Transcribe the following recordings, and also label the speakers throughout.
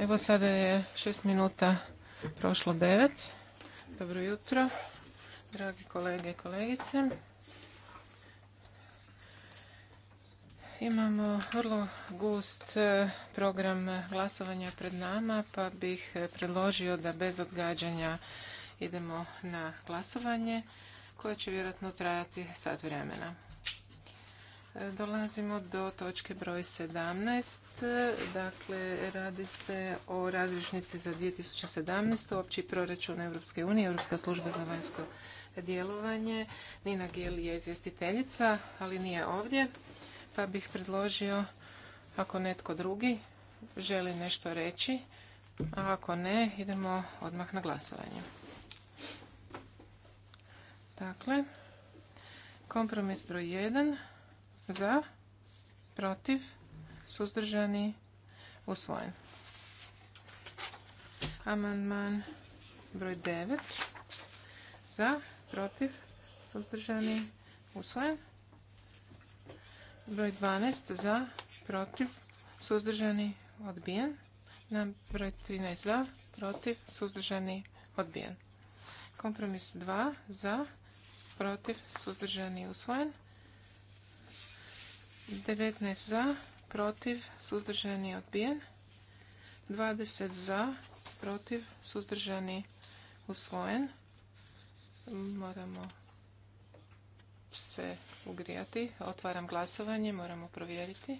Speaker 1: Evo sada je šest minuta prošlo devet. Dobro jutro, dragi kolege i kolegice. Imamo vrlo gust e, program glasovanja pred nama, pa bih e, predložio da bez odgađanja idemo na glasovanje koje će vjerojatno trajati sat vremena. Dolazimo do točke broj 17. Dakle, radi se o razrišnici za 2017. Opći proračun Europske unije, Europska služba za vanjsko djelovanje. Nina Gijel je izvjestiteljica, ali nije ovdje. Pa bih predložio, ako netko drugi želi nešto reći, a ako ne, idemo odmah na glasovanje. Dakle, kompromis broj 1 za, protiv, suzdržani, usvojen. Amandman broj 9 za, protiv, suzdržani, usvojen. Broj 12 za, protiv, suzdržani, odbijen. Na broj 13 za, protiv, suzdržani, odbijen. Kompromis 2 za, protiv, suzdržani, usvojen. 19 za, protiv, suzdržani, odbijen. 20 za, protiv, suzdržani, usvojen. Moramo se ugrijati. Otvaram glasovanje, moramo provjeriti.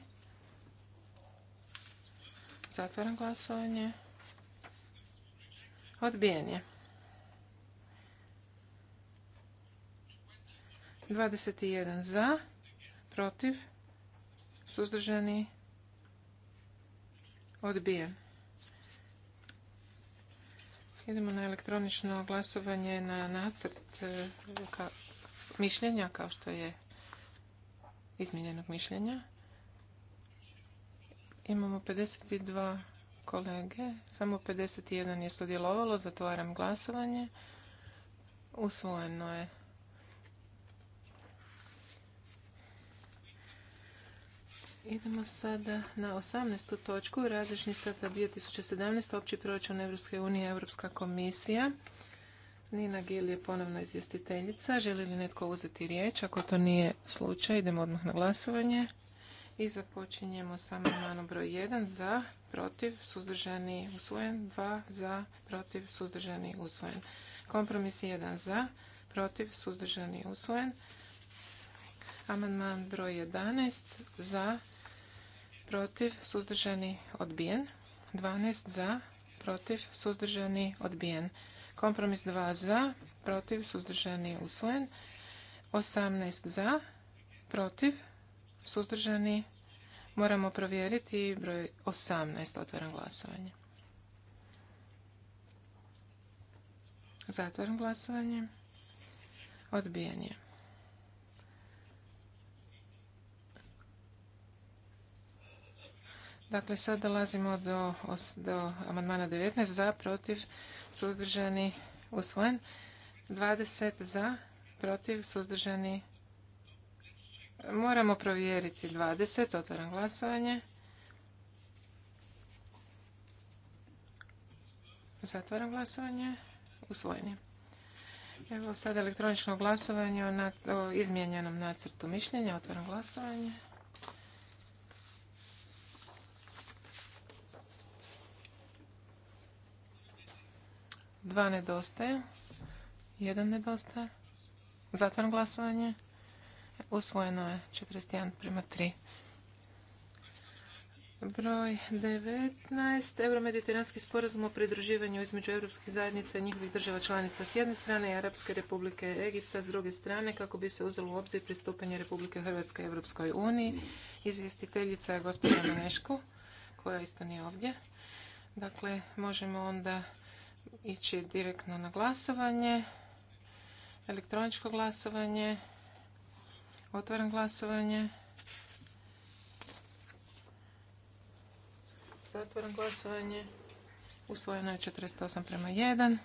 Speaker 1: Zatvaram glasovanje. Odbijen je. 21 za, protiv, Suzdržani? Odbijen. Idemo na elektronično glasovanje na nacrt e, mišljenja kao što je izmijenjenog mišljenja. Imamo 52 kolege, samo 51 je sudjelovalo, zatvaram glasovanje. Usvojeno je. Idemo sada na 18. točku, različnica za 2017. opći proračun Evropske unije, Evropska komisija. Nina Gil je ponovno izvjestiteljica. Želi li netko uzeti riječ? Ako to nije slučaj, idemo odmah na glasovanje. I započinjemo sa amandmanom broj 1 za, protiv, suzdržani, usvojen. 2 za, protiv, suzdržani, usvojen. Kompromis 1 za, protiv, suzdržani, usvojen. Amandman broj 11 za, protiv, suzdržani, odbijen. 12 za, protiv, suzdržani, odbijen. Kompromis 2 za, protiv, suzdržani, usvojen. 18 za, protiv, suzdržani, moramo provjeriti broj 18, otvaram glasovanje. Zatvaram glasovanje. Odbijen je. Dakle, sad dolazimo do, amandmana 19. Za, protiv, suzdržani, usvojen. 20 za, protiv, suzdržani. Moramo provjeriti 20. Otvaram glasovanje. Zatvaram glasovanje. Usvojen je. Evo sad elektronično glasovanje o, izmijenjenom nacrtu mišljenja. Otvaram glasovanje. Dva nedostaje. Jedan nedostaje. Zatvaram glasovanje. Usvojeno je 41 prema 3. Broj 19. Euromediteranski sporazum o pridruživanju između evropskih zajednica i njihovih država članica s jedne strane i Arabske republike Egipta s druge strane kako bi se uzelo u obzir pristupanje Republike Hrvatske Europskoj uniji. Izvjestiteljica je gospođa Maneško koja isto nije ovdje. Dakle, možemo onda ići direktno na glasovanje. Elektroničko glasovanje. Otvaram glasovanje. Zatvaram glasovanje. Usvojeno je 48 prema 1.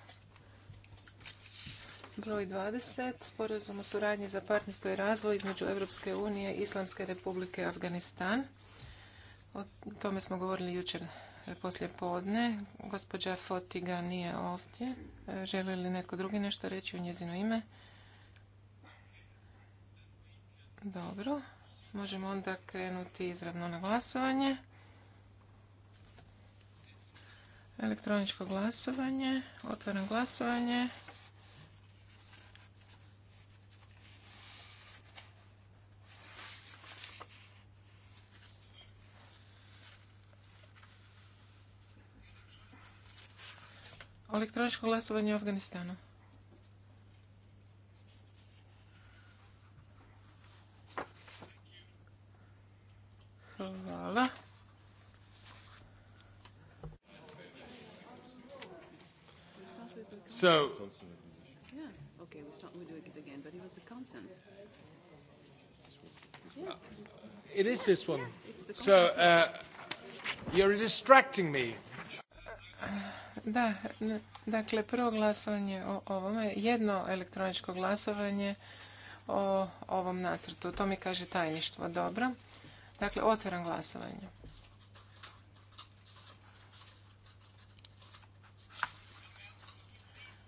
Speaker 1: Broj 20. Sporazum o suradnji za partnerstvo i razvoj između Europske unije i Islamske republike Afganistan. O tome smo govorili jučer poslije podne. Gospođa Fotiga nije ovdje. E, želi li netko drugi nešto reći u njezino ime? Dobro. Možemo onda krenuti izravno na glasovanje. Elektroničko glasovanje. Otvaram glasovanje. Elektroničko glasovanje u Afganistanu. Hvala.
Speaker 2: So,
Speaker 3: yeah,
Speaker 2: okay, we start, we do it again, but it was the consent. Yeah. Uh, it is this one. Yeah, So, uh, you're distracting me.
Speaker 1: Da, dakle, prvo glasovanje o ovome, jedno elektroničko glasovanje o ovom nacrtu. To mi kaže tajništvo. Dobro. Dakle, otvaram glasovanje.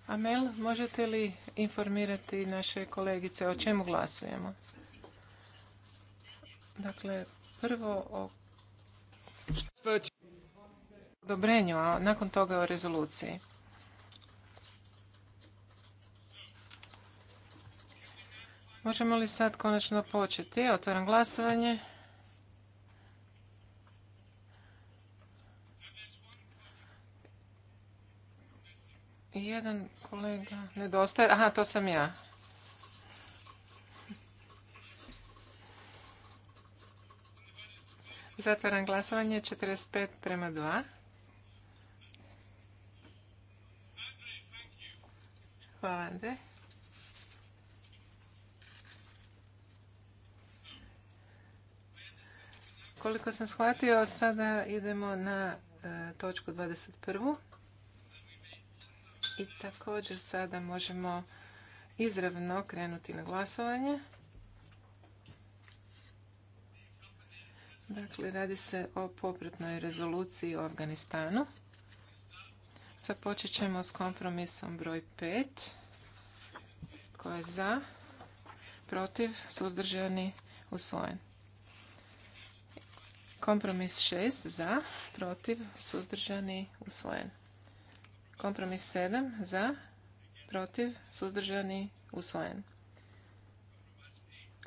Speaker 1: Amel, možete li informirati naše kolegice o čemu glasujemo? Dakle, prvo o odobrenju, a nakon toga o rezoluciji. Možemo li sad konačno početi? Otvaram glasovanje. Jedan kolega nedostaje. Aha, to sam ja. Zatvaram glasovanje 45 prema 2. Koliko sam shvatio, sada idemo na e, točku 21. I također sada možemo izravno krenuti na glasovanje. Dakle, radi se o popretnoj rezoluciji o Afganistanu. Započet ćemo s kompromisom broj 5. koja je za? Protiv? Suzdržani? Usvojen. Kompromis 6. Za? Protiv? Suzdržani? Usvojen. Kompromis 7. Za? Protiv? Suzdržani? Usvojen.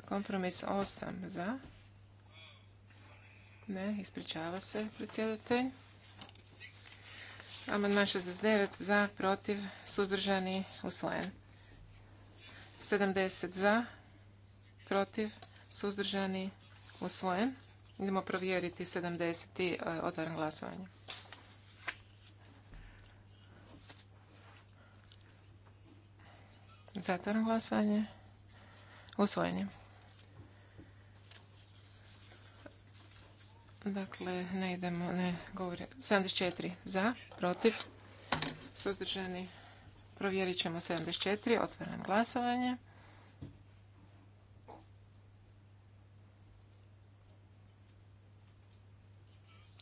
Speaker 1: Kompromis 8. Za? Ne, ispričava se predsjedatelj. Amandman 69 za, protiv, suzdržani, usvojen. 70 za, protiv, suzdržani, usvojen. Idemo provjeriti 70 i e, otvaram glasovanje. Zatvaram glasovanje. Usvojen Dakle, ne idemo, ne govori. 74 za, protiv, suzdržani. Provjerit ćemo 74, otvaram glasovanje.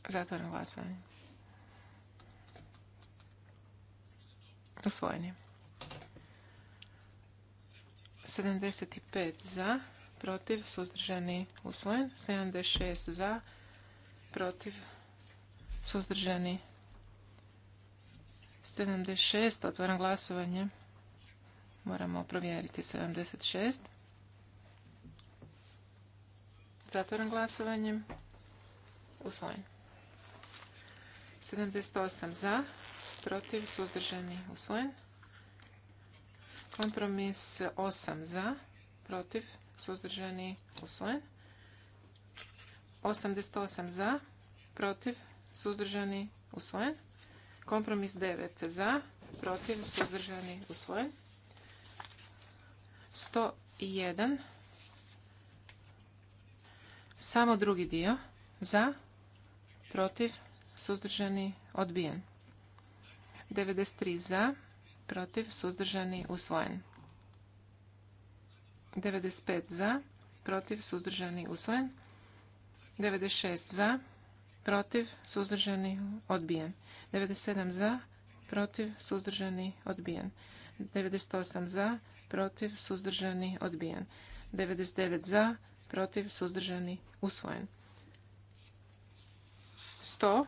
Speaker 1: Zatvaram glasovanje. Usvojen je. 75 za, protiv, suzdržani, usvojen. 76 za, protiv, suzdržani. 76, otvaram glasovanje. Moramo provjeriti 76. Zatvaram glasovanje. Usvojen. 78 za, protiv, suzdržani, usvojen. Kompromis 8 za, protiv, suzdržani, usvojen. 88 za, protiv, suzdržani, usvojen. Kompromis 9 za, protiv, suzdržani, usvojen. 101. Samo drugi dio. Za, protiv, suzdržani, odbijen. 93 za, protiv, suzdržani, usvojen. 95 za, protiv, suzdržani, usvojen. 96 za, protiv, suzdržani, odbijen. 97 za, protiv, suzdržani, odbijen. 98 za, protiv, suzdržani, odbijen. 99 za, protiv, suzdržani, usvojen. 100.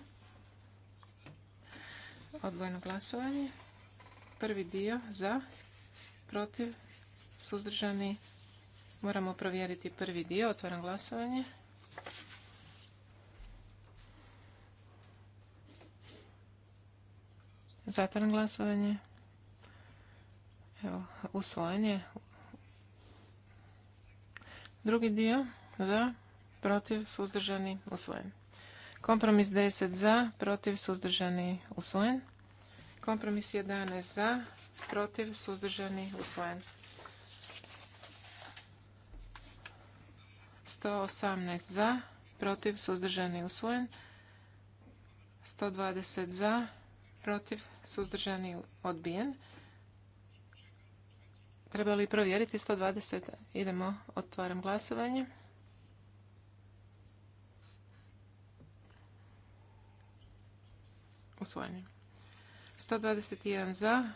Speaker 1: Odvojeno glasovanje. Prvi dio za, protiv, suzdržani. Moramo provjeriti prvi dio. Otvaram glasovanje. Zatvaram glasovanje. Evo, usvojenje. Drugi dio za, protiv, suzdržani, usvojen. Kompromis 10 za, protiv, suzdržani, usvojen. Kompromis 11 za, protiv, suzdržani, usvojen. 118 za, protiv, suzdržani, usvojen. 120 za, protiv, suzdržani, odbijen. Treba li provjeriti 120? Idemo, otvaram glasovanje. Usvojenje. 121 za,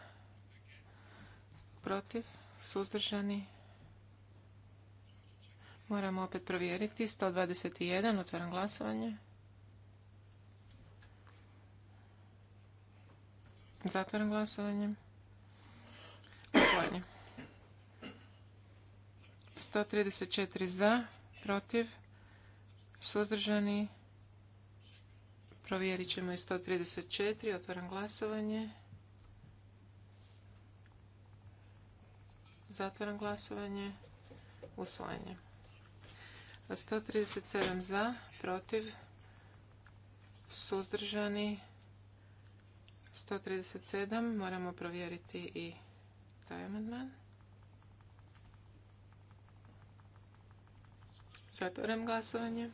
Speaker 1: protiv, suzdržani. Moramo opet provjeriti. 121, otvaram glasovanje. Zatvaram glasovanje. Usvojeno. 134 za, protiv, suzdržani. Provjerit ćemo i 134. Otvaram glasovanje. Zatvaram glasovanje. Usvajanje. 137 za, protiv, suzdržani. 137 moramo provjeriti i taj amandman. Zatvaram glasovanje.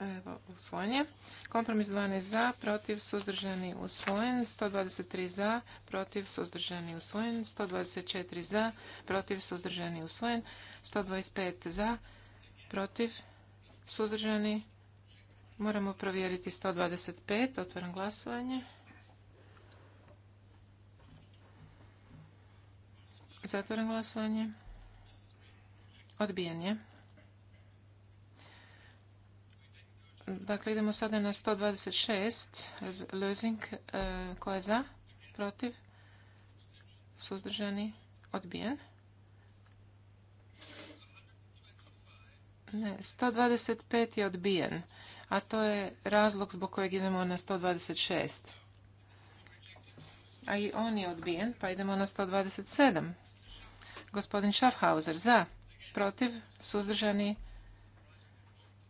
Speaker 1: Evo, usvojen Kompromis 12 za, protiv, suzdržani, usvojen. 123 za, protiv, suzdržani, usvojen. 124 za, protiv, suzdržani, usvojen. 125 za, protiv, suzdržani. Moramo provjeriti 125. Otvaram glasovanje. Zatvoren glasovanje. Odbijen je. Dakle, idemo sada na 126. Lozing, e, ko je za? Protiv? Suzdržani? Odbijen. Ne, 125 je odbijen, a to je razlog zbog kojeg idemo na 126. A i on je odbijen, pa idemo na 127. Gospodin Schaffhauser za, protiv, suzdržani,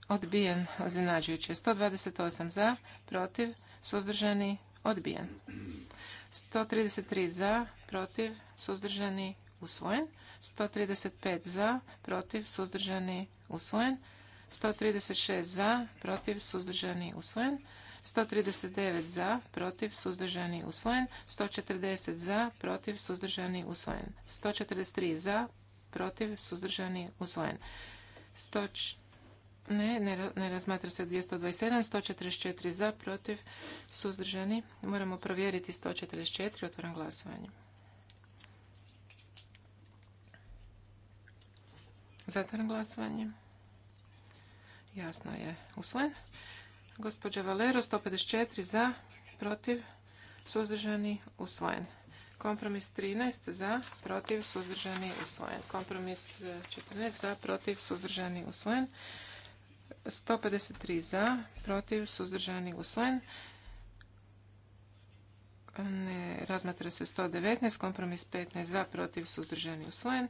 Speaker 1: odbijen, iznenađujuće. 128 za, protiv, suzdržani, odbijen. 133 za, protiv, suzdržani, usvojen. 135 za, protiv, suzdržani, usvojen. 136 za, protiv, suzdržani, usvojen. 139 za, protiv, suzdržani, usvojen. 140 za, protiv, suzdržani, usvojen. 143 za, protiv, suzdržani, usvojen. 100 ne, ne, ne razmatra se 227, 144 za, protiv, suzdržani. Moramo provjeriti 144, otvoram glasovanje. Zatvaram glasovanje. Jasno je usvojen. Gospođa Valero, 154 za, protiv, suzdržani, usvojen. Kompromis 13 za, protiv, suzdržani, usvojen. Kompromis 14 e, za, protiv, suzdržani, usvojen. 153 za, protiv, suzdržani, usvojen. E, razmatra se 119, kompromis 15 za, protiv, suzdržani, usvojen.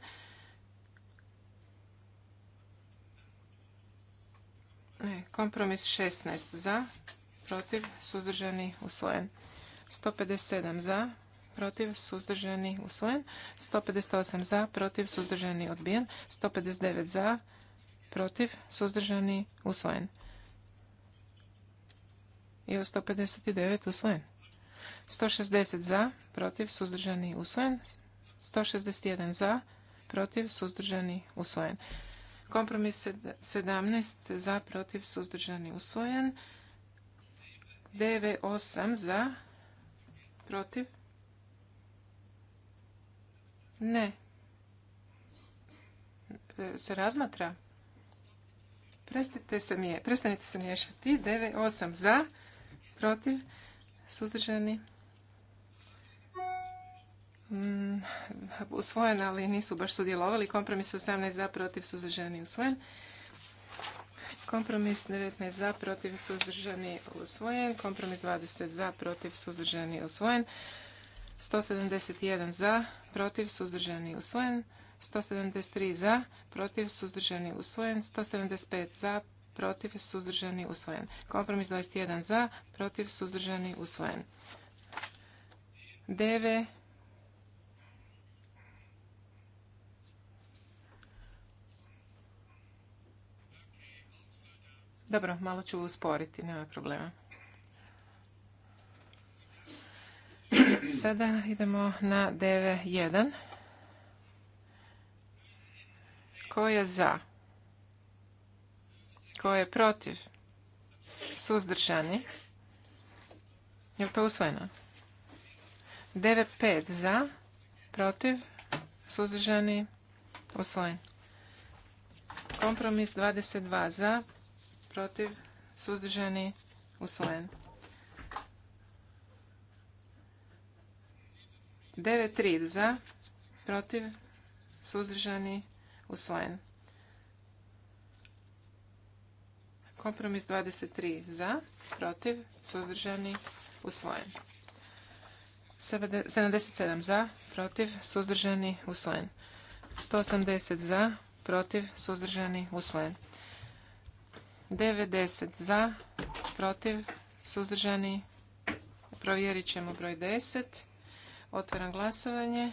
Speaker 1: E, kompromis 16 za, protiv, suzdržani, usvojen. 157 za, protiv, suzdržani, usvojen. 158 za, protiv, suzdržani, odbijen. 159 za, protiv, suzdržani, usvojen. I 159 usvojen. 160 za, protiv, suzdržani, usvojen. 161 za, protiv, suzdržani, usvojen. Kompromis 17 za, protiv, suzdržani, usvojen. DV8 za, protiv. Ne. E, se razmatra. Prestanite se, miješati. DV 8 za, protiv, suzdržani, Mm, usvojen, ali nisu baš sudjelovali. Kompromis 18 za, protiv, suzdržani, usvojen. Kompromis 19 za, protiv, suzdržani, usvojen. Kompromis 20 za, protiv, suzdržani, usvojen. 171 za, protiv, suzdržani, usvojen. 173 za, protiv, suzdržani, usvojen. 175 za, protiv, suzdržani, usvojen. Kompromis 21 za, protiv, suzdržani, usvojen. 9 Dobro, malo ću usporiti, nema problema. Sada idemo na DV1. Ko je za? Ko je protiv? Suzdržani? Je li to usvojeno? dv 5 za, protiv, suzdržani, usvojen. Kompromis 22 za, protiv, suzdržani, usvojen. 9.3 za, protiv, suzdržani, usvojen. Kompromis 23 za, protiv, suzdržani, usvojen. 77 za, protiv, suzdržani, usvojen. 180 za, protiv, suzdržani, usvojen. 90 za, protiv, suzdržani. Provjerit ćemo broj 10. Otvaram glasovanje.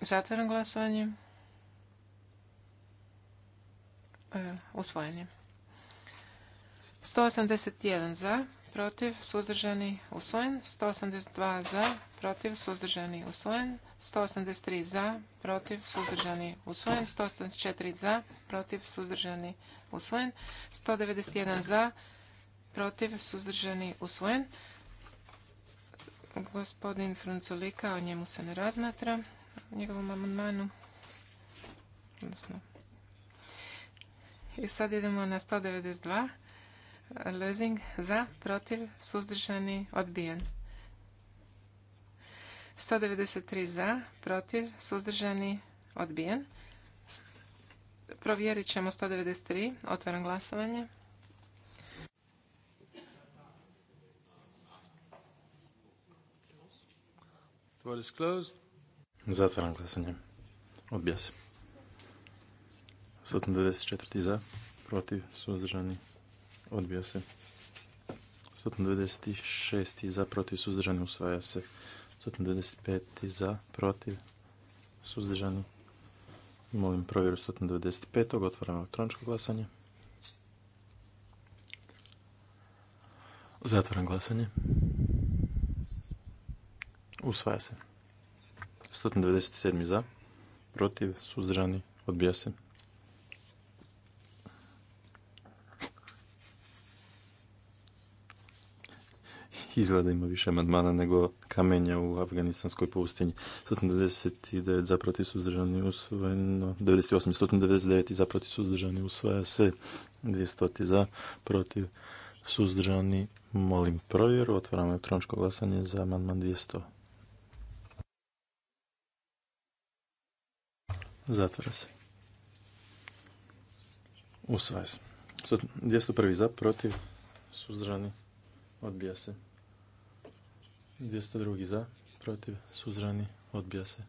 Speaker 1: Zatvaram glasovanje. E, usvojenje. 181 za, protiv, suzdržani, usvojen. 182 za, protiv, suzdržani, usvojen. 183 za, protiv, suzdržani, usvojen. 184 za, protiv, suzdržani, usvojen. 191 za, protiv, suzdržani, usvojen. Gospodin Frunculika, o njemu se ne razmatra, njegovom amandmanu. I sad idemo na 192. Lezing za, protiv, suzdržani, odbijen. 193 za, protiv, suzdržani, odbijen. Provjerit ćemo 193. Otvaram glasovanje.
Speaker 3: Zatvaram glasanje. Odbija se. 194. za, protiv, suzdržani, odbija se. 196. za, protiv, suzdržani, usvaja se. 195. za, protiv, suzdržani. Molim provjeru 195. Otvaram elektroničko glasanje. Zatvaram glasanje. Usvaja se. 197. za, protiv, suzdržani, odbija se. izgleda ima više amandmana nego kamenja u afganistanskoj pustinji. 199 za protiv suzdržani usvojeno, 98, 199 za protiv suzdržani usvaja se, 200 za protiv suzdržani. Molim provjeru, otvaram elektroničko glasanje za amandman 200. Zatvara se. Usvaja se. 201 za protiv suzdržani odbija se. 202 za, protiv, suzrani, odbija se.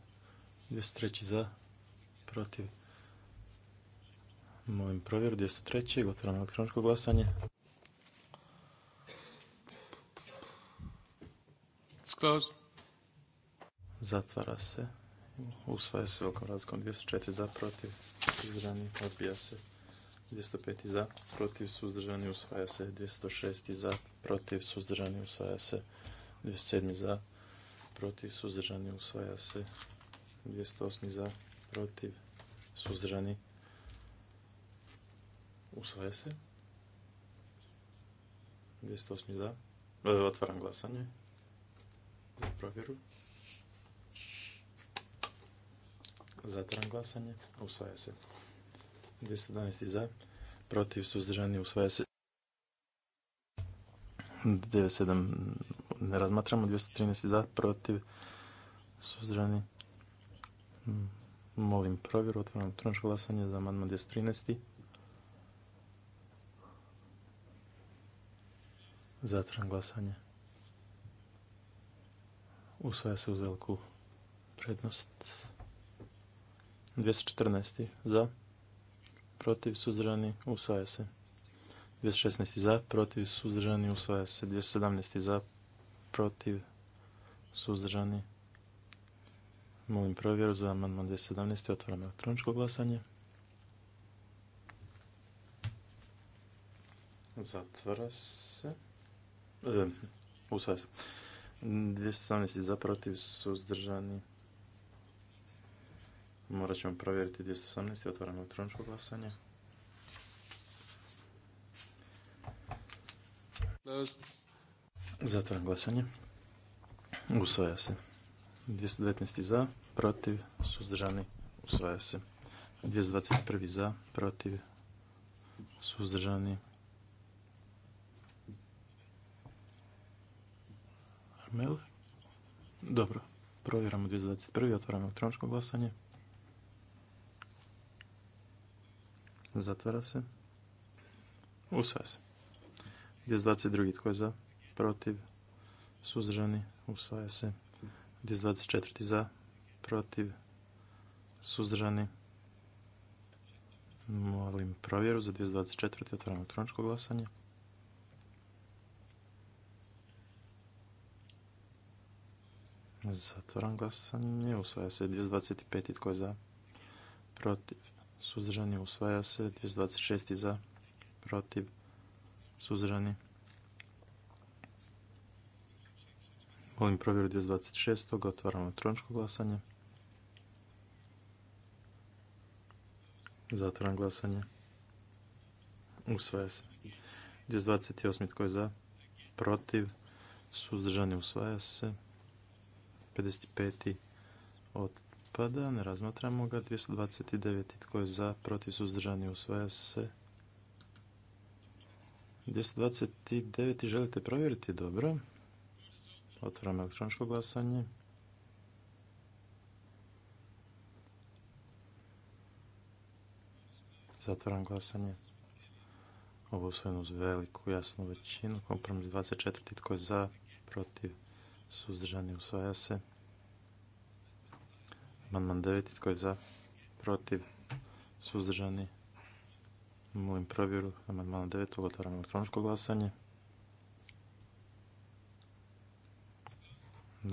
Speaker 3: 203 za, protiv. Molim provjeru, 203. otvoreno elektroničko glasanje. It's Zatvara se. Usvaja se velikom razlikom 204 za, protiv, suzrani, odbija se. 205 za, protiv, suzdržani, usvaja se. 206 za, protiv, suzdržani, usvaja se. 207 za, protiv, suzdržani, usvaja se. 208 za, protiv, suzdržani, usvaja se. 208 za, e, otvaram glasanje za provjeru. Zatvaram glasanje, usvaja se. 211 za, protiv, suzdržani, usvaja se. 97 ne razmatramo. 213 za, protiv, suzdržani. Molim provjeru, otvaram elektroničko glasanje za amandman 213. Zatvaram glasanje. Usvaja se uz veliku prednost. 214. za, protiv, suzdržani, usvaja se. 216. za, protiv, suzdržani, usvaja se. 217. za, protiv, suzdržani. Molim provjeru za amandman 217. Otvoreno elektroničko glasanje. Zatvara se. U e, Usvaja se. 217 za protiv suzdržani. Morat ćemo provjeriti 218. Otvoreno elektroničko glasanje. Zatvaram glasanje. Usvaja se. 219. za, protiv, suzdržani, usvaja se. 221. za, protiv, suzdržani. Armel? Dobro, provjeramo 221. otvaramo elektroničko glasanje. Zatvara se. Usvaja se. 222. Tko je za? protiv, suzdržani, usvaja se. 224. za, protiv, suzdržani. Molim provjeru za 224. otvaram elektroničko glasanje. Zatvaram glasanje. Usvaja se 225. Tko je za? Protiv. Suzdržani. Usvaja se 226. Za. Protiv. Suzdržani. Molim provjeru 226. Otvaram elektroničko glasanje. Zatvaram glasanje. Usvaja se. 228. Tko je za? Protiv. Suzdržani usvaja se. 55. Otpada. Ne razmatramo ga. 229. Tko je za? Protiv. Suzdržani usvaja se. 229. Želite provjeriti? Dobro. Otvaram elektroničko glasanje. Zatvaram glasanje. Ovo je uz veliku jasnu većinu. Kompromis 24. Tko je za, protiv, suzdržani, usvaja se. Amandman 9. Tko je za, protiv, suzdržani. Molim provjeru. Amandman 9. Otvaram elektroničko glasanje.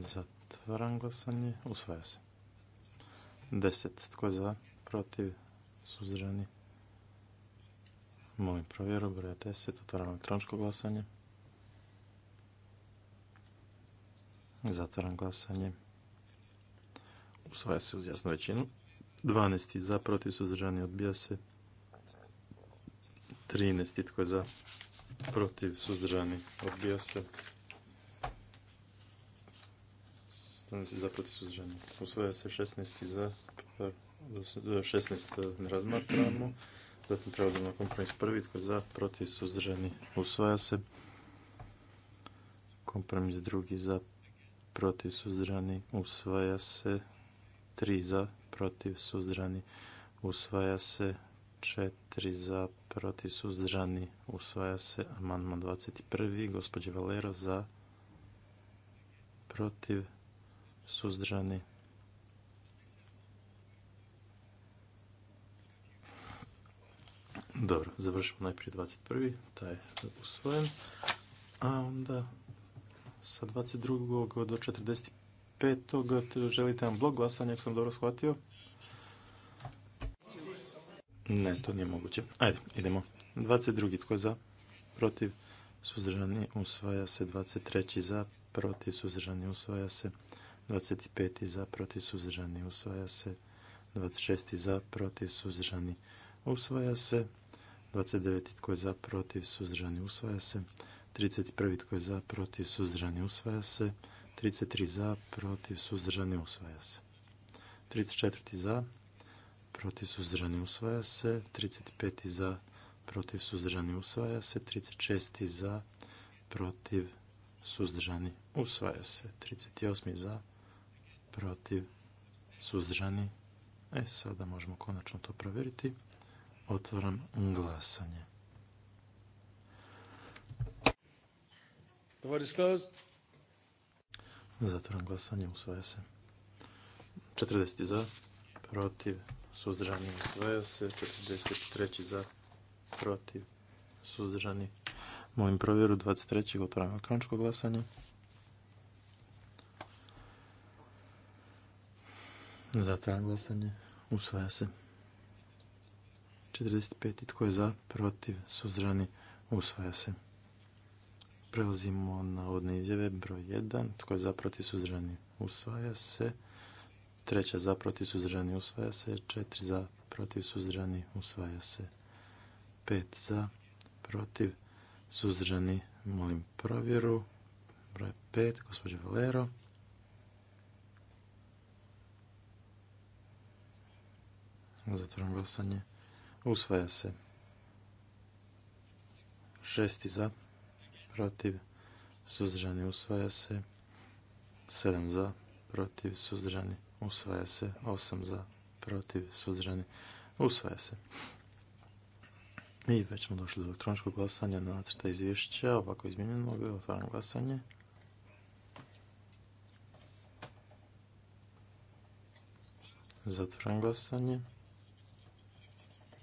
Speaker 3: Zatvaram glasanje. Usvaja se. 10. Tko je za? Protiv? Suzdržani? Molim provjeru. Broja 10. Otvaram elektroničko glasanje. Zatvaram glasanje. Usvaja se uz jasnu većinu. 12. Za? Protiv? Suzdržani? Odbija se. 13. Tko je za? Protiv? Suzdržani? Odbija se. za protiv suzdržani. Usvaja se 16 za 16 e, e, ne razmatramo. Zatim prelazimo na kompromis prvi tko za protiv suzdržani. Usvaja se kompromis drugi za protiv suzdržani. Usvaja se tri za protiv suzdržani. Usvaja se četiri za protiv suzdržani. Usvaja se amandman 21. Gospodje Valero za protiv suzdržani. Dobro, završimo najprije 21. Taj je usvojen. A onda sa 22. do 45. želite vam blok glasanja, ako sam dobro shvatio? Ne, to nije moguće. Ajde, idemo. 22. tko je za? Protiv? Suzdržani usvaja se. 23. za? Protiv? Suzdržani usvaja se. 25. za protiv suzdržani usvaja se. 26. za protiv suzdržani usvaja se. 29. tko je za protiv suzdržani usvaja se. 31. tko je za protiv suzdržani usvaja se. 33. za protiv suzdržani usvaja se. 34. za protiv suzdržani usvaja se. 35. za protiv suzdržani usvaja se. 36. za protiv suzdržani usvaja se. 38. za protiv, suzdržani. E, sada možemo konačno to provjeriti. Otvaram glasanje. Zatvaram glasanje, usvaja se. 40 za, protiv, suzdržani, usvaja se. 43 za, protiv, suzdržani. Molim provjeru 23. Otvaram elektroničko glasanje. Zatvaram glasanje. Usvaja se. 45. Tko je za? Protiv? suzrani, Usvaja se. Prelazimo na odne izjave. Broj 1. Tko je za? Protiv? suzrani, Usvaja se. Treća za? Protiv? Suzdržani? Usvaja se. Četiri za? Protiv? suzrani, Usvaja se. Pet za? Protiv? suzrani, Molim provjeru. Broj 5. Gospođa Valero. Zatvoram glasanje. Usvaja se. Šesti za. Protiv. Suzdržani usvaja se. Sedam za. Protiv. Suzdržani usvaja se. Osam za. Protiv. Suzdržani usvaja se. I već smo došli do elektroničkog glasanja na nacrta izvješća, ovako izmijenjenog, otvaram glasanje. Zatvaram glasanje.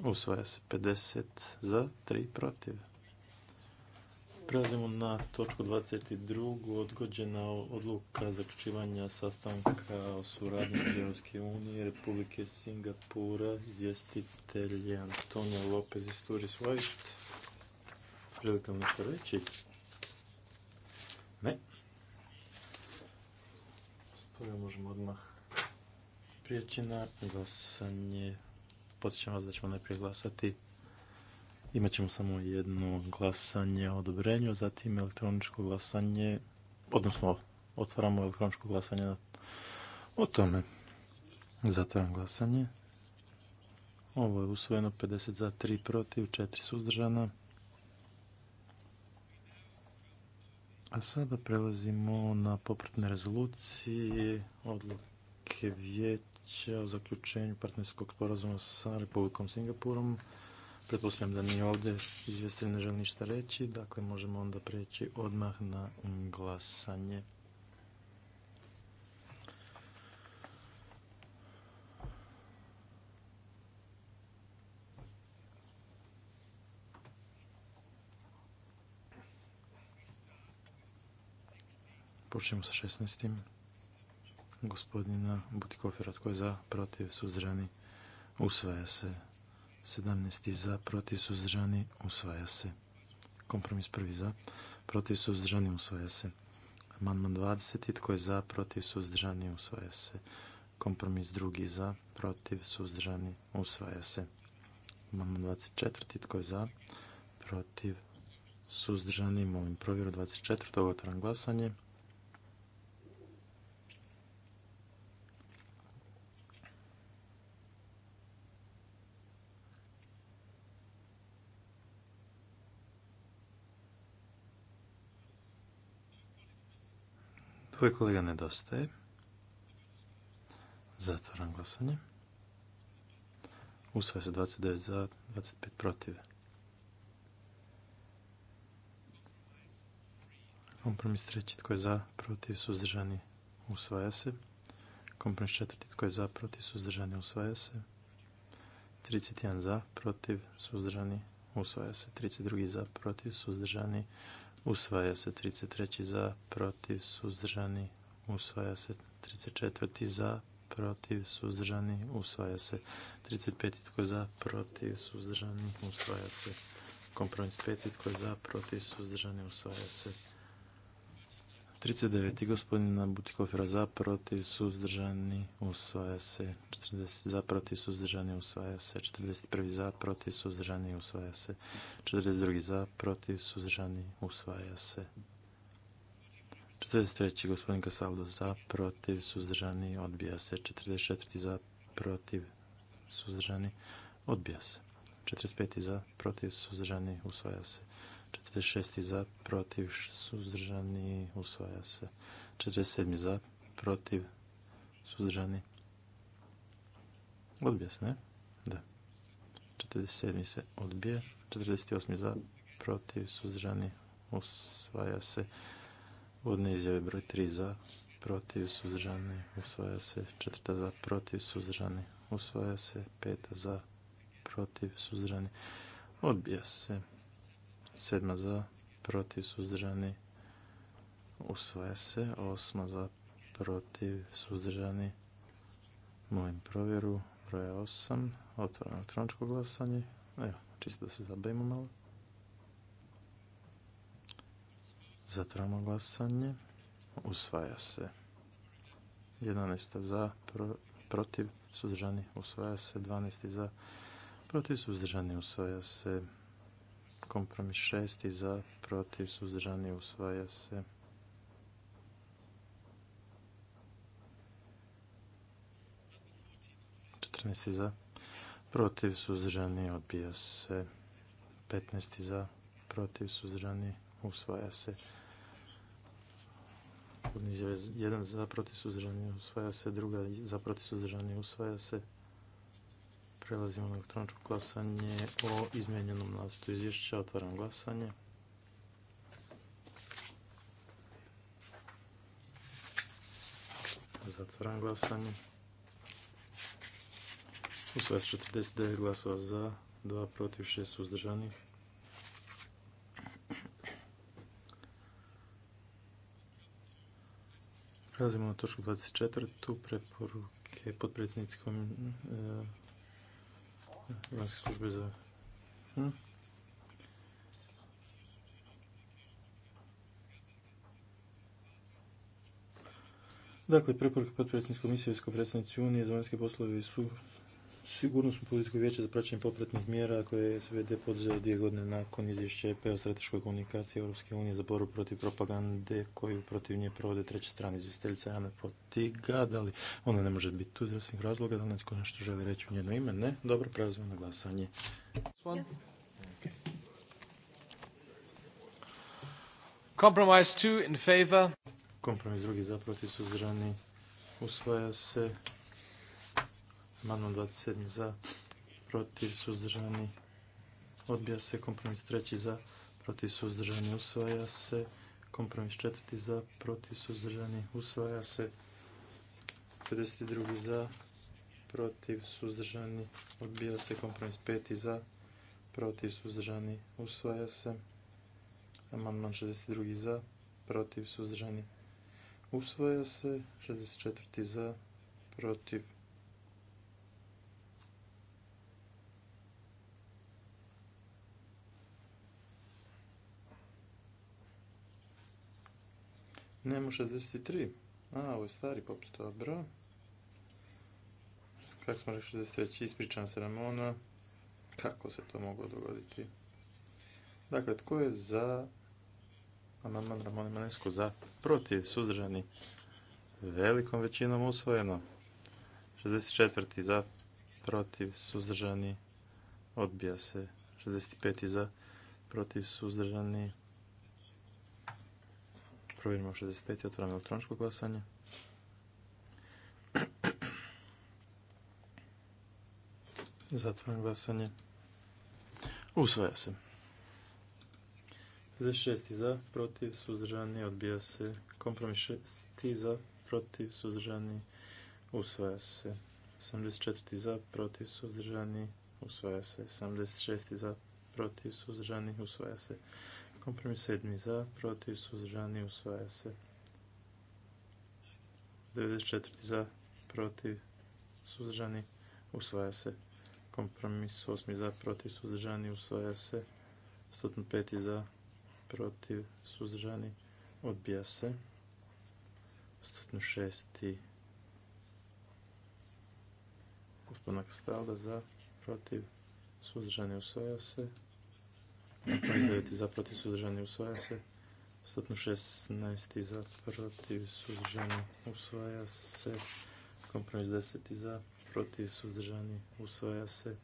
Speaker 3: Usvaja se 50 za, 3 protiv. Prelazimo na točku 22. Odgođena odluka zaključivanja sastanka o suradnji Europske unije, Republike Singapura, izvjestitelje Antonija Lopez i Sturis svojit Želite na nešto reći? Ne. Stoga možemo odmah prijeći na glasanje Podsjećam vas da ćemo najprije glasati. Imaćemo samo jedno glasanje o odobrenju, zatim elektroničko glasanje, odnosno otvaramo elektroničko glasanje o tome. Zatvaram glasanje. Ovo je usvojeno 50 za 3 protiv, 4 suzdržana. A sada prelazimo na popratne rezolucije, odluke vijeća u o zaključenju partnerskog sporazuma sa Republikom Singapurom. Pretpostavljam da nije ovdje izvjestitelj ne želi ništa reći, dakle možemo onda preći odmah na glasanje. Počnemo sa 16 gospodina Butikofera, tko je za, protiv, suzdržani, usvaja se. 17. za, protiv, suzdržani, usvaja se. Kompromis prvi za, protiv, suzdržani, usvaja se. Amandman 20. Tko je za, protiv, suzdržani, usvaja se. Kompromis drugi za, protiv, suzdržani, usvaja se. Amandman 24. Tko je za, protiv, suzdržani, molim provjeru 24. Otvaram glasanje. Koji kolega nedostaje? Zatvaram glasanje. Usvaja se 29 za, 25 protiv. Kompromis treći, tko je za, protiv, suzdržani, usvaja se. Kompromis četvrti, tko je za, protiv, suzdržani, usvaja se. 31 za, protiv, suzdržani, usvaja se. 32 za, protiv, suzdržani, usvaja se Usvaja se 33. za, protiv, suzdržani. Usvaja se 34. za, protiv, suzdržani. Usvaja se 35. tko za, protiv, suzdržani. Usvaja se kompromis 5. tko za, protiv, suzdržani. Usvaja se 39. gospodina Butikofira za protiv suzdržani usvaja se 40 za protiv suzdržani usvaja se 41. za protiv suzdržani usvaja se 42. za protiv suzdržani usvaja se 43. gospodin Kasaldo za protiv suzdržani odbija se 44. za protiv suzdržani odbija se 45. za protiv suzdržani usvaja se 46. za, protiv, suzdržani, usvaja se. 47. za, protiv, suzdržani, odbija se, ne? Da. 47. se odbije. 48. za, protiv, suzdržani, usvaja se. Vodne izjave broj 3 za, protiv, suzdržani, usvaja se. Četvrta za, protiv, suzdržani, usvaja se. 5. za, protiv, suzdržani, odbija se. Sedma za, protiv, suzdržani, usvaja se. Osma za, protiv, suzdržani, molim provjeru. Broja osam. otvoreno elektroničko glasanje. Evo, čisto da se zabavimo malo. Zatvoramo glasanje. Usvaja se. 11 za, protiv, suzdržani, usvaja se. 12 za, protiv, suzdržani, usvaja se. Kompromis šesti za, protiv, suzdržani, usvaja se. Četrnesti za, protiv, suzdržani, odbija se. Petnesti za, protiv, suzdržani, usvaja se. Jedan za, protiv, suzdržani, usvaja se. Druga za, protiv, suzdržani, usvaja se. Prelazimo na elektroničko glasanje o izmijenjenom nacrtu izvješća. Otvaram glasanje. Zatvaram glasanje. U četrdeset 49 glasova za, 2 protiv, 6 suzdržanih. Prelazimo na točku 24. Tu preporuke potpredsjednici eh, vanjske službe za... Hm? Dakle, preporuke potpredsjednice komisije i predstavnici Unije za vanjske poslove su sigurnosnu politiku vijeća za praćenje popretnih mjera koje je SVD poduzeo dvije godine nakon izvješća EP o strateškoj komunikaciji Europske unije za boru protiv propagande koju protiv nje provode treće strane izvjestiteljica Ana Potiga. Da li ona ne može biti tu iz razloga? Da li netko nešto želi reći u njeno ime? Ne? Dobro, prelazimo na glasanje. Kompromis drugi za protiv suzdržani. Usvaja se Amandman 27 za, protiv, suzdržani, odbija se. Kompromis 3 za, protiv, suzdržani, usvaja se. Kompromis 4 za, protiv, suzdržani, usvaja se. 52 za, protiv, suzdržani, odbija se. Kompromis 5 za, protiv, suzdržani, usvaja se. Amandman 62 za, protiv, suzdržani, usvaja se. 64 za, protiv, Nemo 63. A, ovo je stari popis, dobro. Kako smo rekli 63. Ispričavam se Ramona. Kako se to moglo dogoditi? Dakle, tko je za amandman Ramona za protiv suzdržani velikom većinom usvojeno. 64. za protiv suzdržani odbija se. 65. za protiv suzdržani Provjerimo 65. Otvoreno elektroničko glasanje. Zatvaram glasanje. Usvaja se. 56. za, protiv, suzdržani, odbija se. Kompromis 6. za, protiv, suzdržani, usvaja se. 74. za, protiv, suzdržani, usvaja se. 76. za, protiv, suzdržani, usvaja se. Kompromis 7. za, protiv, suzdržani, usvaja se. 94. za, protiv, suzdržani, usvaja se. Kompromis 8. za, protiv, suzdržani, usvaja se. 105. za, protiv, suzdržani, odbija se. 106. gospodina Kastalda za, protiv, suzdržani, usvaja se. 29 za protiv suzdržani usvaja se. 116 za protiv suzdržani usvaja se. Kompromis 10 za protiv suzdržani usvaja se.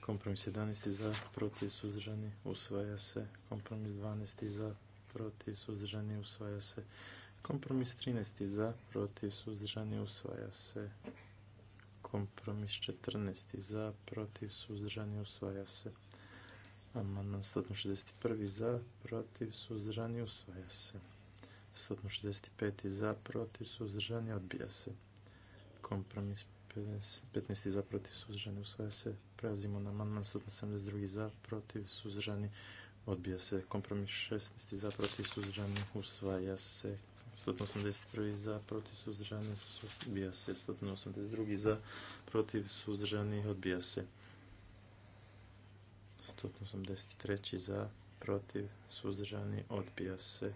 Speaker 3: Kompromis 11 za protiv suzdržani usvaja se. Kompromis 12 za protiv suzdržani usvaja se. Kompromis 13 za protiv suzdržani usvaja se. Kompromis 14 za protiv suzdržani usvaja se. Amandman 161. za, protiv, suzdržani, usvaja se. 165. za, protiv, suzdržani, odbija se. Kompromis 15. za, protiv, suzdržani, usvaja se. Prelazimo na amandman 172. za, protiv, suzdržani, odbija se. Kompromis 16. za, protiv, suzdržani, usvaja se. 181. za, protiv, suzdržani, odbija se. 182. za, protiv, suzdržani, odbija se. 183. za, protiv, suzdržani, odbija se.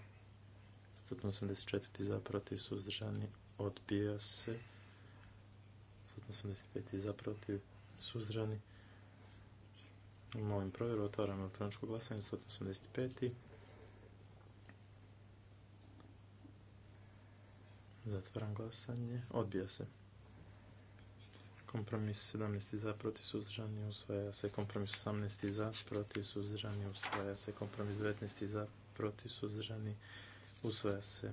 Speaker 3: 184. za, protiv, suzdržani, odbija se. 185. za, protiv, suzdržani. Molim provjeru, otvaram elektroničko glasanje, 185. Zatvaram glasanje, odbija se. Kompromis 17 za protiv suzdržani usvaja se. Kompromis 18 za protiv suzdržani usvaja se. Kompromis 19 za protiv suzdržani usvaja se.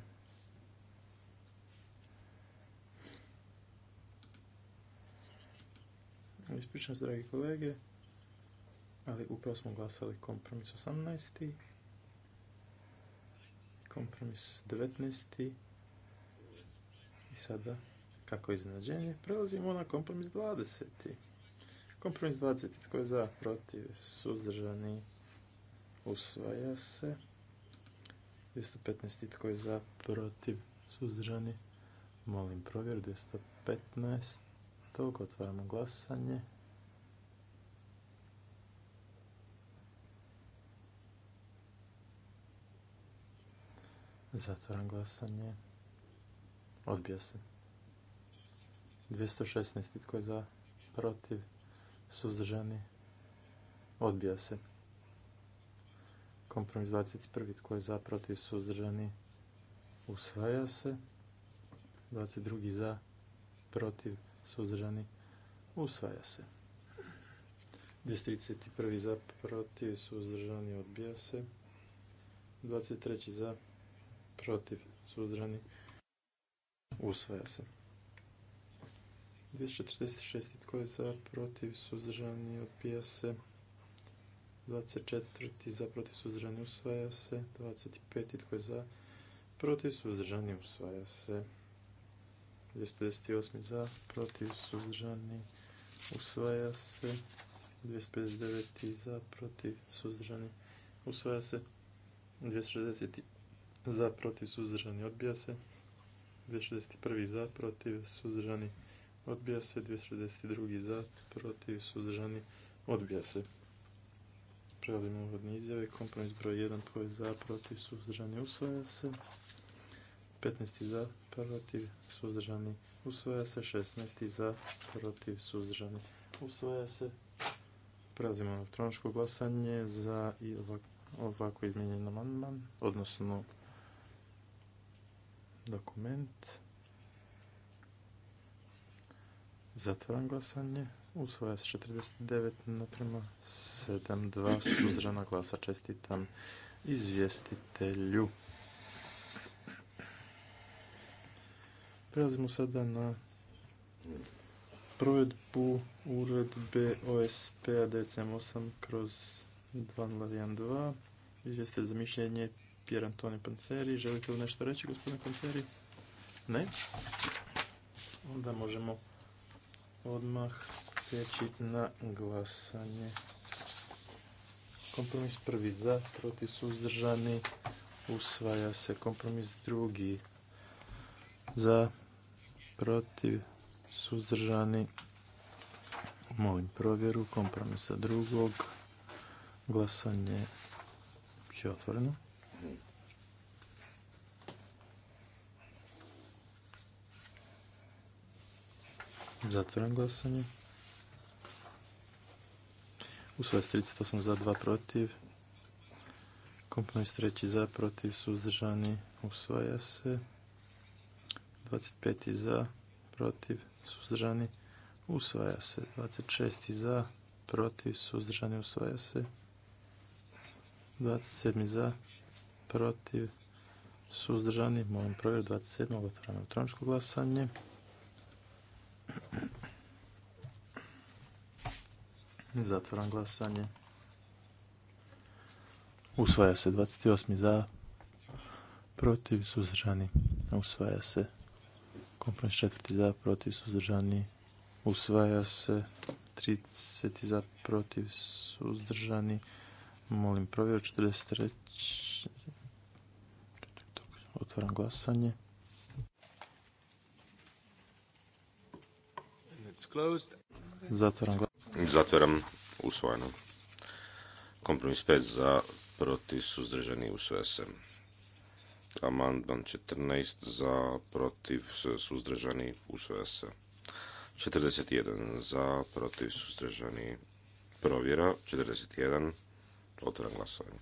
Speaker 3: Ispričam se, dragi kolege, ali upravo smo glasali kompromis 18. Kompromis 19. I sada kako iznenađenje, prelazimo na kompromis 20. Kompromis 20. Tko je za, protiv, suzdržani, usvaja se. 215. Tko je za, protiv, suzdržani, molim provjeru. 215. Tog otvaramo glasanje. Zatvaram glasanje. Odbija se. 216. Tko je za? Protiv? Suzdržani? Odbija se. Kompromis 21. Tko je za? Protiv? Suzdržani? Usvaja se. 22. Za? Protiv? Suzdržani? Usvaja se. 231. Za? Protiv? Suzdržani? Odbija se. 23. Za? Protiv? Suzdržani? Usvaja se. 246. Tko je za, protiv, suzdržani, odbija se. 24. Za, protiv, suzdržani, usvaja se. 25. Tko je za, protiv, suzdržani, usvaja se. 258. Za, protiv, suzdržani, usvaja se. 259. Za, protiv, suzdržani, usvaja se. 260. Za, protiv, suzdržani, odbija se. 261. Za, protiv, suzdržani, se. Odbija se 262. za, protiv, suzdržani, odbija se. Prelazimo uvodne izjave. Kompromis broj 1, tko za, protiv, suzdržani, usvaja se. 15. za, protiv, suzdržani, usvaja se. 16. za, protiv, suzdržani, usvaja se. Prelazimo na elektroničko glasanje za i ovako izmijenjen amandman, odnosno dokument. Zatvaram glasanje. Usvaja se 49 naprema 7.2 suzdržana glasa. Čestitam izvjestitelju. Prelazimo sada na provedbu uredbe OSP-a 978 kroz 2012. Izvjestitelj za mišljenje Pier Antoni Panceri. Želite li nešto reći, gospodine Panceri? Ne? Onda možemo odmah prijeći na glasanje. Kompromis prvi za, protiv suzdržani, usvaja se. Kompromis drugi za, protiv suzdržani, molim provjeru kompromisa drugog. Glasanje će otvoreno. Zatvoram glasanje. Usvaja se 38 za, 2 protiv. Kompromis treći za, protiv, suzdržani. Usvaja se. 25 za, protiv, suzdržani. Usvaja se. 26 za, protiv, suzdržani. Usvaja se. 27 za, protiv, suzdržani. Molim provjer 27. u elektroničko glasanje. Zatvoram glasanje. Usvaja se 28. za, protiv, suzdržani. Usvaja se kompromis četvrti za, protiv, suzdržani. Usvaja se 30. za, protiv, suzdržani. Molim provjeru 43.
Speaker 4: Otvaram glasanje. Zatvaram glasanje. Zatvaram usvojeno. Kompromis 5 za protiv suzdržani usvoja se. Amandman 14 za protiv suzdržani usvoja se. 41 za protiv suzdržani provjera. 41 otvoram glasovanje.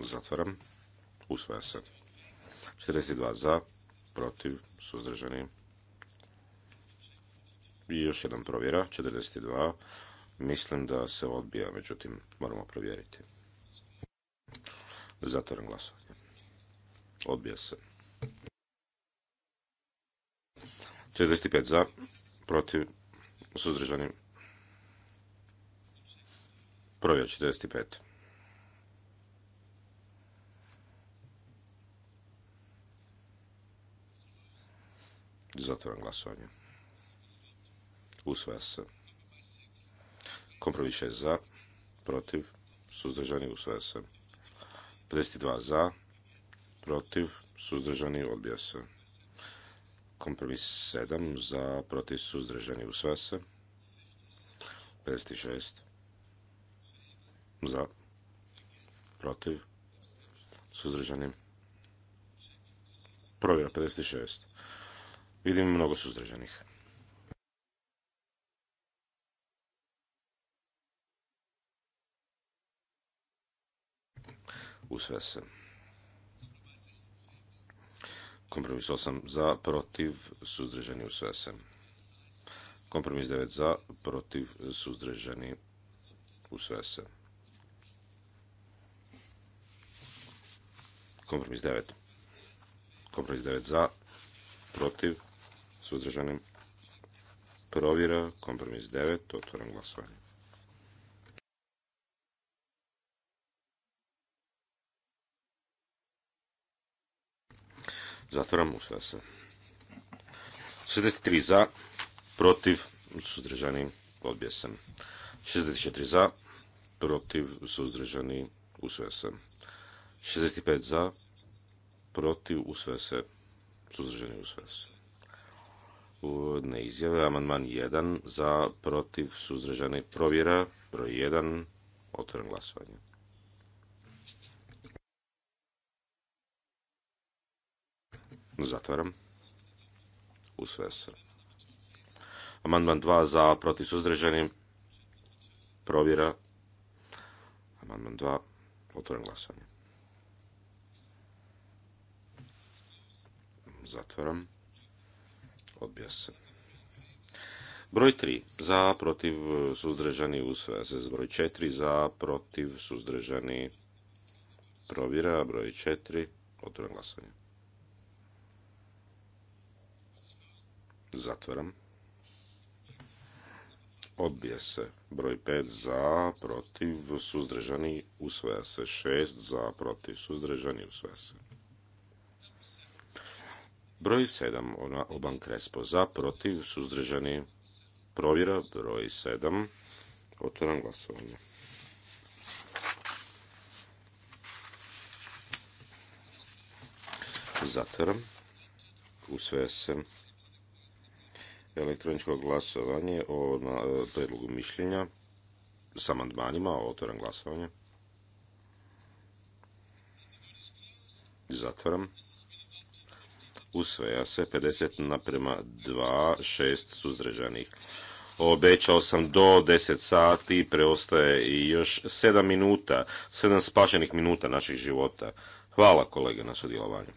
Speaker 4: Zatvaram. Usvaja se. 42 za, protiv, suzdržani, još jedan provjera, 42. Mislim da se odbija, međutim moramo provjeriti. Zatvaram glasovanje. Odbija se. 45 za, protiv, suzdržani. Provjer 45. Zatvaram glasovanje usvaja se. Kompromis 6 za, protiv, suzdržani, usvaja se. 52 za, protiv, suzdržani, odbija se. Kompromis 7 za, protiv, suzdržani, usvaja se. 56 za, protiv, suzdržani. Provjera 56. Vidim mnogo suzdržanih. Usve se. Kompromis 8 za, protiv, suzdržani, usve se. Kompromis 9 za, protiv, suzdržani, usve se. Kompromis 9. Kompromis 9 za, protiv, suzdržani, provjera, kompromis 9, otvoram glasovanje. Zatvaram, usvaja se. 63 za, protiv, suzdržani, odbija se. 64 za, protiv, suzdržani, usvaja se. 65 za, protiv, usvaja se, suzdržani, usvaja se. izjave, amandman 1 za, protiv, suzdržani, provjera, broj 1, otvoren glasovanje. Zatvaram. Usve se. Amandman 2 za, protiv suzdrženim. Provjera. Amandman 2. Otvoren glasanje. Zatvaram. Odbija se. Broj 3. Za, protiv, suzdržani, usve se. Broj 4. Za, protiv, suzdržani, provjera. Broj 4. Otvoren glasanje. Zatvaram. Odbija se. Broj 5 za, protiv, suzdržani, usvaja se. 6 za, protiv, suzdržani, usvaja se. Broj 7, Oban Krespo, za, protiv, suzdržani, provjera, broj 7, otvoram glasovanje. Zatvaram, usvaja se elektroničko glasovanje o e, predlogu mišljenja s amandmanima, otvoram glasovanje. Zatvoram. Usveja se 50 naprema 2, 6 suzdržanih. Obećao sam do 10 sati, preostaje još 7 minuta, 7 spašenih minuta naših života. Hvala kolega na sudjelovanju.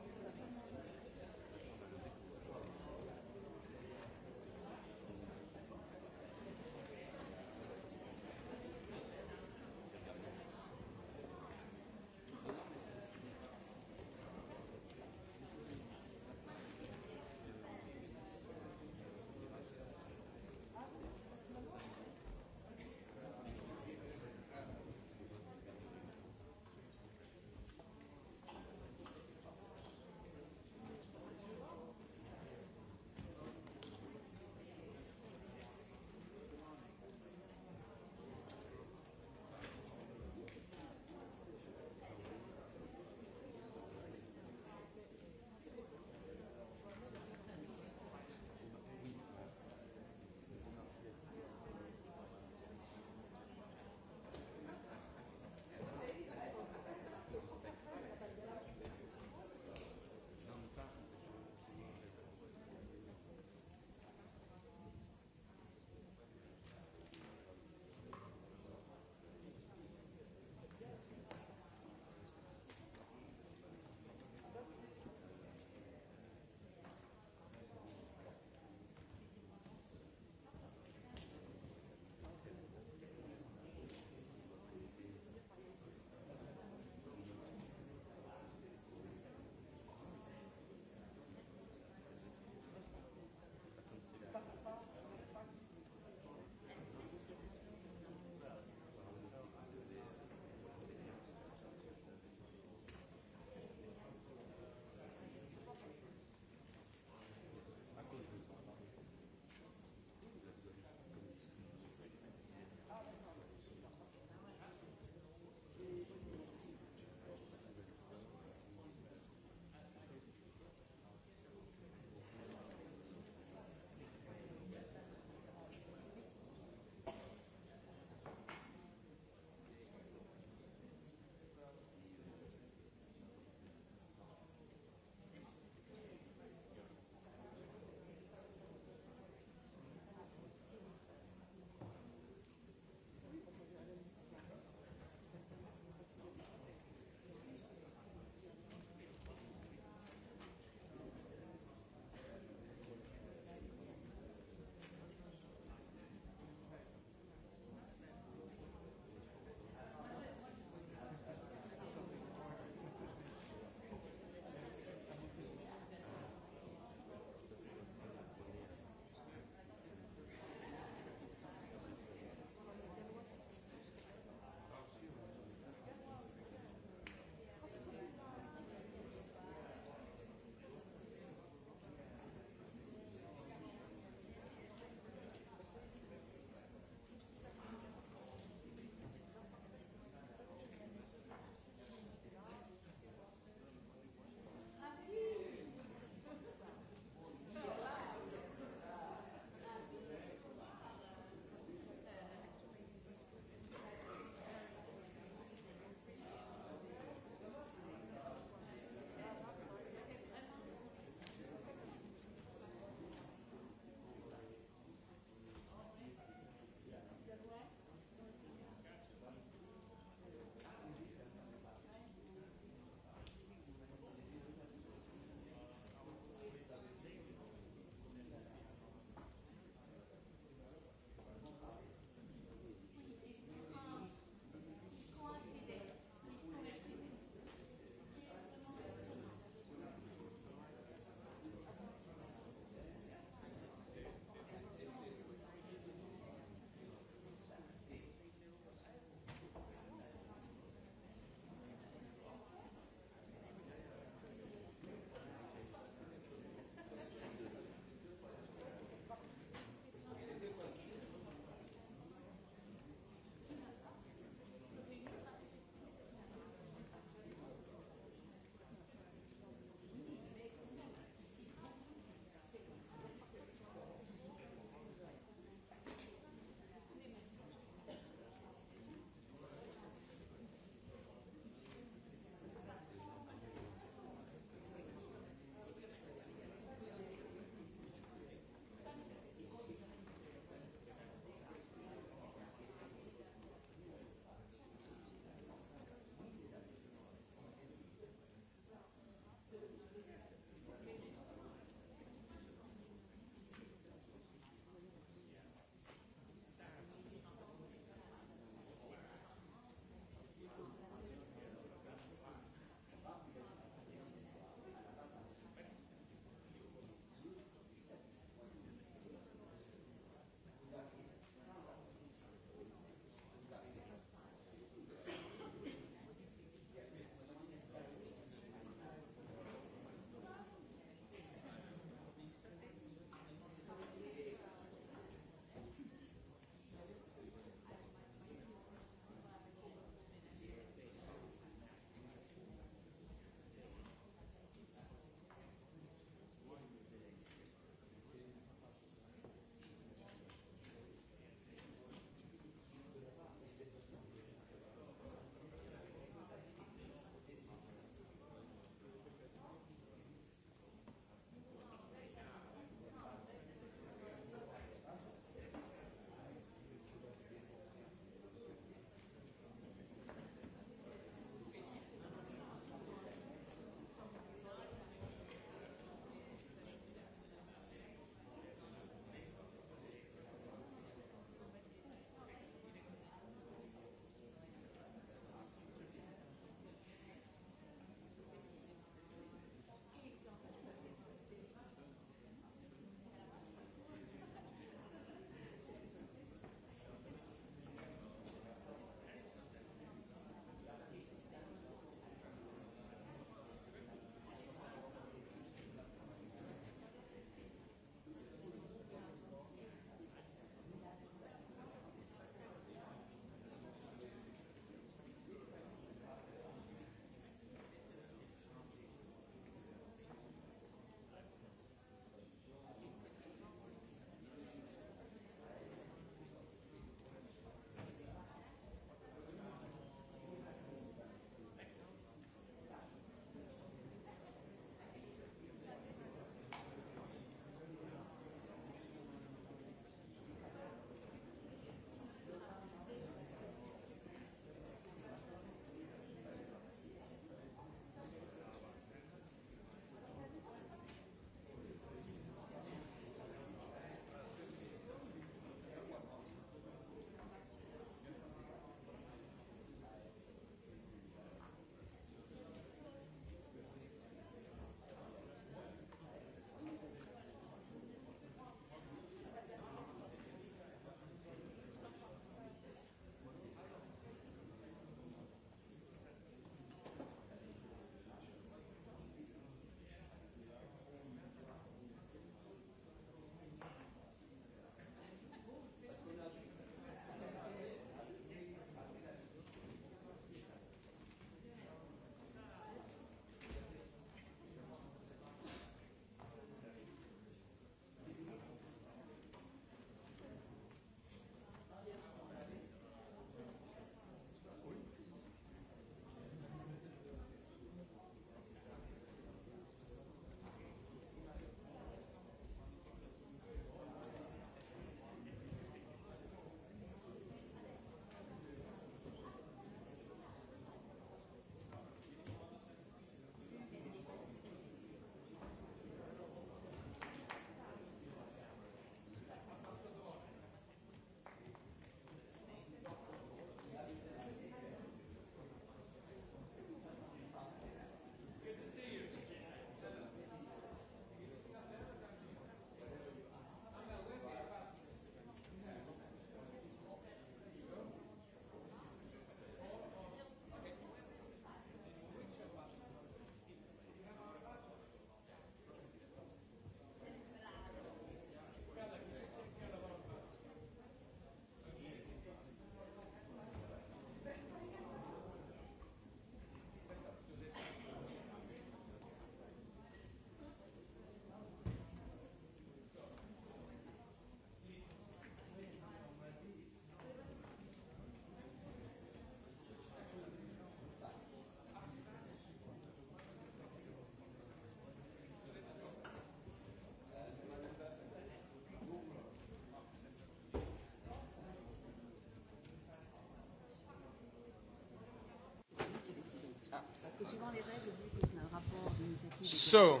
Speaker 4: So.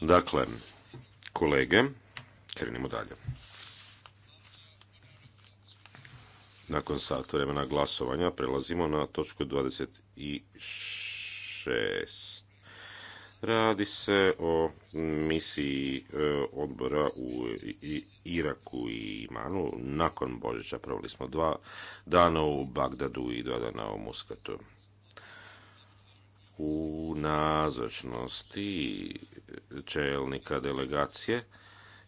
Speaker 4: Dakle, kolege, krenimo dalje. Nakon sat vremena glasovanja prelazimo na točku 26. Radi se o misiji e, odbora u Iraku i Imanu. Nakon Božića proveli smo dva dana u Bagdadu i dva dana u Muskatu. U nazočnosti čelnika delegacije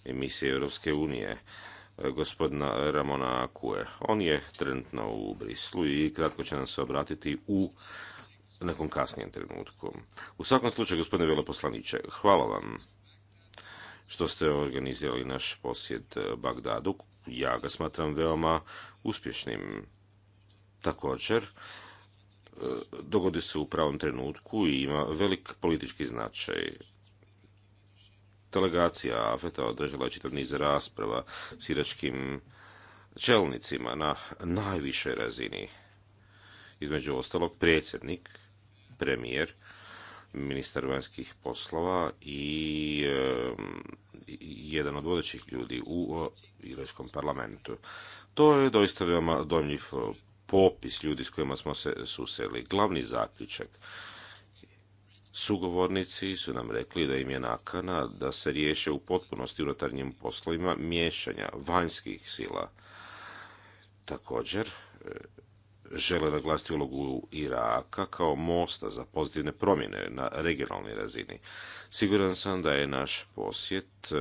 Speaker 4: emisije Europske unije e, gospodina Ramona Akue. On je trenutno u Brislu i kratko će nam se obratiti u nekom kasnijem trenutku. U svakom slučaju, gospodine veleposlaniče, hvala vam što ste organizirali naš posjed eh, Bagdadu. Ja ga smatram veoma uspješnim. Također, eh, dogodi se u pravom trenutku i ima velik politički značaj. Delegacija AFETA održala je čitav niz rasprava s iračkim čelnicima na najvišoj razini. Između ostalog, predsjednik premijer, ministar vanjskih poslova i jedan od vodećih ljudi u Iračkom parlamentu. To je doista veoma dojmljiv popis ljudi s kojima smo se susreli. Glavni zaključak Sugovornici su nam rekli da im je nakana da se riješe u potpunosti unutarnjim poslovima miješanja vanjskih sila. Također, žele naglasiti ulogu Iraka kao mosta za pozitivne promjene na regionalnoj razini. Siguran sam da je naš posjet e,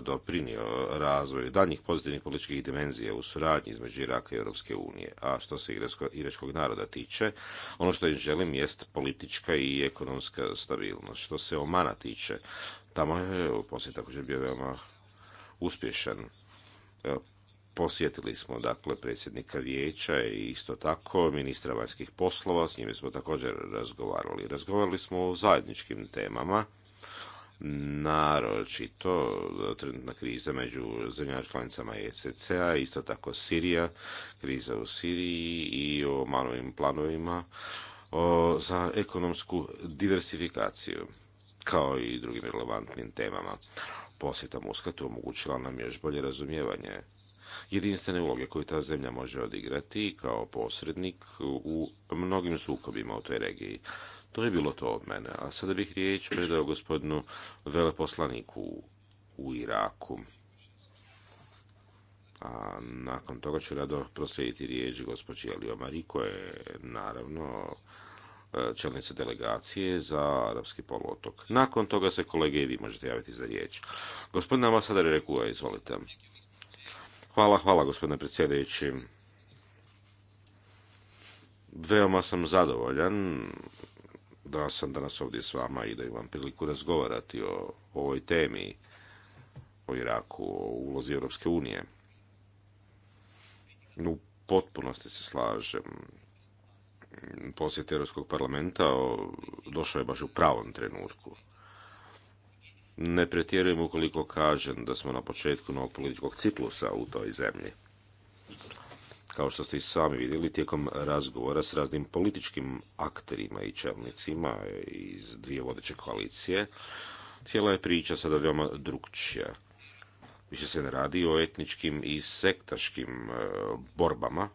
Speaker 4: doprinio razvoju daljnjih pozitivnih političkih dimenzija u suradnji između Iraka i Europske unije. A što se iračkog naroda tiče, ono što im želim jest politička i ekonomska stabilnost. Što se Omana tiče, tamo je posjet također bio veoma uspješan Posjetili smo dakle predsjednika vijeća i isto tako ministra vanjskih poslova, s njime smo također razgovarali. Razgovarali smo o zajedničkim temama, naročito trenutna kriza među zemljama članicama ECC-a, isto tako Sirija, kriza u Siriji i o malovim planovima za ekonomsku diversifikaciju, kao i drugim relevantnim temama. Posjeta Muskatu omogućila nam još bolje razumijevanje jedinstvene uloge koju ta zemlja može odigrati kao posrednik u mnogim sukobima u toj regiji. To je bilo to od mene. A sada bih riječ predao gospodinu veleposlaniku u Iraku. A nakon toga ću rado proslijediti riječ gospođi Elio Mariko, je naravno e, čelnice delegacije za Arapski poluotok. Nakon toga se kolege i vi možete javiti za riječ. Gospodina ambasadar Rekua, izvolite. Hvala, hvala gospodine predsjedajući. Veoma sam zadovoljan da sam danas ovdje s vama i da imam priliku razgovarati o ovoj temi, o Iraku, o ulozi Europske unije. U potpunosti se slažem. Posjet Europskog parlamenta došao je baš u pravom trenutku ne pretjerujem ukoliko kažem da smo na početku novog političkog ciklusa u toj zemlji. Kao što ste i sami vidjeli tijekom razgovora s raznim političkim akterima i čelnicima iz dvije vodeće koalicije, cijela je priča sada veoma drugčija. Više se ne radi o etničkim i sektaškim e, borbama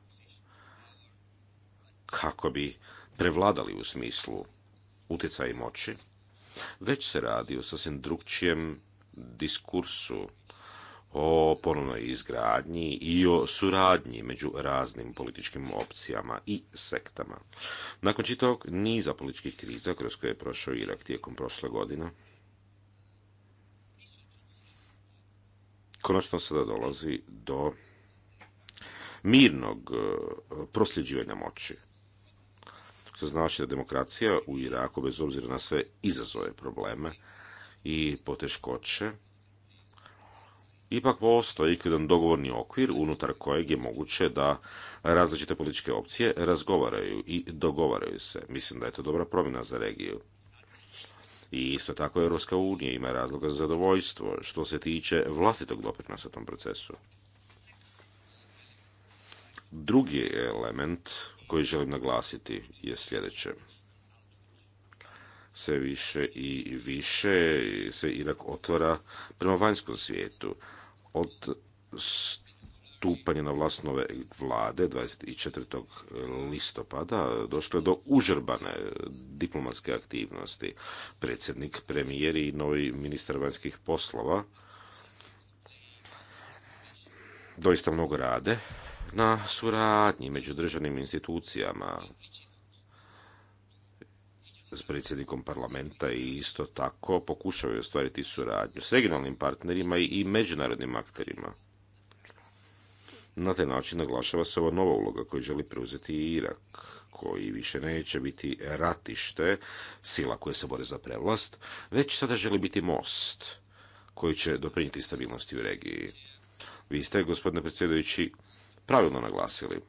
Speaker 4: kako bi prevladali u smislu utjecaja i moći, već se radi o sasvim drugčijem diskursu o ponovnoj izgradnji i o suradnji među raznim političkim opcijama i sektama. Nakon čitavog niza političkih kriza kroz koje je prošao Irak tijekom prošle godine, konačno sada dolazi do mirnog eh, prosljeđivanja moći znači da demokracija u Iraku, bez obzira na sve izazove, probleme i poteškoće, ipak postoji jedan dogovorni okvir unutar kojeg je moguće da različite političke opcije razgovaraju i dogovaraju se. Mislim da je to dobra promjena za regiju. I isto tako Europska unija ima razloga za zadovoljstvo što se tiče vlastitog doprinosa tom procesu. Drugi element koji želim naglasiti je sljedeće. Sve više i više se Irak otvara prema vanjskom svijetu. Od stupanja na vlast nove vlade 24. listopada došlo je do užrbane diplomatske aktivnosti. Predsjednik, premijer i novi ministar vanjskih poslova doista mnogo rade na suradnji među državnim institucijama s predsjednikom parlamenta i isto tako pokušavaju ostvariti suradnju s regionalnim partnerima i međunarodnim akterima. Na taj način naglašava se ova nova uloga koju želi preuzeti Irak, koji više neće biti ratište, sila koja se bore za prevlast, već sada želi biti most koji će doprinijeti stabilnosti u regiji. Vi ste, gospodine predsjedajući, pravilno naglasili.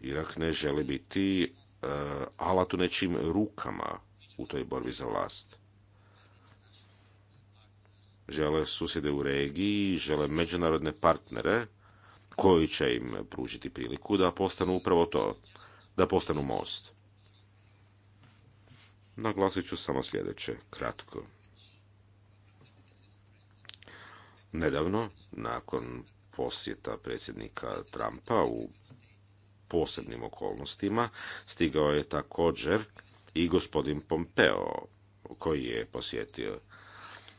Speaker 4: Irak ne želi biti uh, alat u nečim rukama u toj borbi za vlast. Žele susjede u regiji, žele međunarodne partnere koji će im pružiti priliku da postanu upravo to, da postanu most. Naglasit ću samo sljedeće, kratko. Nedavno, nakon posjeta predsjednika Trumpa u posebnim okolnostima, stigao je također i gospodin Pompeo, koji je posjetio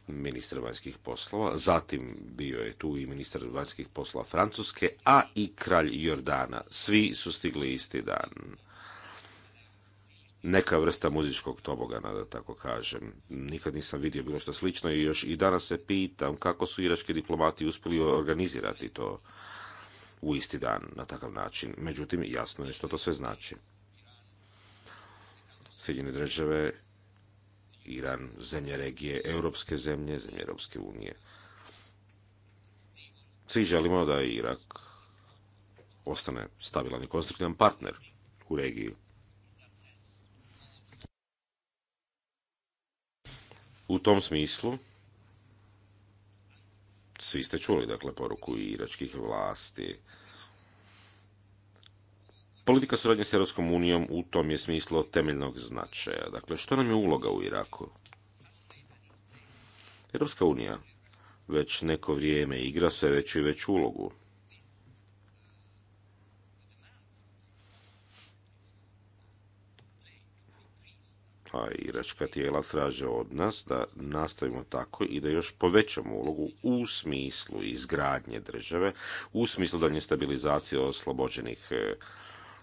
Speaker 4: ministar vanjskih poslova, zatim bio je tu i ministar vanjskih poslova Francuske, a i kralj Jordana. Svi su stigli isti dan neka vrsta muzičkog tobogana, da tako kažem. Nikad nisam vidio bilo što slično i još i danas se pitam kako su irački diplomati uspjeli organizirati to u isti dan na takav način. Međutim, jasno je što to sve znači. Sjedinjene države, Iran, zemlje regije, europske zemlje, zemlje Europske unije. Svi želimo da Irak ostane stabilan i konstruktivan partner u regiji U tom smislu, svi ste čuli, dakle, poruku iračkih vlasti. Politika suradnje s Europskom unijom u tom je smislu temeljnog značaja. Dakle, što nam je uloga u Iraku? Europska unija već neko vrijeme igra sve veću i veću ulogu. a iračka tijela sraže od nas da nastavimo tako i da još povećamo ulogu u smislu izgradnje države, u smislu danje stabilizacije oslobođenih e,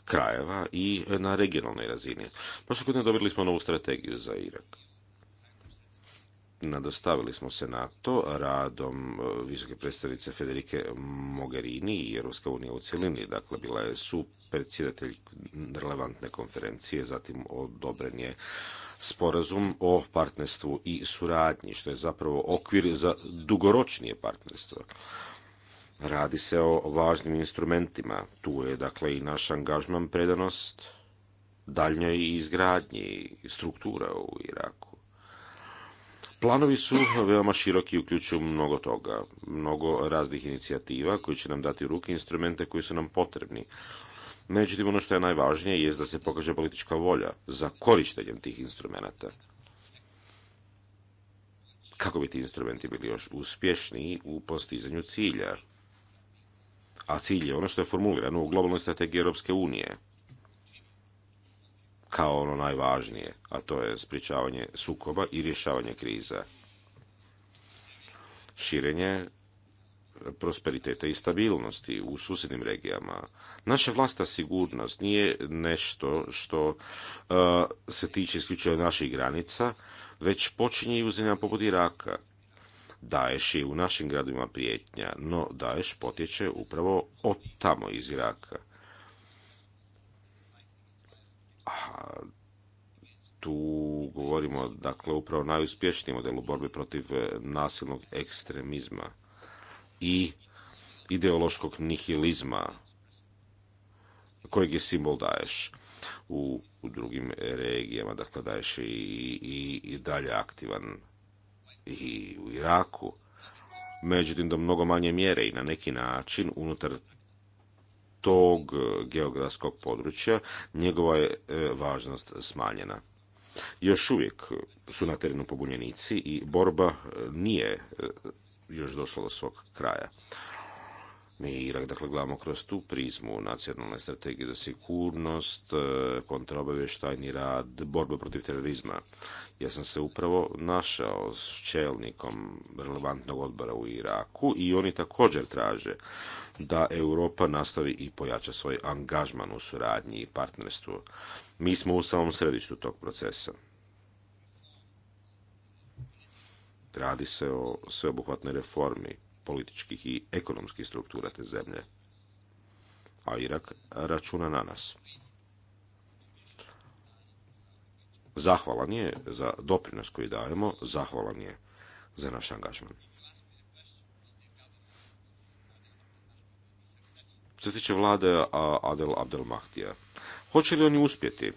Speaker 4: krajeva i na regionalnoj razini. Prošle godine dobili smo novu strategiju za Irak. Nadostavili smo se na to radom e, visoke predstavnice Federike Mogherini i Europska unija u cjelini. Dakle, bila je su predsjedatelj relevantne konferencije, zatim odobren je sporazum o partnerstvu i suradnji, što je zapravo okvir za dugoročnije partnerstvo. Radi se o važnim instrumentima. Tu je dakle i naš angažman predanost daljnjoj izgradnji struktura u Iraku Planovi su veoma široki i uključuju mnogo toga, mnogo raznih inicijativa koji će nam dati u ruke instrumente koji su nam potrebni. Međutim, ono što je najvažnije je da se pokaže politička volja za korištenjem tih instrumenta. Kako bi ti instrumenti bili još uspješniji u postizanju cilja? A cilj je ono što je formulirano u globalnoj strategiji Europske unije kao ono najvažnije, a to je sprječavanje sukoba i rješavanje kriza. Širenje prosperiteta i stabilnosti u susjednim regijama. Naša vlasta sigurnost nije nešto što e, se tiče isključivo naših granica, već počinje i u zemljama poput Iraka. Daješ je u našim gradovima prijetnja, no Daješ potječe upravo od tamo iz Iraka tu govorimo dakle upravo o najuspješnijem modelu borbe protiv e, nasilnog ekstremizma i ideološkog nihilizma kojeg je simbol daješ u, u drugim regijama. Dakle, daješ i, i, i dalje aktivan i u Iraku. Međutim, do mnogo manje mjere i na neki način unutar tog e, geografskog područja, njegova je e, važnost smanjena. Još uvijek su na terenu pobunjenici i borba e, nije još došla do svog kraja. Mi Irak, dakle, gledamo kroz tu prizmu nacionalne strategije za sigurnost, e, kontraobavještajni rad, borba protiv terorizma. Ja sam se upravo našao s čelnikom relevantnog odbora u Iraku i oni također traže da Europa nastavi i pojača svoj angažman u suradnji i partnerstvu. Mi smo u samom središtu tog procesa. Radi se o sveobuhvatnoj reformi političkih i ekonomskih struktura te zemlje. A Irak računa na nas. Zahvalan je za doprinos koji dajemo, zahvalan je za naš angažman. Što se tiče vlade Adel Abdel hoće li oni uspjeti?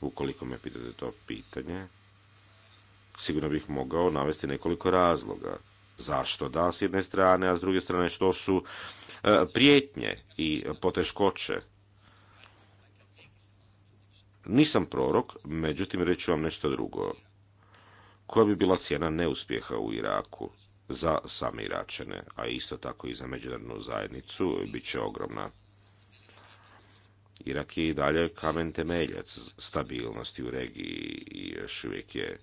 Speaker 4: Ukoliko me pitate to pitanje, sigurno bih mogao navesti nekoliko razloga. Zašto da, s jedne strane, a s druge strane što su e, prijetnje i poteškoće. Nisam prorok, međutim reći vam nešto drugo. Koja bi bila cijena neuspjeha u Iraku za same Iračene, a isto tako i za međunarodnu zajednicu, bit će ogromna. Irak je i dalje kamen temeljac stabilnosti u regiji i još uvijek je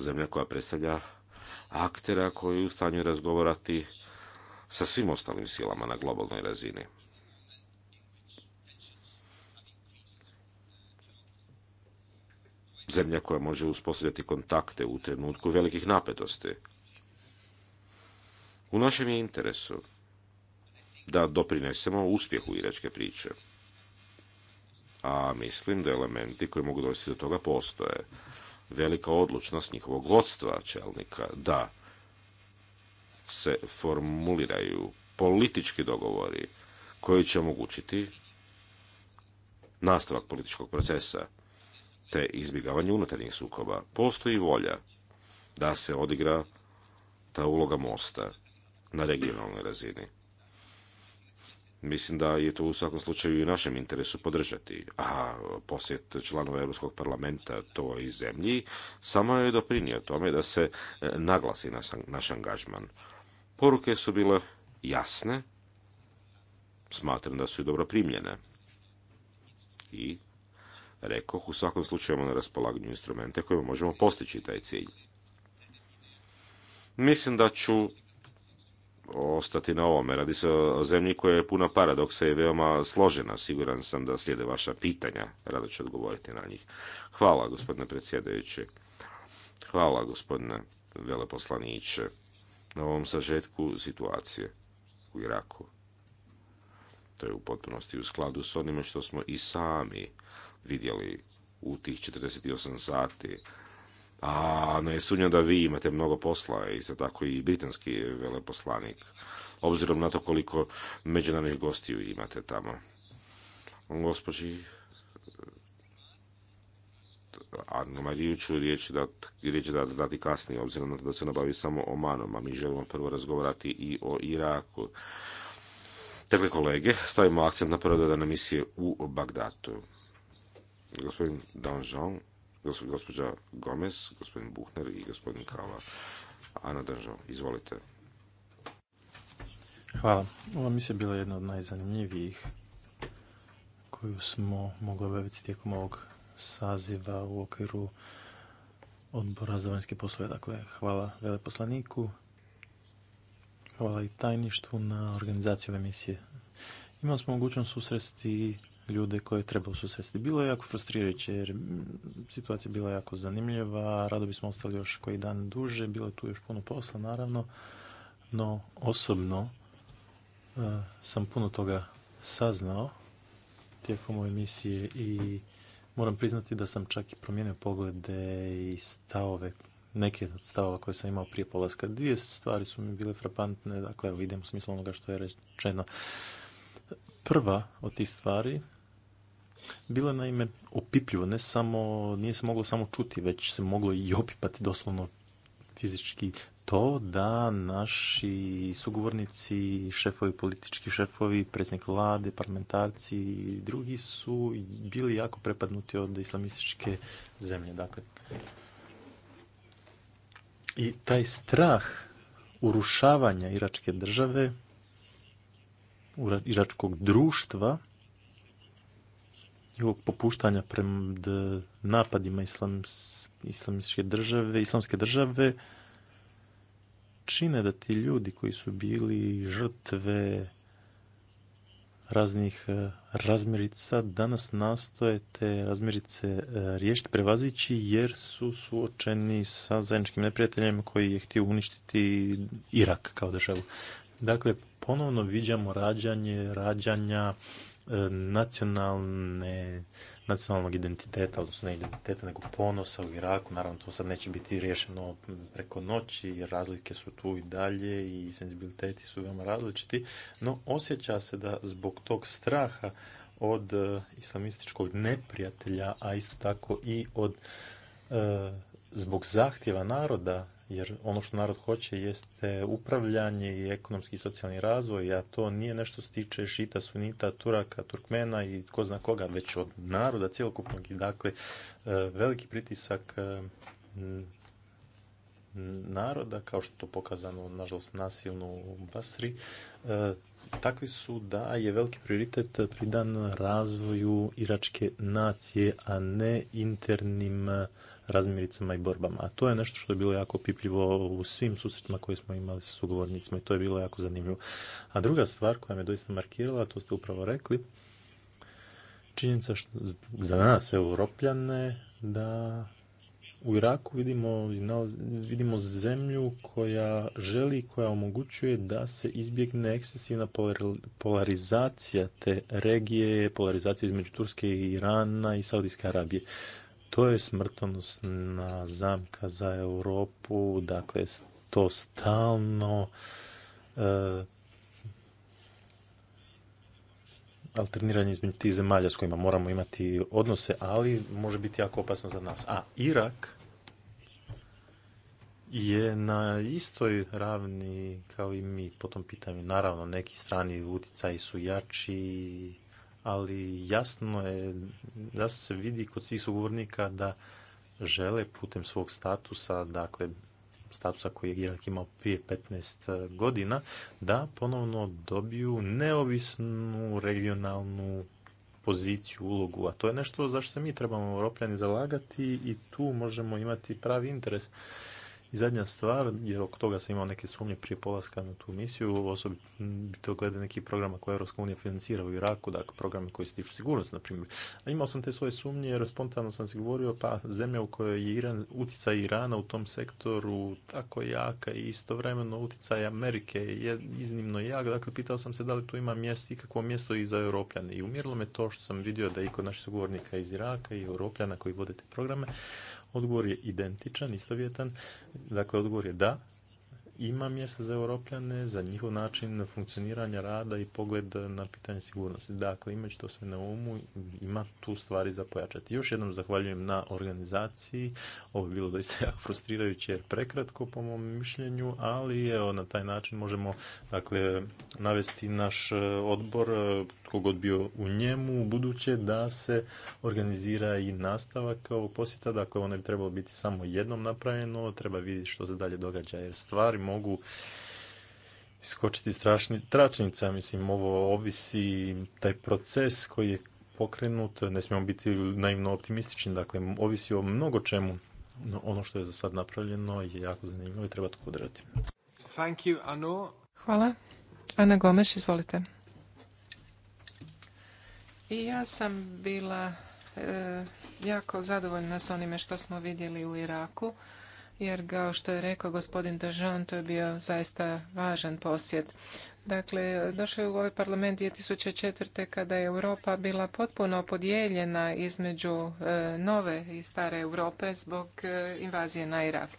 Speaker 4: zemlja koja predstavlja aktera koji je u stanju razgovarati sa svim ostalim silama na globalnoj razini. Zemlja koja može uspostavljati kontakte u trenutku velikih napetosti. U našem je interesu da doprinesemo uspjehu iračke priče. A mislim da elementi koji mogu dovesti do toga postoje velika odlučnost njihovog vodstva čelnika da se formuliraju politički dogovori koji će omogućiti nastavak političkog procesa te izbjegavanje unutarnjih sukoba. Postoji volja da se odigra ta uloga mosta na regionalnoj razini. Mislim da je to u svakom slučaju i našem interesu podržati, a posjet članova Europskog parlamenta toj zemlji samo je doprinio tome da se e, naglasi naš, naš angažman. Poruke su bile jasne, smatram da su i dobro primljene. I rekoh, u svakom slučaju imamo na raspolaganju instrumente kojima možemo postići taj cilj. Mislim da ću ostati na ovome. Radi se o zemlji koja je puna paradoksa i veoma složena. Siguran sam da slijede vaša pitanja. Rado ću odgovoriti na njih. Hvala, gospodine predsjedajući. Hvala, gospodine veleposlaniće, na ovom sažetku situacije u Iraku. To je u potpunosti u skladu s onime što smo i sami vidjeli u tih 48 sati a ne sumnjam da vi imate mnogo posla, isto tako i britanski veleposlanik, obzirom na to koliko međunarodnih gostiju imate tamo. Gospođi na Mariju ću riječ, da dati kasnije, obzirom na to da se nabavi samo manom, a mi želimo prvo razgovarati i o Iraku. Dakle, kolege, stavimo akcent na prvo da nam misije u Bagdatu. Gospodin Danjean gospođa Gomez, gospodin Buhner i gospodin Kala. Ana Držav, izvolite.
Speaker 3: Hvala. ovo mi se bila jedna od najzanimljivijih koju smo mogli obaviti tijekom ovog saziva u okviru odbora za vanjske poslove. Dakle, hvala veleposlaniku, hvala i tajništvu na organizaciju ove misije. Imali smo mogućnost susresti ljude koje treba susresti. Bilo je jako frustrirajuće jer situacija je bila jako zanimljiva, rado bismo ostali još koji dan duže, bilo je tu još puno posla naravno, no osobno e, sam puno toga saznao tijekom ove misije i moram priznati da sam čak i promijenio poglede i stavove neke od stavova koje sam imao prije polaska. Dvije stvari su mi bile frapantne, dakle evo idem u smislu onoga što je rečeno. Prva od tih stvari bilo je naime opipljivo, ne samo, nije se moglo samo čuti, već se moglo i opipati doslovno fizički to da naši sugovornici, šefovi politički šefovi, predsjednik vlade, parlamentarci i drugi su bili jako prepadnuti od islamističke zemlje. Dakle, i taj strah urušavanja iračke države, iračkog društva, popuštanja prema napadima islamske države, islamske države čine da ti ljudi koji su bili žrtve raznih e, razmirica danas nastoje te razmirice e, riješiti, prevazići jer su suočeni sa zajedničkim neprijateljem koji je htio uništiti Irak kao državu. Dakle, ponovno viđamo rađanje, rađanja, E, nacionalne, nacionalnog identiteta, odnosno ne identiteta, nego ponosa u Iraku. Naravno, to sad neće biti riješeno preko noći, jer razlike su tu i dalje i senzibiliteti su veoma različiti, no osjeća se da zbog tog straha od e, islamističkog neprijatelja, a isto tako i od e, zbog zahtjeva naroda jer ono što narod hoće jeste upravljanje i ekonomski i socijalni razvoj, a to nije nešto se tiče šita, sunita, turaka, turkmena i ko zna koga, već od naroda cjelokupnog. I dakle, e, veliki pritisak e, naroda, kao što je to pokazano, nažalost, nasilno u Basri, e, takvi su da je veliki prioritet pridan razvoju iračke nacije, a ne internim razmiricama i borbama. A to je nešto što je bilo jako pipljivo u svim susretima koje smo imali sa sugovornicima i to je bilo jako zanimljivo. A druga stvar koja me doista markirala, to ste upravo rekli, činjenica što, za nas europljane da u Iraku vidimo, vidimo zemlju koja želi, koja omogućuje da se izbjegne ekscesivna polarizacija te regije, polarizacija između Turske i Irana i Saudijske Arabije. To je smrtonosna zamka za Europu, dakle to stalno e, alterniranje između tih zemalja s kojima moramo imati odnose, ali može biti jako opasno za nas. A Irak je na istoj ravni kao i mi po tom pitanju. Naravno, neki strani utjecaji su jači ali jasno je da se vidi kod svih sugovornika da žele putem svog statusa, dakle statusa koji je Irak imao prije 15 eh, godina, da ponovno dobiju neovisnu regionalnu poziciju, ulogu, a to je nešto zašto se mi trebamo europljani zalagati i tu možemo imati pravi interes. I zadnja stvar, jer oko toga sam imao neke sumnje prije polaska na tu misiju, osobito glede nekih programa koje Europska unija financira u Iraku, dakle programe koji se tiču sigurnosti, na primjer. A imao sam te svoje sumnje jer spontano sam se govorio, pa zemlja u kojoj je Iran, utjecaj Irana u tom sektoru tako jaka i istovremeno utjecaj Amerike je iznimno jak, dakle pitao sam se da li tu ima mjesto, ikakvo mjesto i za Europljane. I umjerilo me to što sam vidio da i kod naših sugovornika iz Iraka i Europljana koji vode te programe, Odgovor je identičan, istovjetan. Dakle, odgovor je da. Ima mjesta za europljane, za njihov način funkcioniranja rada i pogled na pitanje sigurnosti. Dakle, imajući to sve na umu, ima tu stvari za pojačati. Još jednom zahvaljujem na organizaciji. Ovo je bilo doista jako frustrirajuće prekratko po mom mišljenju, ali evo, na taj način možemo dakle, navesti naš e, odbor e, god bio u njemu, buduće da se organizira i nastavak ovog posjeta, dakle ono bi trebalo biti samo jednom napravljeno, treba vidjeti što se dalje događa, jer stvari mogu iskočiti strašni tračnica, mislim ovo ovisi taj proces koji je pokrenut, ne smijemo biti naivno optimistični, dakle ovisi o mnogo čemu, ono što je za sad napravljeno je jako zanimljivo i treba to podržati.
Speaker 2: Thank you,
Speaker 1: Hvala. Ana Gomes, izvolite. I ja sam bila e, jako zadovoljna s onime što smo vidjeli u Iraku, jer kao što je rekao gospodin Dežan, to je bio zaista važan posjet. Dakle, došao je u ovaj parlament 2004. kada je Europa bila potpuno podijeljena između e, nove i stare Europe zbog e, invazije na Irak.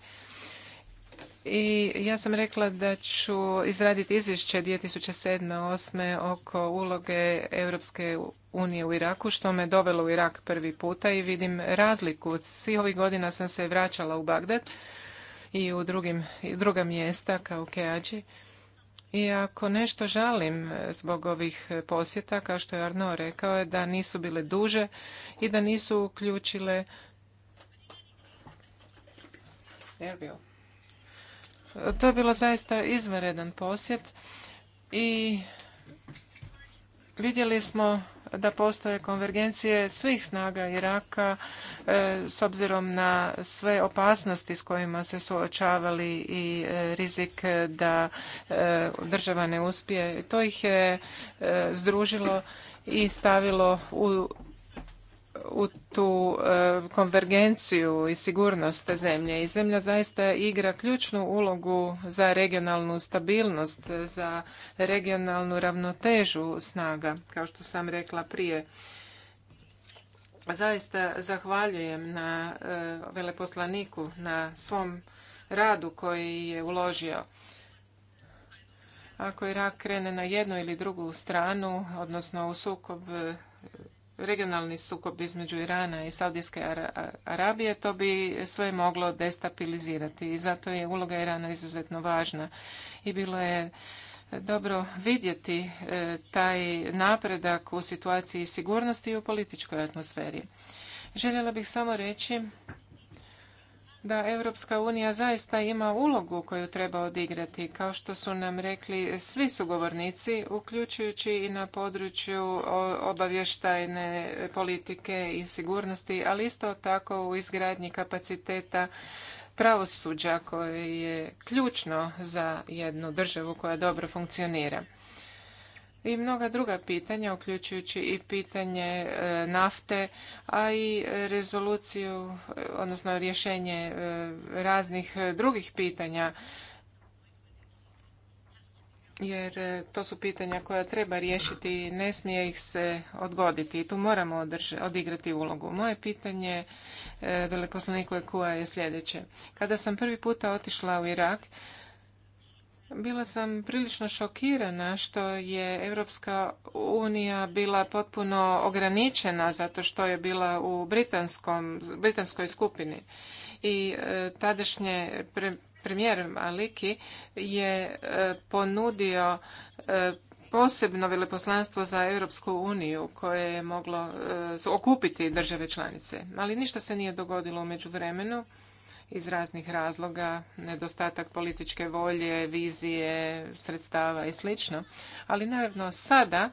Speaker 1: I ja sam rekla da ću izraditi izvješće 2007. 2008. oko uloge Europske unije u Iraku, što me dovelo u Irak prvi puta i vidim razliku. Svi ovih godina sam se vraćala u Bagdad i u drugim, druga mjesta kao Keađi. I ako nešto žalim zbog ovih posjeta, kao što je Arno rekao, je da nisu bile duže i da nisu uključile Erbil. To je bilo zaista izvanredan posjet i vidjeli smo da postoje konvergencije svih snaga Iraka e, s obzirom na sve opasnosti s kojima se suočavali i e, rizik da e, država ne uspije. To ih je združilo i stavilo u u tu e, konvergenciju i sigurnost zemlje. I zemlja zaista igra ključnu ulogu za regionalnu stabilnost, za regionalnu ravnotežu snaga, kao što sam rekla prije. Zaista zahvaljujem na e, veleposlaniku, na svom radu koji je uložio. Ako Irak krene na jednu ili drugu stranu, odnosno u sukob regionalni sukob između Irana i Saudijske Arabije, to bi sve moglo destabilizirati i zato je uloga Irana izuzetno važna. I bilo je dobro vidjeti e, taj napredak u situaciji sigurnosti i u političkoj atmosferi. Željela bih samo reći da Europska unija zaista ima ulogu koju treba odigrati, kao što su nam rekli svi sugovornici, uključujući i na području obavještajne politike i sigurnosti, ali isto tako u izgradnji kapaciteta pravosuđa koje je ključno za jednu državu koja dobro funkcionira i mnoga druga pitanja, uključujući i pitanje e, nafte, a i rezoluciju, odnosno rješenje e, raznih e, drugih pitanja, jer to su pitanja koja treba riješiti i ne smije ih se odgoditi. I tu moramo odigrati ulogu. Moje pitanje veleposlaniku Ekua je sljedeće. Kada sam prvi puta otišla u Irak, bila sam prilično šokirana što je Europska unija bila potpuno ograničena zato što je bila u britanskom, britanskoj skupini. I e, tadašnje premijer Aliki je e, ponudio e, posebno veleposlanstvo za Europsku uniju koje je moglo okupiti države članice. Ali ništa se nije dogodilo u međuvremenu iz raznih razloga, nedostatak političke volje, vizije, sredstava i slično. Ali naravno sada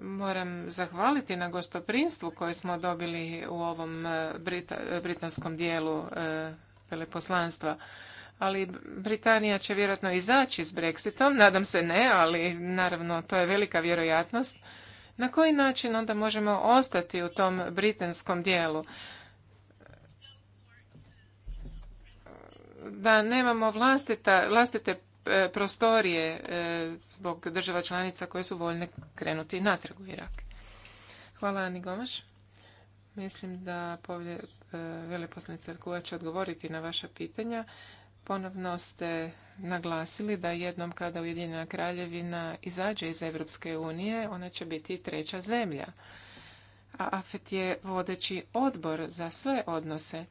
Speaker 1: moram zahvaliti na gostoprinstvu koje smo dobili u ovom e, e, britanskom dijelu e, veleposlanstva. Ali Britanija će vjerojatno izaći s Brexitom, nadam se ne, ali naravno to je velika vjerojatnost. Na koji način onda možemo ostati u tom britanskom dijelu? Da nemamo vlastita, vlastite e, prostorije e, zbog država članica koje su voljne krenuti natrag u Irak. Hvala Ani Gomaš. Mislim da povje, e, veleposlanica će odgovoriti na vaša pitanja. Ponovno ste naglasili da jednom kada Ujedinjena kraljevina izađe iz Europske unije, ona će biti treća zemlja. A AFET je vodeći odbor za sve odnose.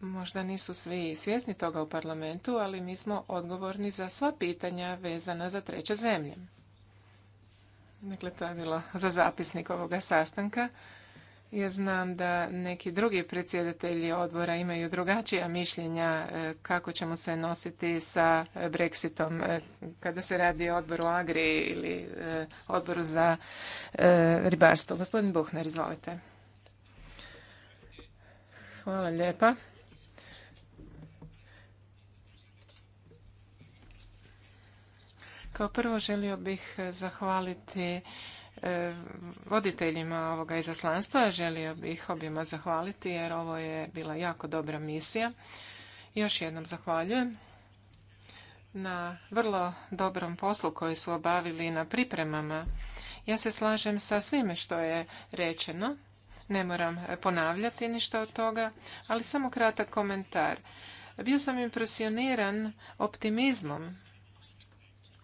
Speaker 1: Možda nisu svi svjesni toga u parlamentu, ali mi smo odgovorni za sva pitanja vezana za treće zemlje. Dakle, to je bilo za zapisnik ovoga sastanka. Ja znam da neki drugi predsjedatelji odbora imaju drugačija mišljenja e, kako ćemo se nositi sa Brexitom e, kada se radi o odboru Agri ili e, odboru za ribarstvo. Gospodin Buhner, izvolite. Hvala lijepa. Kao prvo želio bih zahvaliti E, voditeljima ovoga izaslanstva. Želio bih objema zahvaliti jer ovo je bila jako dobra misija. Još jednom zahvaljujem na vrlo dobrom poslu koji su obavili na pripremama. Ja se slažem sa svime što je rečeno. Ne moram ponavljati ništa od toga, ali samo kratak komentar. Bio sam impresioniran optimizmom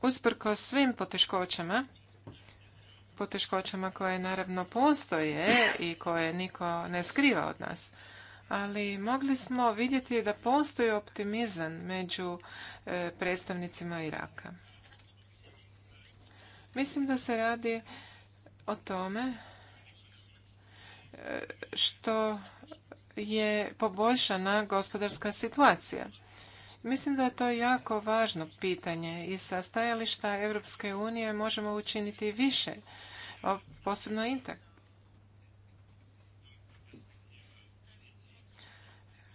Speaker 1: usprkos svim poteškoćama poteškoćama koje naravno postoje i koje niko ne skriva od nas. Ali mogli smo vidjeti da postoji optimizam među e, predstavnicima Iraka. Mislim da se radi o tome e, što je poboljšana gospodarska situacija. Mislim da je to jako važno pitanje i sa stajališta Europske unije možemo učiniti više, posebno Inter.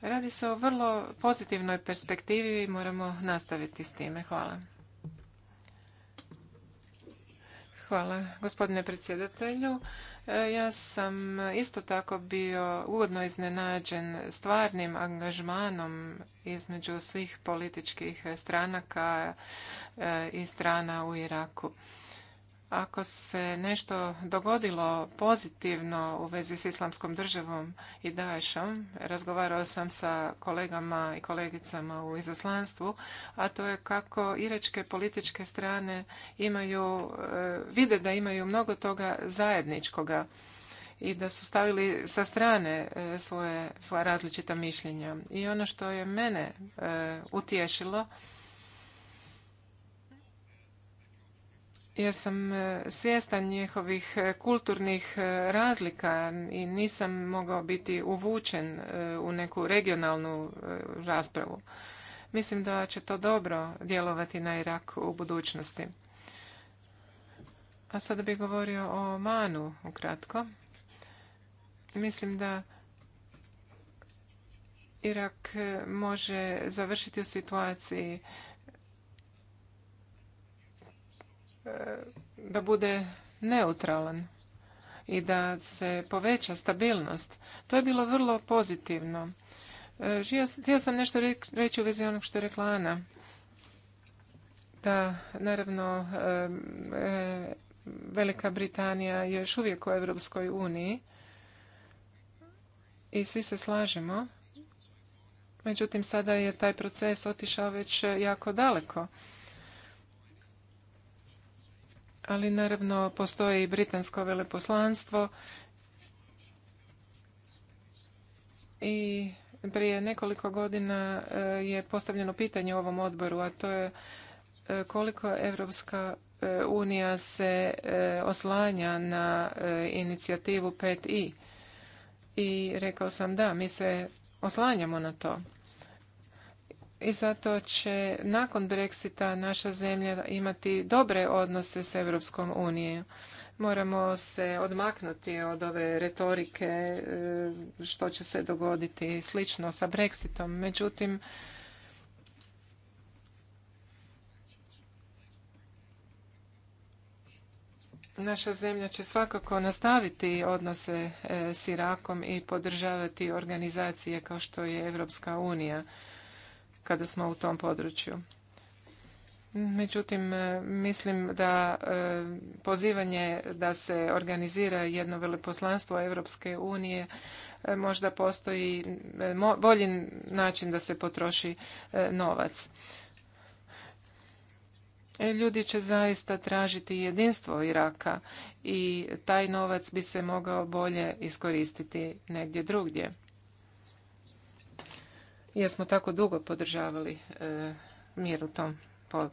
Speaker 1: Radi se o vrlo pozitivnoj perspektivi i moramo nastaviti s time. Hvala. Hvala gospodine predsjedatelju. E, ja sam isto tako bio ugodno iznenađen stvarnim angažmanom između svih političkih stranaka e, i strana u Iraku ako se nešto dogodilo pozitivno u vezi s islamskom državom i Daeshom, razgovarao sam sa kolegama i kolegicama u izaslanstvu, a to je kako iračke političke strane imaju, e, vide da imaju mnogo toga zajedničkoga i da su stavili sa strane e, svoje, svoja različita mišljenja. I ono što je mene e, utješilo jer sam e, svjestan njihovih e, kulturnih e, razlika i nisam mogao biti uvučen u neku regionalnu raspravu. Mislim da će to dobro djelovati na Irak u budućnosti. A sada bih govorio o Manu ukratko. Mislim da Irak može završiti u situaciji da bude neutralan i da se poveća stabilnost. To je bilo vrlo pozitivno. E, htio sam nešto reći u vezi onog što je rekla Ana. Da, naravno, e, e, Velika Britanija je još uvijek u Europskoj uniji i svi se slažemo. Međutim, sada je taj proces otišao već jako daleko ali naravno postoji i britansko veleposlanstvo i prije nekoliko godina eh, je postavljeno pitanje u ovom odboru, a to je eh, koliko Evropska eh, unija se oslanja na inicijativu 5i. I rekao sam da, mi se oslanjamo na to i zato će nakon Brexita naša zemlja imati dobre odnose s Europskom unijom. Moramo se odmaknuti od ove retorike e, što će se dogoditi slično sa Brexitom. Međutim, naša zemlja će svakako nastaviti odnose e, s Irakom i podržavati organizacije kao što je Europska unija kada smo u tom području. Međutim, e, mislim da e, pozivanje da se organizira jedno veleposlanstvo Europske unije e, možda postoji bolji način da se potroši novac. Ljudi će zaista tražiti jedinstvo Iraka i taj novac bi se mogao bolje iskoristiti negdje drugdje jer smo tako dugo podržavali e, mir u tom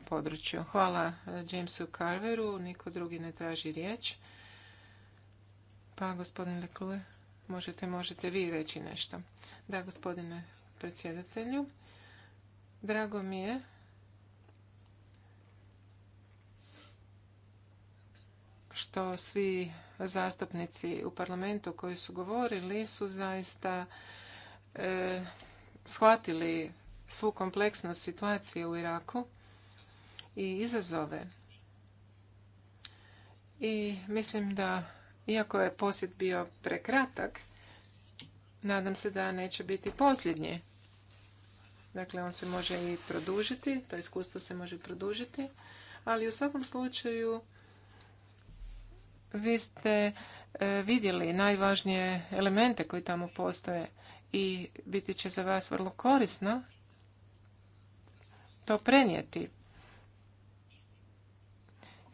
Speaker 1: području. Hvala e, Jamesu Carveru, niko drugi ne traži riječ. Pa gospodin Kluje, možete, možete vi reći nešto. Da, gospodine predsjedatelju, drago mi je što svi zastupnici u parlamentu koji su govorili su zaista e, shvatili svu kompleksnost situacije u Iraku i izazove. I mislim da, iako je posjet bio prekratak, nadam se da neće biti posljednji. Dakle, on se može i produžiti, to iskustvo se može produžiti, ali u svakom slučaju vi ste e, vidjeli najvažnije elemente koji tamo postoje i biti će za vas vrlo korisno to prenijeti.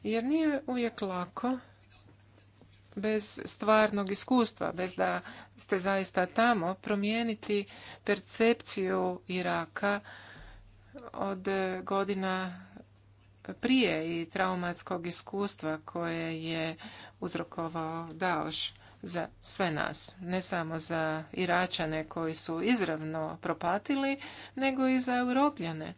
Speaker 1: Jer nije uvijek lako bez stvarnog iskustva, bez da ste zaista tamo, promijeniti percepciju Iraka od godina prije i traumatskog iskustva koje je uzrokovao Daoš za sve nas, ne samo za Iračane koji su izravno propatili, nego i za Europljane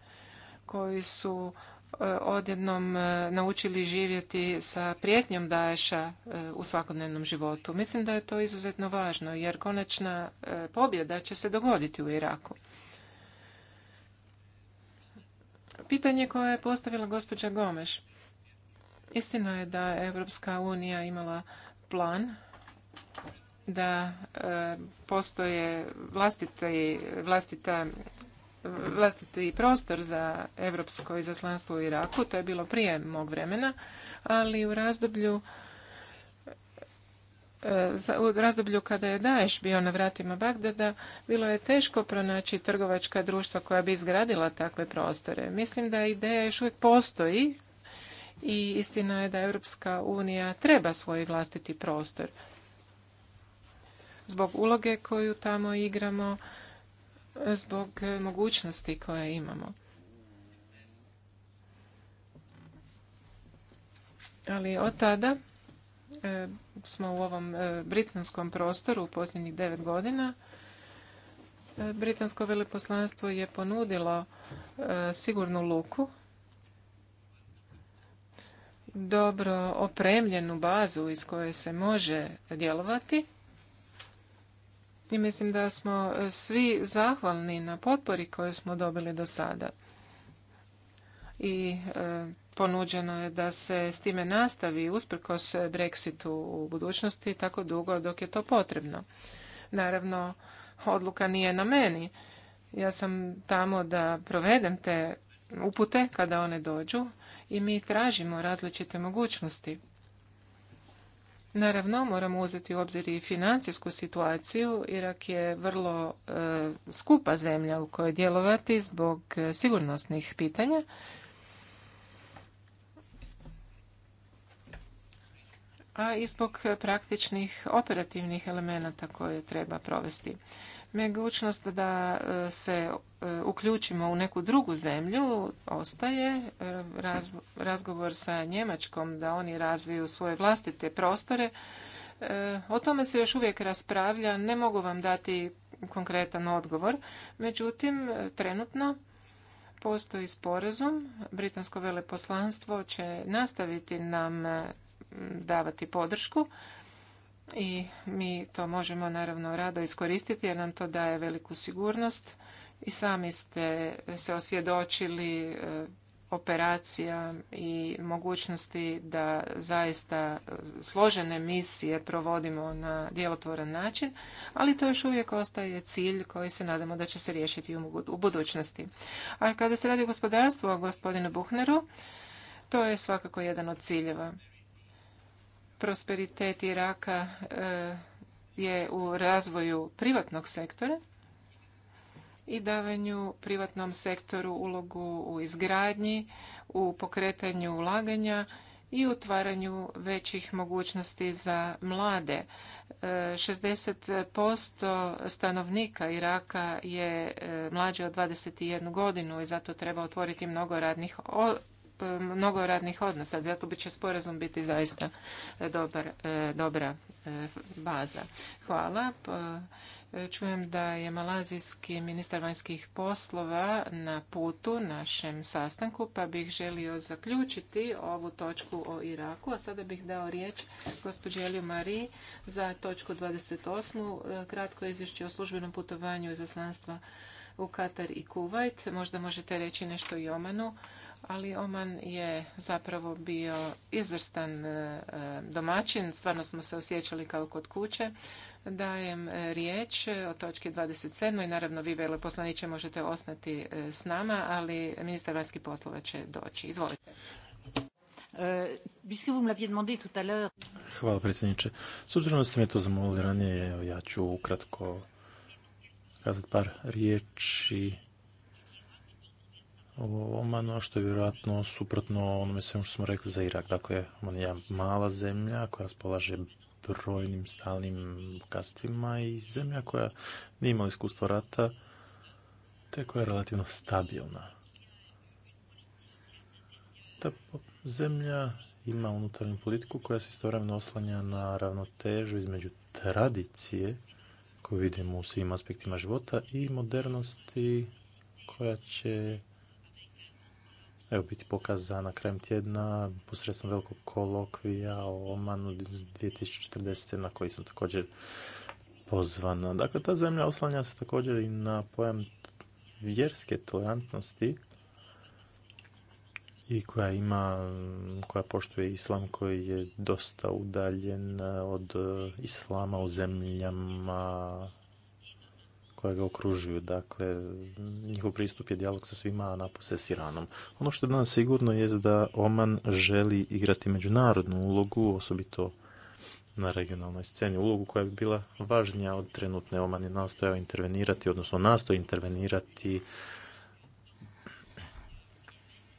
Speaker 1: koji su e, odjednom e, naučili živjeti sa prijetnjom daješa e, u svakodnevnom životu. Mislim da je to izuzetno važno jer konačna pobjeda će se dogoditi u Iraku. Pitanje koje je postavila gospođa Gomeš. Istina je da je Evropska unija imala plan da e, postoje vlastiti, vlastita vlastiti prostor za europsko izaslanstvo u Iraku, to je bilo prije mog vremena, ali u razdoblju e, u razdoblju kada je Daesh bio na vratima Bagdada, bilo je teško pronaći trgovačka društva koja bi izgradila takve prostore. Mislim da ideja još uvijek postoji i istina je da Europska unija treba svoj vlastiti prostor zbog uloge koju tamo igramo, zbog mogućnosti koje imamo. Ali od tada e, smo u ovom e, britanskom prostoru u posljednjih devet godina. E, britansko veleposlanstvo je ponudilo sigurnu luku, dobro opremljenu bazu iz koje se može djelovati i mislim da smo e, svi zahvalni na potpori koju smo dobili do sada. I e, ponuđeno je da se s time nastavi usprkos Brexitu u budućnosti tako dugo dok je to potrebno. Naravno, odluka nije na meni. Ja sam tamo da provedem te upute kada one dođu i mi tražimo različite mogućnosti. Naravno, moramo uzeti u obzir i financijsku situaciju. Irak je vrlo e, skupa zemlja u kojoj djelovati zbog e, sigurnosnih pitanja. a i zbog praktičnih operativnih elemenata koje treba provesti. Mogućnost da e, se e, uključimo u neku drugu zemlju ostaje. Razgovor sa Njemačkom da oni razviju svoje vlastite prostore. E, o tome se još uvijek raspravlja. Ne mogu vam dati konkretan odgovor. Međutim, trenutno postoji sporazum. Britansko veleposlanstvo će nastaviti nam davati podršku i mi to možemo naravno rado iskoristiti jer nam to daje veliku sigurnost i sami ste se osvjedočili e, operacija i mogućnosti da zaista e, složene misije provodimo na djelotvoran način, ali to još uvijek ostaje cilj koji se nadamo da će se riješiti u budućnosti. A kada se radi o gospodarstvu, o gospodinu Buhneru, to je svakako jedan od ciljeva prosperitet Iraka e, je u razvoju privatnog sektora i davanju privatnom sektoru ulogu u izgradnji, u pokretanju ulaganja i otvaranju većih mogućnosti za mlade. 60% e, stanovnika Iraka je e, mlađe od 21 godinu i zato treba otvoriti mnogo radnih Um, mnogo radnih odnosa, zato bi će sporazum biti zaista e, dobar, e, dobra e, baza. Hvala. Čujem da je malazijski ministar vanjskih poslova na putu našem sastanku, pa bih želio zaključiti ovu točku o Iraku, a sada bih dao riječ gospođi Eliju Mariji za točku 28. Kratko izvješće o službenom putovanju izaslanstva u Katar i Kuvajt. Možda možete reći nešto i Omanu ali Oman je zapravo bio izvrstan e, domaćin, stvarno smo se osjećali kao kod kuće. Dajem e, riječ o točki 27. i naravno vi veleposlaniće možete osnati e, s nama, ali ministar vanjskih poslova će doći. Izvolite.
Speaker 3: Hvala predsjedniče. S obzirom da ste me to zamolili ranije, ja ću ukratko kazati par riječi no što je vjerojatno suprotno onome svemu što smo rekli za Irak. Dakle, on je mala zemlja koja raspolaže brojnim stalnim bogatstvima i zemlja koja nije imala iskustva rata, te koja je relativno stabilna. Ta zemlja ima unutarnju politiku koja se istovremeno oslanja na ravnotežu između tradicije koju vidimo u svim aspektima života i modernosti koja će evo biti pokazana krajem tjedna posredstvom velikog kolokvija o Omanu 2040. na koji sam također pozvana. Dakle, ta zemlja oslanja se također i na pojam vjerske tolerantnosti i koja ima, koja poštuje islam koji je dosta udaljen od islama u zemljama ga okružuju. Dakle, njihov pristup je dijalog sa svima, a napose s Iranom. Ono što je danas sigurno je da Oman želi igrati međunarodnu ulogu, osobito na regionalnoj sceni, ulogu koja bi bila važnija od trenutne. Oman je nastojao intervenirati, odnosno nastoji intervenirati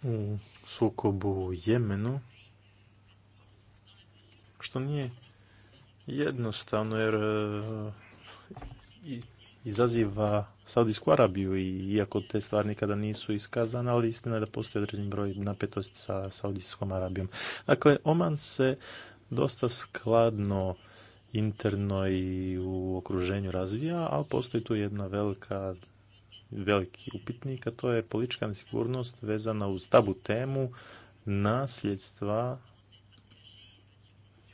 Speaker 3: u sukobu Jemenu, što nije jednostavno, jer e, i izaziva Saudijsku Arabiju i iako te stvari nikada nisu iskazane, ali istina je da postoji određen broj napetosti sa Saudijskom Arabijom. Dakle, Oman se dosta skladno interno i u okruženju razvija, ali postoji tu jedna velika veliki upitnik, a to je politička nesigurnost vezana uz tabu temu nasljedstva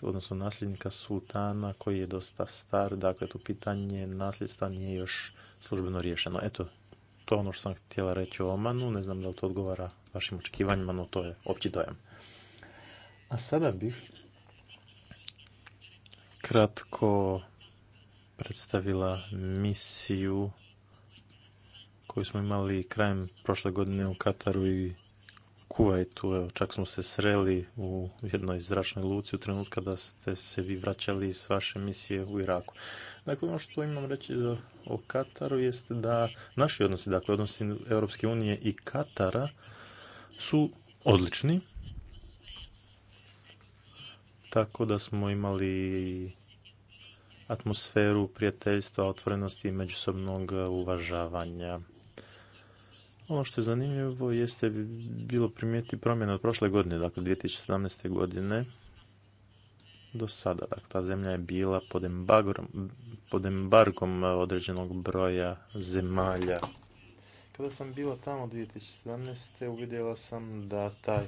Speaker 3: odnosno nasljednika sultana koji je dosta star, dakle to pitanje nasljedstva nije još službeno riješeno. Eto, to je ono što sam htjela reći o Omanu, ne znam da li to odgovara vašim očekivanjima, no to je opći dojam. A sada bih kratko predstavila misiju koju smo imali krajem prošle godine u Kataru i Kuvajtu. Evo, čak smo se sreli u jednoj zračnoj luci u trenutku kada ste se vi vraćali iz vaše misije u Iraku. Dakle, ono što imam reći o Kataru jeste da naši odnosi, dakle odnosi Europske unije i Katara su odlični. Tako da smo imali atmosferu prijateljstva, otvorenosti i međusobnog uvažavanja. Ono što je zanimljivo jeste bilo primijeti promjene od prošle godine, dakle 2017. godine do sada. Dakle, ta zemlja je bila pod embargom, pod embargom određenog broja zemalja. Kada sam bila tamo 2017. uvidjela sam da taj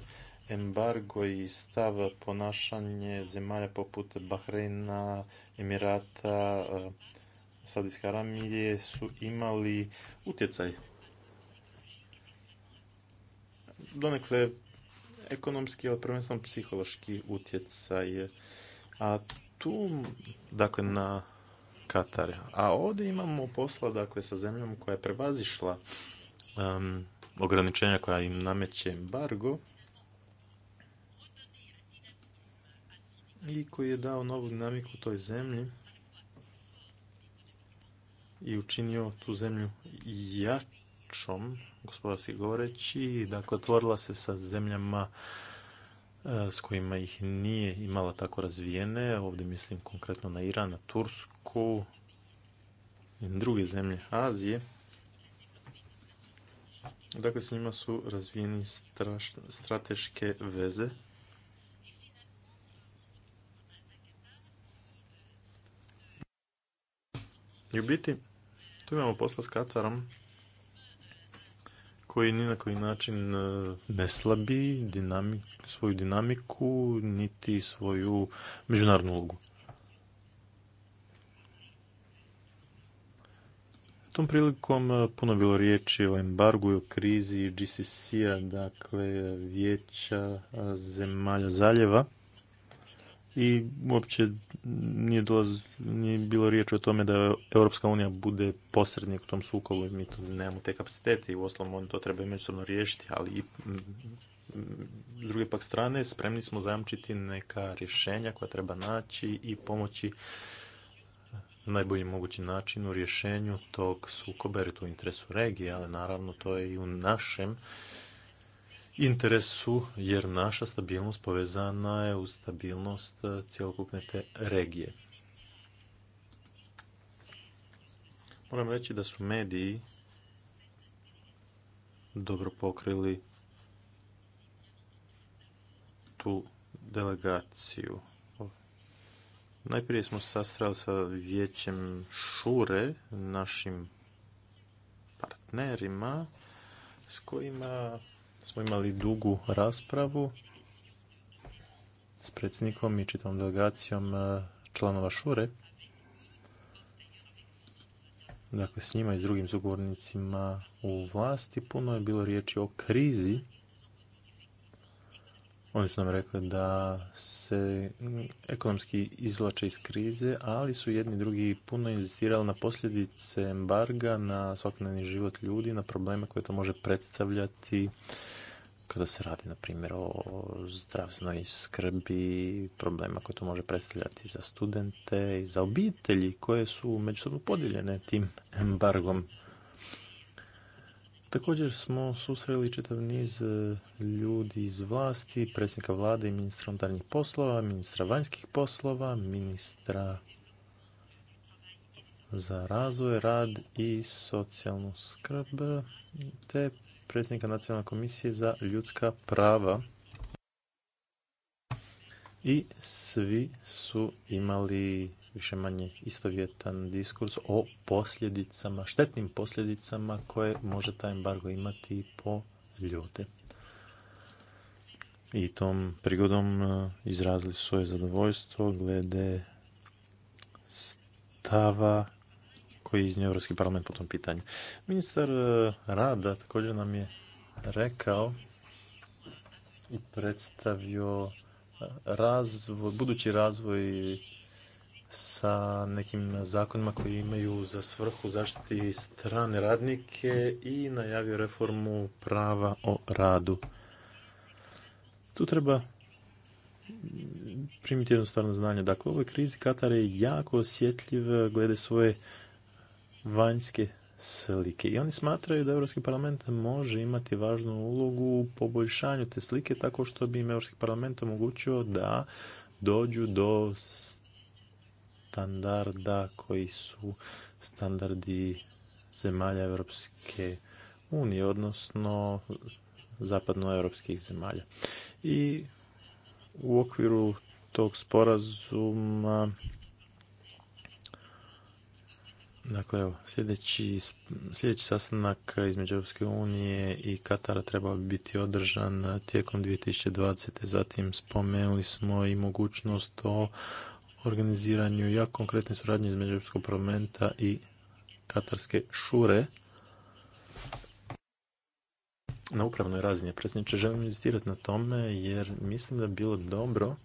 Speaker 3: embargo i stav ponašanje zemalja poput Bahreina, Emirata, eh, Saudijske Aramije su imali utjecaj donekle ekonomski, ali prvenstveno psihološki utjecaj. A tu, dakle, na Katar. A ovdje imamo posla, dakle, sa zemljom koja je prevazišla ograničenja koja im nameće embargo i koji je dao novu dinamiku toj zemlji i učinio tu zemlju jač šom, gospodarski govoreći, dakle otvorila se sa zemljama e, s kojima ih nije imala tako razvijene, ovdje mislim konkretno na Iran, na Tursku i druge zemlje Azije. Dakle, s njima su razvijeni strateške veze. I u biti, tu imamo posla s Katarom, koji ni na koji način e, ne slabi svoju dinamiku niti svoju međunarodnu ulogu. Tom prilikom e, puno bilo riječi o embargu i o krizi GCC-a, dakle vijeća e, zemalja zaljeva i uopće nije, dolaz, nije bilo riječ o tome da Europska unija bude posrednik u tom sukobu, i mi to nemamo te kapacitete i u on oni to treba međusobno riješiti, ali i mm, s druge pak strane spremni smo zajamčiti neka rješenja koja treba naći i pomoći na najbolji mogući način u rješenju tog sukoba, jer je to u interesu regije, ali naravno to je i u našem interesu jer naša stabilnost povezana je uz stabilnost e, cjelokupne te regije. Moram reći da su mediji dobro pokrili tu delegaciju. Najprije smo sastrali sa vijećem Šure, našim partnerima, s kojima smo imali dugu raspravu s predsjednikom i čitavom delegacijom e, članova Šure. Dakle, s njima i s drugim zagovornicima u vlasti puno je bilo riječi o krizi oni su nam rekli da se ekonomski izlače iz krize, ali su jedni drugi puno inzistirali na posljedice embarga, na svakodnevni život ljudi, na probleme koje to može predstavljati kada se radi, na primjer, o zdravstvenoj skrbi, problema koje to može predstavljati za studente i za obitelji koje su međusobno podijeljene tim embargom. Također smo susreli čitav niz e, ljudi iz vlasti, predsjednika vlade i ministra unutarnjih poslova, ministra vanjskih poslova, ministra za razvoj, rad i socijalnu skrb, te predsjednika Nacionalne komisije za ljudska prava. I svi su imali više manje istovjetan diskurs o posljedicama, štetnim posljedicama koje može taj embargo imati po ljude. I tom prigodom e, izrazili svoje zadovoljstvo glede stava koji je iznio Europski parlament po tom pitanju. Ministar e, rada također nam je rekao i predstavio e, razvoj, budući razvoj sa nekim zakonima koji imaju za svrhu zaštiti strane radnike i najavio reformu prava o radu. Tu treba primiti jednostavno znanje. Dakle, u ovoj krizi Katar je jako osjetljiv glede svoje vanjske slike. I oni smatraju da Europski parlament može imati važnu ulogu u poboljšanju te slike tako što bi im Europski parlament omogućio da dođu do standarda koji su standardi zemalja Europske unije, odnosno zapadnoevropskih zemalja. I u okviru tog sporazuma Dakle, evo, sljedeći, sljedeći sastanak između Europske unije i Katara treba biti održan tijekom 2020. Zatim spomenuli smo i mogućnost o organiziranju jako konkretne suradnje između Europskog parlamenta i Katarske šure na upravnoj razini. Predsjedniče, želim inzistirati na tome jer mislim da bi bilo dobro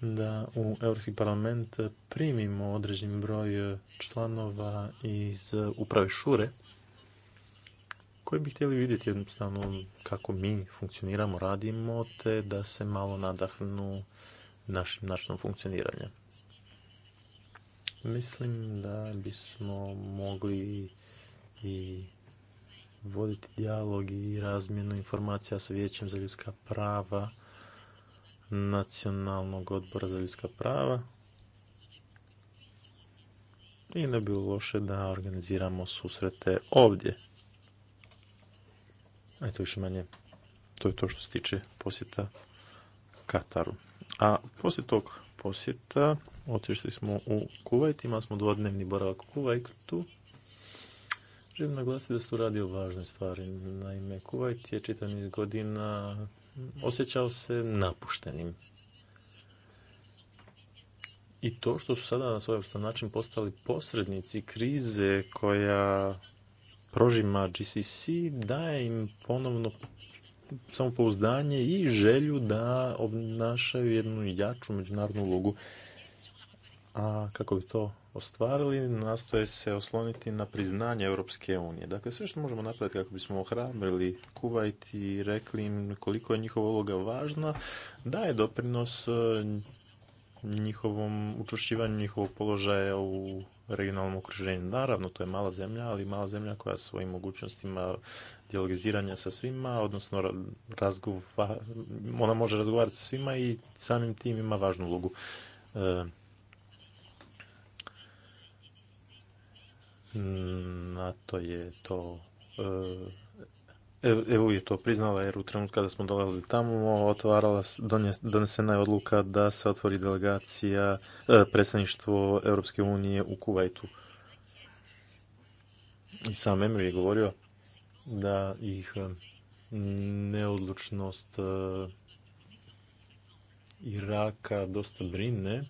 Speaker 3: da u Europski parlament primimo određen broj članova iz uprave šure koji bi htjeli vidjeti jednostavno kako mi funkcioniramo, radimo, te da se malo nadahnu našim načinom funkcioniranja. Mislim da bismo mogli i voditi dijalog i razmjenu informacija sa Vijećem za ljudska prava Nacionalnog odbora za ljudska prava. I ne bi bilo loše da organiziramo susrete ovdje. Eto više manje. To je to što se tiče posjeta Kataru. A poslije tog posjeta otišli smo u Kuvajt, imali smo dvodnevni boravak u Kuvajtu. Želim naglasiti da se tu radi o važnoj stvari. Naime, Kuvajt je čitav niz godina osjećao se napuštenim. I to što su sada na svoj način postali posrednici krize koja prožima GCC daje im ponovno samopouzdanje i želju da obnašaju jednu jaču međunarodnu ulogu. A kako bi to ostvarili, nastoje se osloniti na priznanje Europske unije. Dakle, sve što možemo napraviti kako bismo ohrabrili Kuvajt i rekli im koliko je njihova uloga važna, daje doprinos eh, njihovom učvršćivanju njihovog položaja u regionalnom okruženju. Naravno, to je mala zemlja, ali mala zemlja koja svojim mogućnostima dijalogiziranja sa svima, odnosno razgova, ona može razgovarati sa svima i samim tim ima važnu ulogu. E, to je to e, EU je to priznala jer u trenutku kada smo dolazili tamo otvarala, donesena je odluka da se otvori delegacija, e, predstavništvo Europske unije u Kuvajtu. I sam Emir je govorio da ih e, neodlučnost e, Iraka dosta brine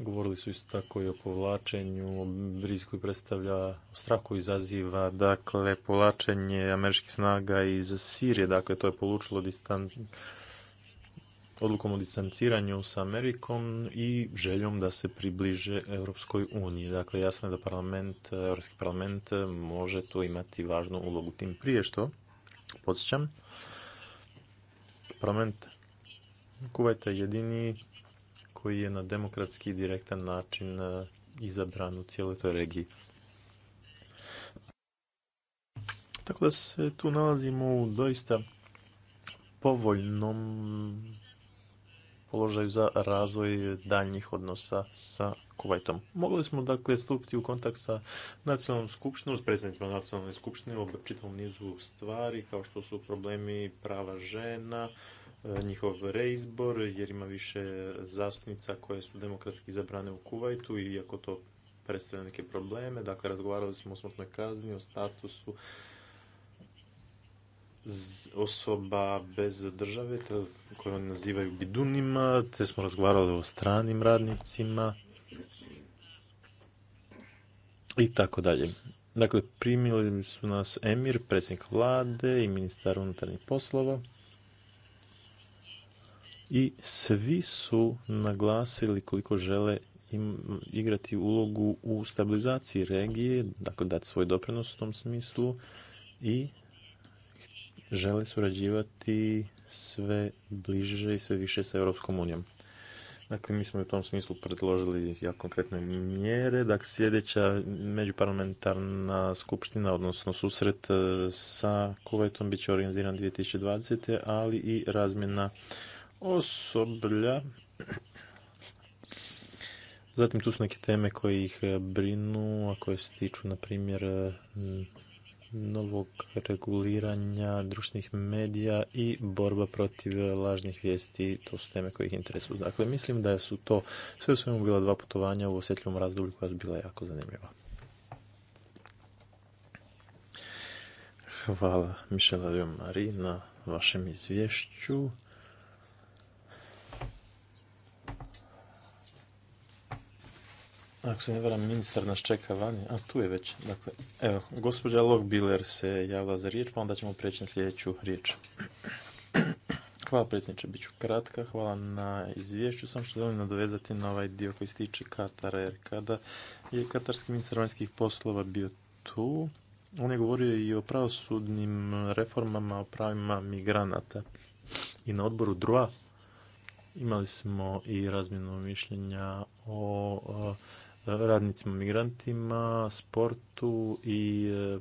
Speaker 3: Govorili su isto tako i o povlačenju, o brizi koji predstavlja, strah koji izaziva, dakle, povlačenje američkih snaga iz Sirije, dakle, to je polučilo distan... odlukom o distanciranju sa Amerikom i željom da se približe Europskoj uniji. Dakle, jasno je da parlament, Europski parlament može to imati važnu ulogu. Tim prije što, podsjećam, parlament Kuvajta je jedini koji je na demokratski direktan način e, izabran u cijeloj toj regiji. Tako da se tu nalazimo u doista povoljnom položaju za razvoj daljnjih odnosa sa Kuwaitom. Mogli smo dakle stupiti u kontakt sa nacionalnom skupštinom, s predsjednicima nacionalne skupštine u čitavom nizu stvari kao što su problemi prava žena, E, njihov reizbor jer ima više zastupnica koje su demokratski izabrane u Kuvajtu iako to predstavlja neke probleme. Dakle, razgovarali smo o smrtnoj kazni, o statusu osoba bez države koje oni nazivaju bidunima, te smo razgovarali o stranim radnicima i tako dalje. Dakle, primili su nas Emir, predsjednik vlade i ministar unutarnjih poslova i svi su naglasili koliko žele igrati ulogu u stabilizaciji regije, dakle dati svoj doprinos u tom smislu i žele surađivati sve bliže i sve više sa Europskom unijom. Dakle, mi smo u tom smislu predložili jako konkretne mjere. Dakle, sljedeća međuparlamentarna skupština, odnosno susret e, sa Kuvajtom bit će organiziran 2020. ali i razmjena osoblja. Zatim tu su neke teme koje ih e, brinu, a koje se tiču, na primjer, e, novog reguliranja društvenih medija i borba protiv e, lažnih vijesti. To su teme koje ih interesuju. Dakle, mislim da su to sve u svemu bila dva putovanja u osjetljivom razdoblju koja su bila jako zanimljiva. Hvala Mišela Mari na vašem izvješću. Ako se ne varam, ministar nas čeka vani. A, tu je već. Dakle, evo, gospođa Lokbiler se javila za riječ, pa onda ćemo preći na sljedeću riječ. Hvala predsjedniče, bit ću kratka. Hvala na izvješću. Sam što želim nadovezati na ovaj dio koji se tiče Katara, jer kada je katarski ministar vanjskih poslova bio tu, on je govorio i o pravosudnim reformama, o pravima migranata. I na odboru DROA imali smo i razmjenu mišljenja o radnicima, migrantima, sportu i e, e,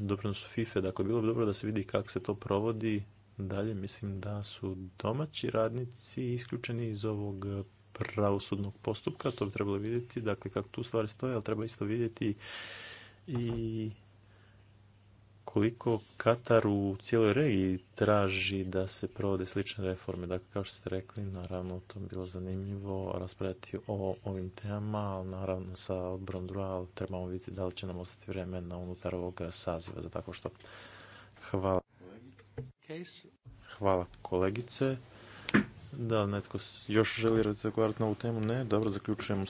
Speaker 3: doprinosu FIFE. Dakle, bilo bi dobro da se vidi kako se to provodi dalje. Mislim da su domaći radnici isključeni iz ovog pravosudnog postupka. To bi trebalo vidjeti, dakle, kako tu stvari stoje, ali treba isto vidjeti i koliko Katar u cijeloj regiji traži da se provode slične reforme. Dakle, kao što ste rekli, naravno, to bi bilo zanimljivo raspravljati o ovim temama, ali naravno sa odborom druga, ali trebamo vidjeti da li će nam ostati vremena unutar ovog saziva za tako što. Hvala. Hvala kolegice. Da, netko još želi razgovarati na ovu temu? Ne. Dobro, zaključujemo e,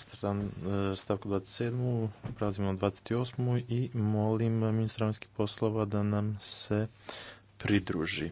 Speaker 3: stavku 27. Prelazimo na 28. i molim ministra vanjskih poslova da nam se pridruži.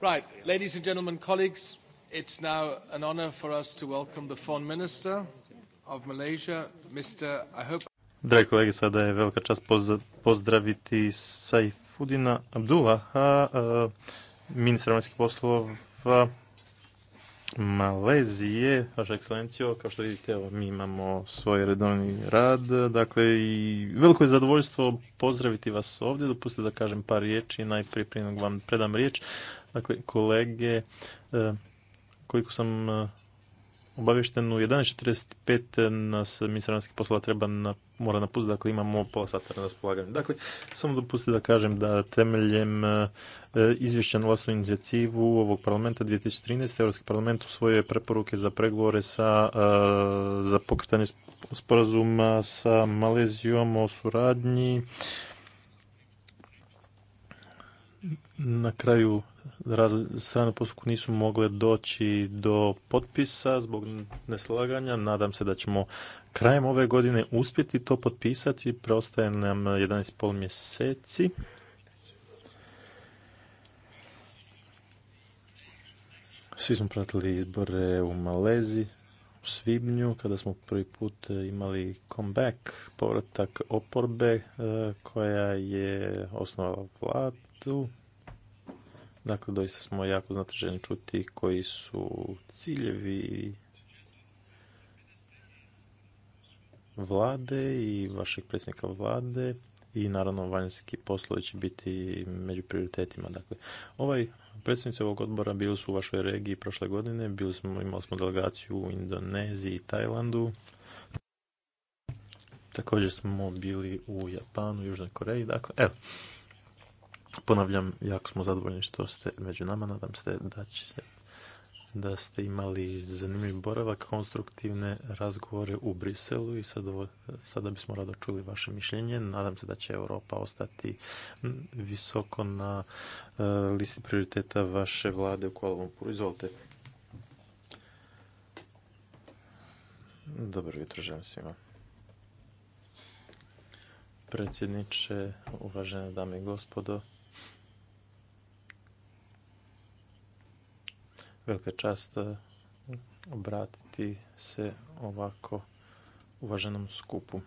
Speaker 2: Right, ladies and gentlemen, colleagues, it's now an honor for us to welcome the foreign minister of Malaysia, Mr. I
Speaker 3: Dragi kolege, sada je velika čast pozdraviti Saifudina Abdullaha, ministra vanjskih poslova Malezije, vaša ekscelencijo, kao što vidite, evo, mi imamo svoj redovni rad, dakle, i veliko je zadovoljstvo pozdraviti vas ovdje, dopustite da kažem par riječi, najprije prije vam predam riječ, Dakle, kolege, e, koliko sam e, obavješten, u 11.45 nas ministar vanjskih poslova treba na, mora napustiti, dakle imamo pola sata na raspolaganju. Dakle, samo dopustite da kažem da temeljem e, izvješća na vlastnu inicijativu ovog parlamenta 2013. Europski parlament usvojio je preporuke za pregovore sa, za pokretanje sporazuma sa Malezijom o suradnji na kraju strane u postupku nisu mogle doći do potpisa zbog neslaganja. Nadam se da ćemo krajem ove godine uspjeti to potpisati. Preostaje nam 11,5 mjeseci. Svi smo pratili izbore u Malezi u Svibnju kada smo prvi put imali comeback, povratak oporbe e, koja je osnovala vladu Dakle, doista smo jako znatiženi čuti koji su ciljevi vlade i vašeg predsjednika vlade i naravno vanjski poslovi će biti među prioritetima. Dakle, ovaj predsjednici ovog odbora bili su u vašoj regiji prošle godine, bili smo, imali smo delegaciju u Indoneziji i Tajlandu. Također smo bili u Japanu, Južnoj Koreji, dakle, evo, Ponavljam, jako smo zadovoljni što ste među nama. Nadam se da, će, da ste imali zanimljiv boravak, konstruktivne razgovore u Briselu i sada, sada bismo rado čuli vaše mišljenje. Nadam se da će Europa ostati visoko na e, listi prioriteta vaše vlade u Kuala Izvolite. Dobro jutro, želim svima. Predsjedniče, uvažene dame i gospodo, Velika čast eh, obratiti se ovako uvaženom skupu.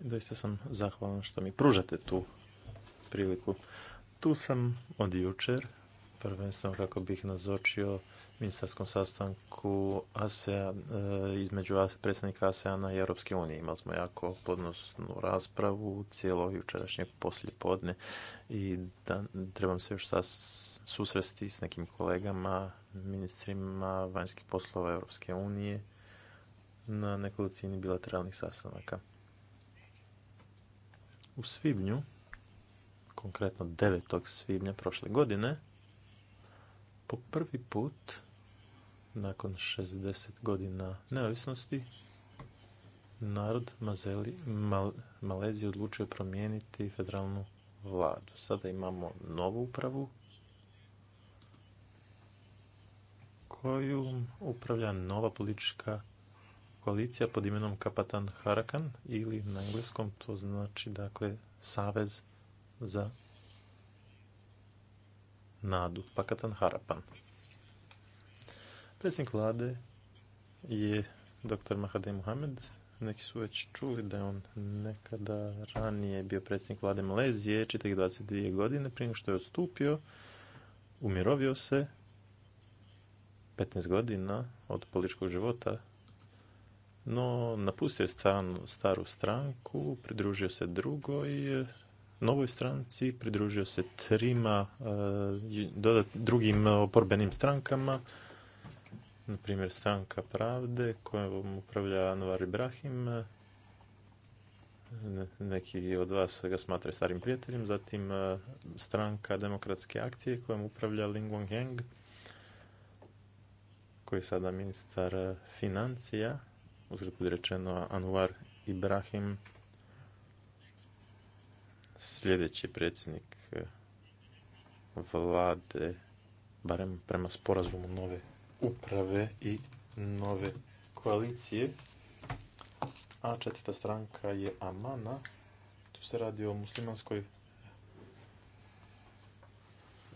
Speaker 3: Doista sam zahvalan što mi pružate tu priliku. Tu sam od jučer prvenstveno kako bih nazočio ministarskom sastanku ASEAN, e, između predsjednika ASEANA i Europske unije. Imali smo jako podnosnu raspravu cijelo jučerašnje poslijepodne i da, trebam se još sas, susresti s nekim kolegama, ministrima vanjskih poslova Europske unije na nekolicini bilateralnih sastanaka. U svibnju, konkretno 9. svibnja prošle godine, po prvi put, nakon 60 godina neovisnosti, narod Malezije odlučio promijeniti federalnu vladu. Sada imamo novu upravu koju upravlja nova politička koalicija pod imenom Kapatan Harakan ili na engleskom to znači dakle Savez za Nadu Pakatan Harapan. Predsjednik vlade je dr. Mahadej Mohamed. Neki su već čuli da je on nekada ranije bio predsjednik vlade Malezije, čitak 22 godine, prije što je odstupio, umirovio se 15 godina od političkog života, no napustio je staru stranku, pridružio se drugoj, novoj stranci, pridružio se trima eh, drugim oporbenim strankama, na primjer stranka Pravde kojom upravlja Anwar Ibrahim, neki od vas ga smatra starim prijateljem, zatim eh, stranka demokratske akcije kojom upravlja Ling Wong Heng, koji je sada ministar eh, financija, uzgled rečeno Anwar Ibrahim, sljedeći predsjednik eh, vlade, barem prema sporazumu nove uprave i nove koalicije. A četvrta stranka je Amana. Tu se radi o muslimanskoj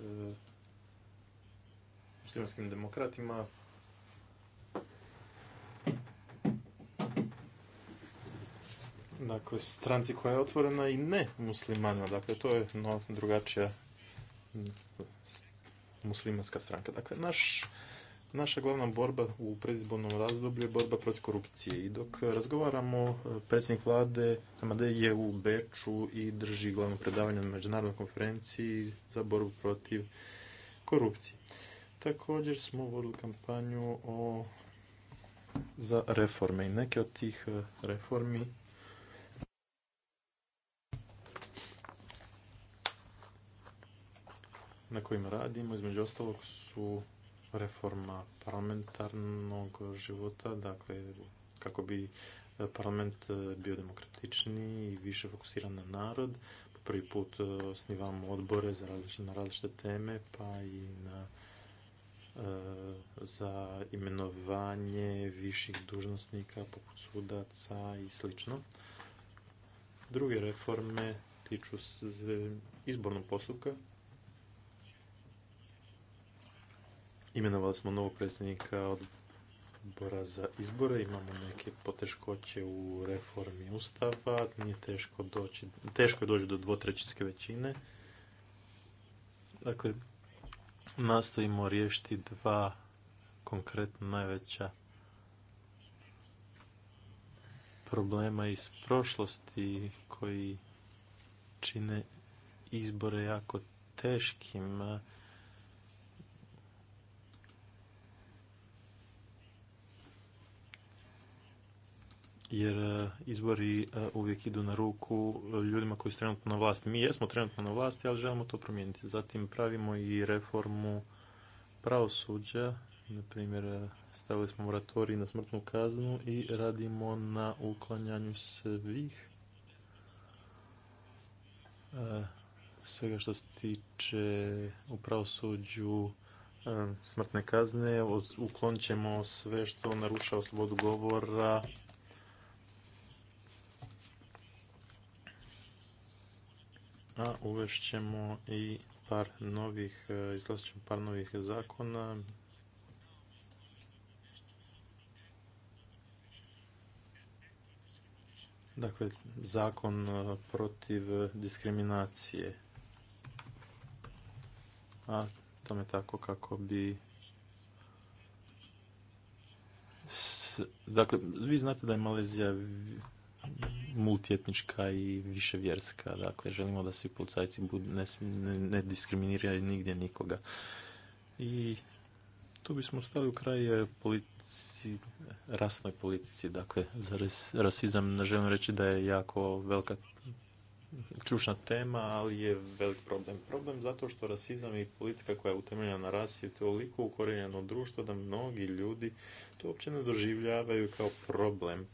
Speaker 3: eh, muslimanskim demokratima dakle, stranci koja je otvorena i ne muslimanima. Dakle, to je no, drugačija muslimanska stranka. Dakle, naš, naša glavna borba u predizbornom razdoblju je borba protiv korupcije. I dok razgovaramo, e, predsjednik vlade Amadej je u Beču i drži glavno predavanje na međunarodnoj konferenciji za borbu protiv korupcije. Također smo vodili kampanju o za reforme i neke od tih e, reformi na kojima radimo, između ostalog su reforma parlamentarnog života, dakle kako bi e, parlament e, bio demokratičniji i više fokusiran na narod. Prvi put e, osnivamo odbore za različite, na različite teme, pa i na za imenovanje viših dužnosnika poput sudaca i sl. Druge reforme tiču se izbornog postupka Imenovali smo novog predsjednika odbora za izbore, imamo neke poteškoće u reformi ustava, nije teško doći, teško je doći do dvotrećinske većine. Dakle, nastojimo riješiti dva konkretno najveća problema iz prošlosti koji čine izbore jako teškim jer e, izbori e, uvijek idu na ruku e, ljudima koji su trenutno na vlasti. Mi jesmo trenutno na vlasti, ali želimo to promijeniti. Zatim pravimo i reformu pravosuđa, na primjer stavili smo moratorij na smrtnu kaznu i radimo na uklanjanju svih svega što se tiče u pravosuđu smrtne kazne, uklonit ćemo sve što narušava slobodu govora, a uvešćemo i par novih, e, ćemo par novih zakona. Dakle, zakon e, protiv diskriminacije. A tome tako kako bi Dakle, vi znate da je Malezija multijetnička i viševjerska. Dakle, želimo da svi policajci budu, ne, ne diskriminiraju nigdje nikoga. I tu bismo stali u kraj eh, politici, rasnoj politici. Dakle, za rasizam ne želim reći da je jako velika ključna tema, ali je velik problem. Problem zato što rasizam i politika koja je utemeljena na rasi je toliko ukorenjeno društvo da mnogi ljudi to uopće ne doživljavaju kao problem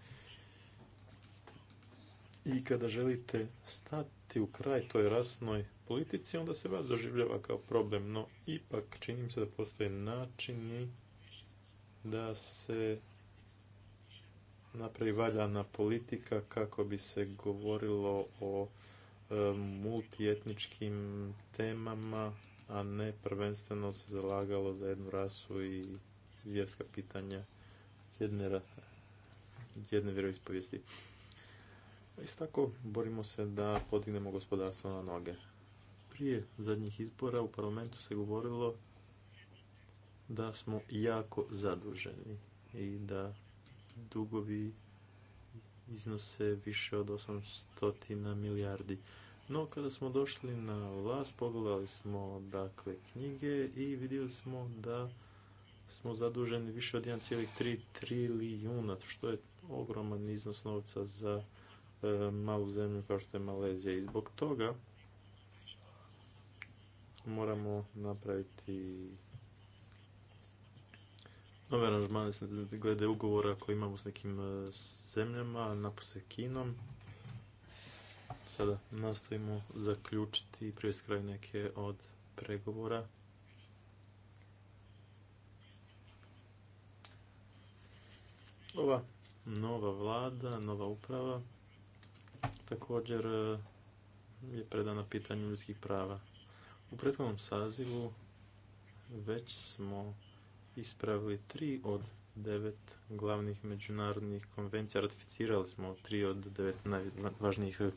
Speaker 3: i kada želite stati u kraj toj rasnoj politici, onda se vas doživljava kao problem. No, ipak činim se da postoje načini da se napravi valjana politika kako bi se govorilo o e, multijetničkim temama, a ne prvenstveno se zalagalo za jednu rasu i vjerska pitanja jedne, jedne vjeroispovijesti. Pa isto tako borimo se da podignemo gospodarstvo na noge. Prije zadnjih izbora u parlamentu se govorilo da smo jako zaduženi i da dugovi iznose više od 800 milijardi. No, kada smo došli na vlast, pogledali smo dakle knjige i vidjeli smo da smo zaduženi više od 1,3 trilijuna, što je ogroman iznos novca za E, malu zemlju kao što je Malezija i zbog toga moramo napraviti nove aranžmane glede ugovora koje imamo s nekim e, zemljama, napose Kinom. Sada nastojimo zaključiti prije kraj neke od pregovora. Ova nova vlada, nova uprava također e, je predano pitanju ljudskih prava. U prethodnom sazivu već smo ispravili tri od devet glavnih međunarodnih konvencija. Ratificirali smo tri od devet najvažnijih e,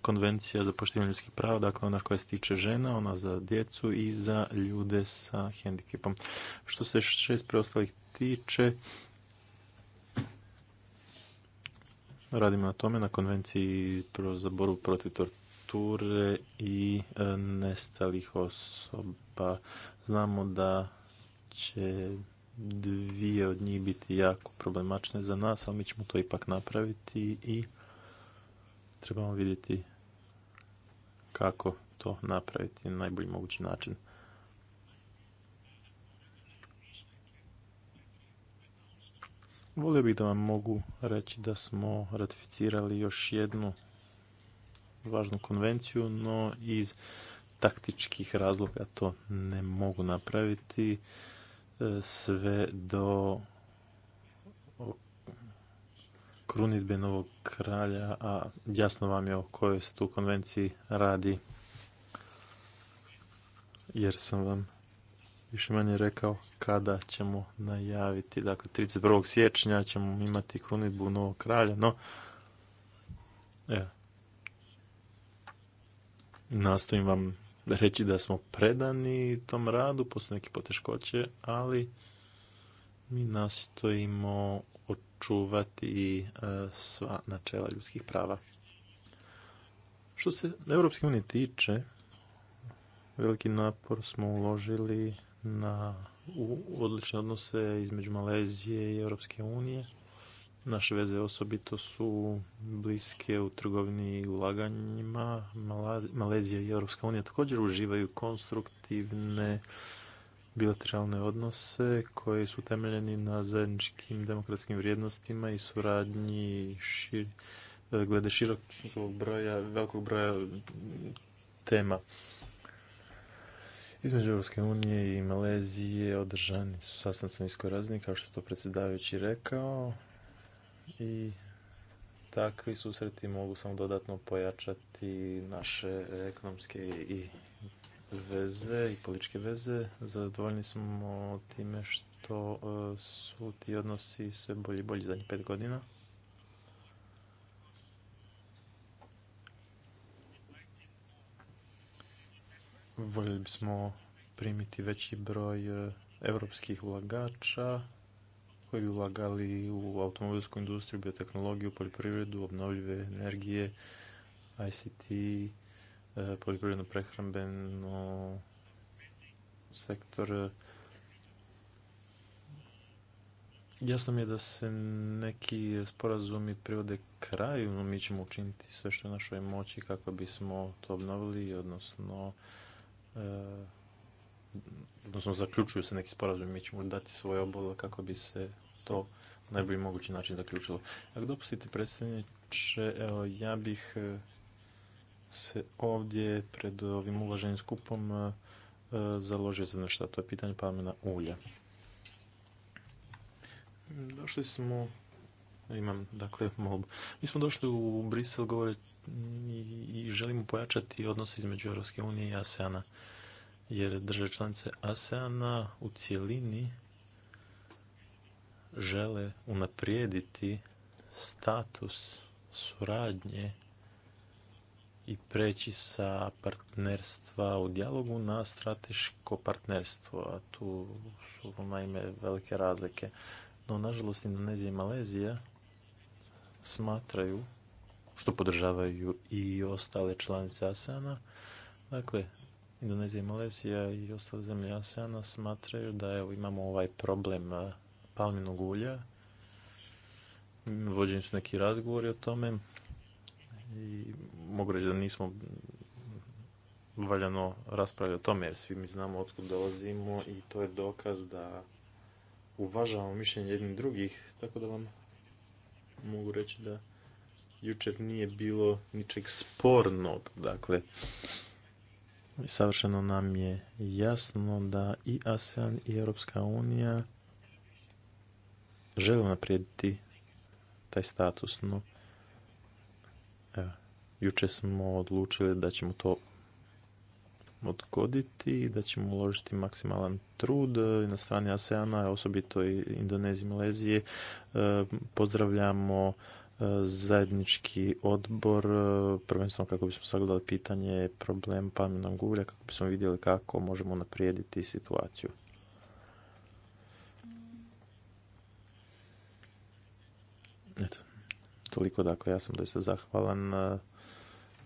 Speaker 3: konvencija za poštivanje ljudskih prava, dakle ona koja se tiče žena, ona za djecu i za ljude sa hendikepom. Što se šest preostalih tiče, radimo na tome, na konvenciji za borbu protiv torture i e, nestalih osoba. Znamo da će dvije od njih biti jako problematične za nas, ali mi ćemo to ipak napraviti i trebamo vidjeti kako to napraviti na najbolji mogući način. Volio bih da vam mogu reći da smo ratificirali još jednu važnu konvenciju, no iz taktičkih razloga to ne mogu napraviti e, sve do krunitbe novog kralja, a jasno vam je o kojoj se tu konvenciji radi, jer sam vam više manje rekao kada ćemo najaviti. Dakle, 31. siječnja ćemo imati krunidbu Novog kralja, no evo. Nastojim vam reći da smo predani tom radu, postoje neke poteškoće, ali mi nastojimo očuvati e, sva načela ljudskih prava. Što se Europske unije tiče, veliki napor smo uložili na odlične odnose između Malezije i Europske unije. Naše veze osobito su bliske u trgovini i ulaganjima. Malezija i Europska unija također uživaju konstruktivne bilateralne odnose koji su temeljeni na zajedničkim demokratskim vrijednostima i suradnji glede širokog broja, velikog broja tema. Između Europske unije i Malezije održani su sastanci niskoj razini, kao što je to predsjedavajući rekao. I takvi susreti mogu samo dodatno pojačati naše ekonomske i veze i političke veze. Zadovoljni smo time što e, su ti odnosi sve bolji i bolji zadnjih pet godina. Voljeli bismo primiti veći broj e, evropskih ulagača koji bi ulagali u automobilsku industriju, biotehnologiju, poljoprivredu, obnovljive energije, ICT, e, poljoprivredno prehrambeno sektor. Jasno mi je da se neki sporazumi privode kraju, no mi ćemo učiniti sve što je našoj moći kako bismo to obnovili, odnosno E, odnosno zaključuju se neki i mi ćemo dati svoje obol kako bi se to na najbolji mogući način zaključilo. Ako dopustite predstavniče, evo, ja bih e, se ovdje pred ovim uvaženim skupom e, založio za nešto, to je pitanje pamena ulja. Došli smo, imam dakle molbu, mi smo došli u Brisel govoreći i želimo pojačati odnose između Europske unije i ASEANA jer države članice ASEANA u cijelini žele unaprijediti status suradnje i preći sa partnerstva u dijalogu na strateško partnerstvo, a tu su naime velike razlike. No, nažalost, Indonezija i Malezija smatraju što podržavaju i ostale članice ASEAN-a. Dakle, Indonezija i Malezija i ostale zemlje ASEAN-a smatraju da imamo ovaj problem e, palminog ulja. Vođeni su neki razgovori o tome i mogu reći da nismo valjano raspravljali o tome jer svi mi znamo otkud dolazimo i to je dokaz da uvažavamo mišljenje jednih drugih, tako da vam mogu reći da jučer nije bilo ničeg spornog. Dakle, savršeno nam je jasno da i ASEAN i Europska unija žele naprijediti taj status, no evo, jučer smo odlučili da ćemo to odgoditi, da ćemo uložiti maksimalan trud e, na strani ASEANA, osobito i Indonezije, Malezije. E, pozdravljamo zajednički odbor, e, prvenstveno kako bismo sagledali pitanje problem palminog ulja, kako bismo vidjeli kako možemo naprijediti situaciju. Eto, toliko dakle, ja sam doista zahvalan. E,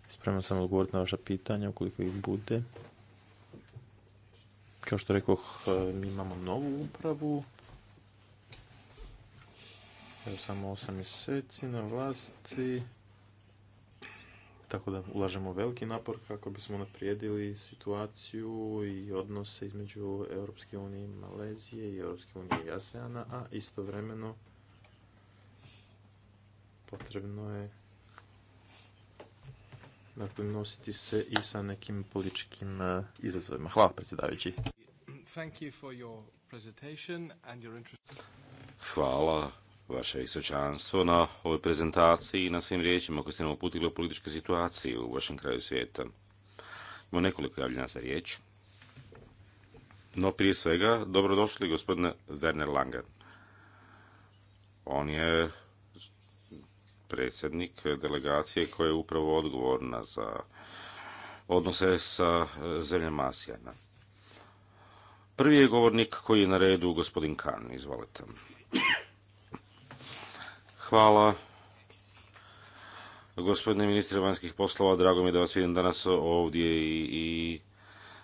Speaker 3: spreman sam odgovoriti na vaša pitanja, ukoliko ih bude. Kao što rekoh, e, mi imamo novu upravu, evo samo 8 mjeseci na vlasti, tako da ulažemo veliki napor kako bismo naprijedili situaciju i odnose između Europske unije i Malezije i Europske unije i ASEANA, a istovremeno potrebno je dakle, nositi se i sa nekim političkim e, izazovima. Hvala
Speaker 4: predsjedavajući. Hvala vaše isočanstvo na ovoj prezentaciji i na svim riječima koje ste nam uputili o političkoj situaciji u vašem kraju svijeta. Imamo nekoliko javljena za riječ. No prije svega, dobrodošli gospodine Werner Langen. On je predsjednik delegacije koja je upravo odgovorna za odnose sa zemljama Asijana. Prvi je govornik koji je na redu gospodin Kahn, izvolite. Hvala. Gospodine ministre vanjskih poslova, drago mi je da vas vidim danas ovdje i,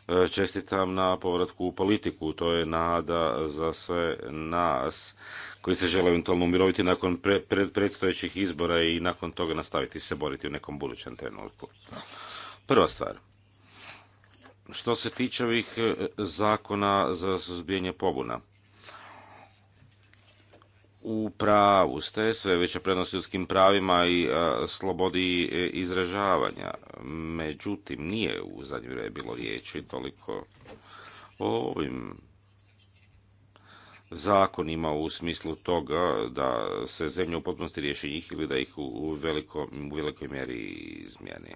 Speaker 4: e, čestitam na povratku u politiku. To je nada za sve nas koji se žele eventualno umiroviti nakon predstojećih izbora i nakon toga nastaviti se boriti u nekom budućem trenutku. Prva stvar. Što se tiče ovih e, zakona za suzbijanje pobuna, u pravu ste, sve veća prednost ljudskim pravima i e, slobodi e, izražavanja. Međutim, nije u zadnje vrijeme bilo riječi toliko o ovim zakonima u smislu toga da se zemlja u potpunosti riješi njih ili da ih u, u, veliko, u velikoj mjeri izmijeni.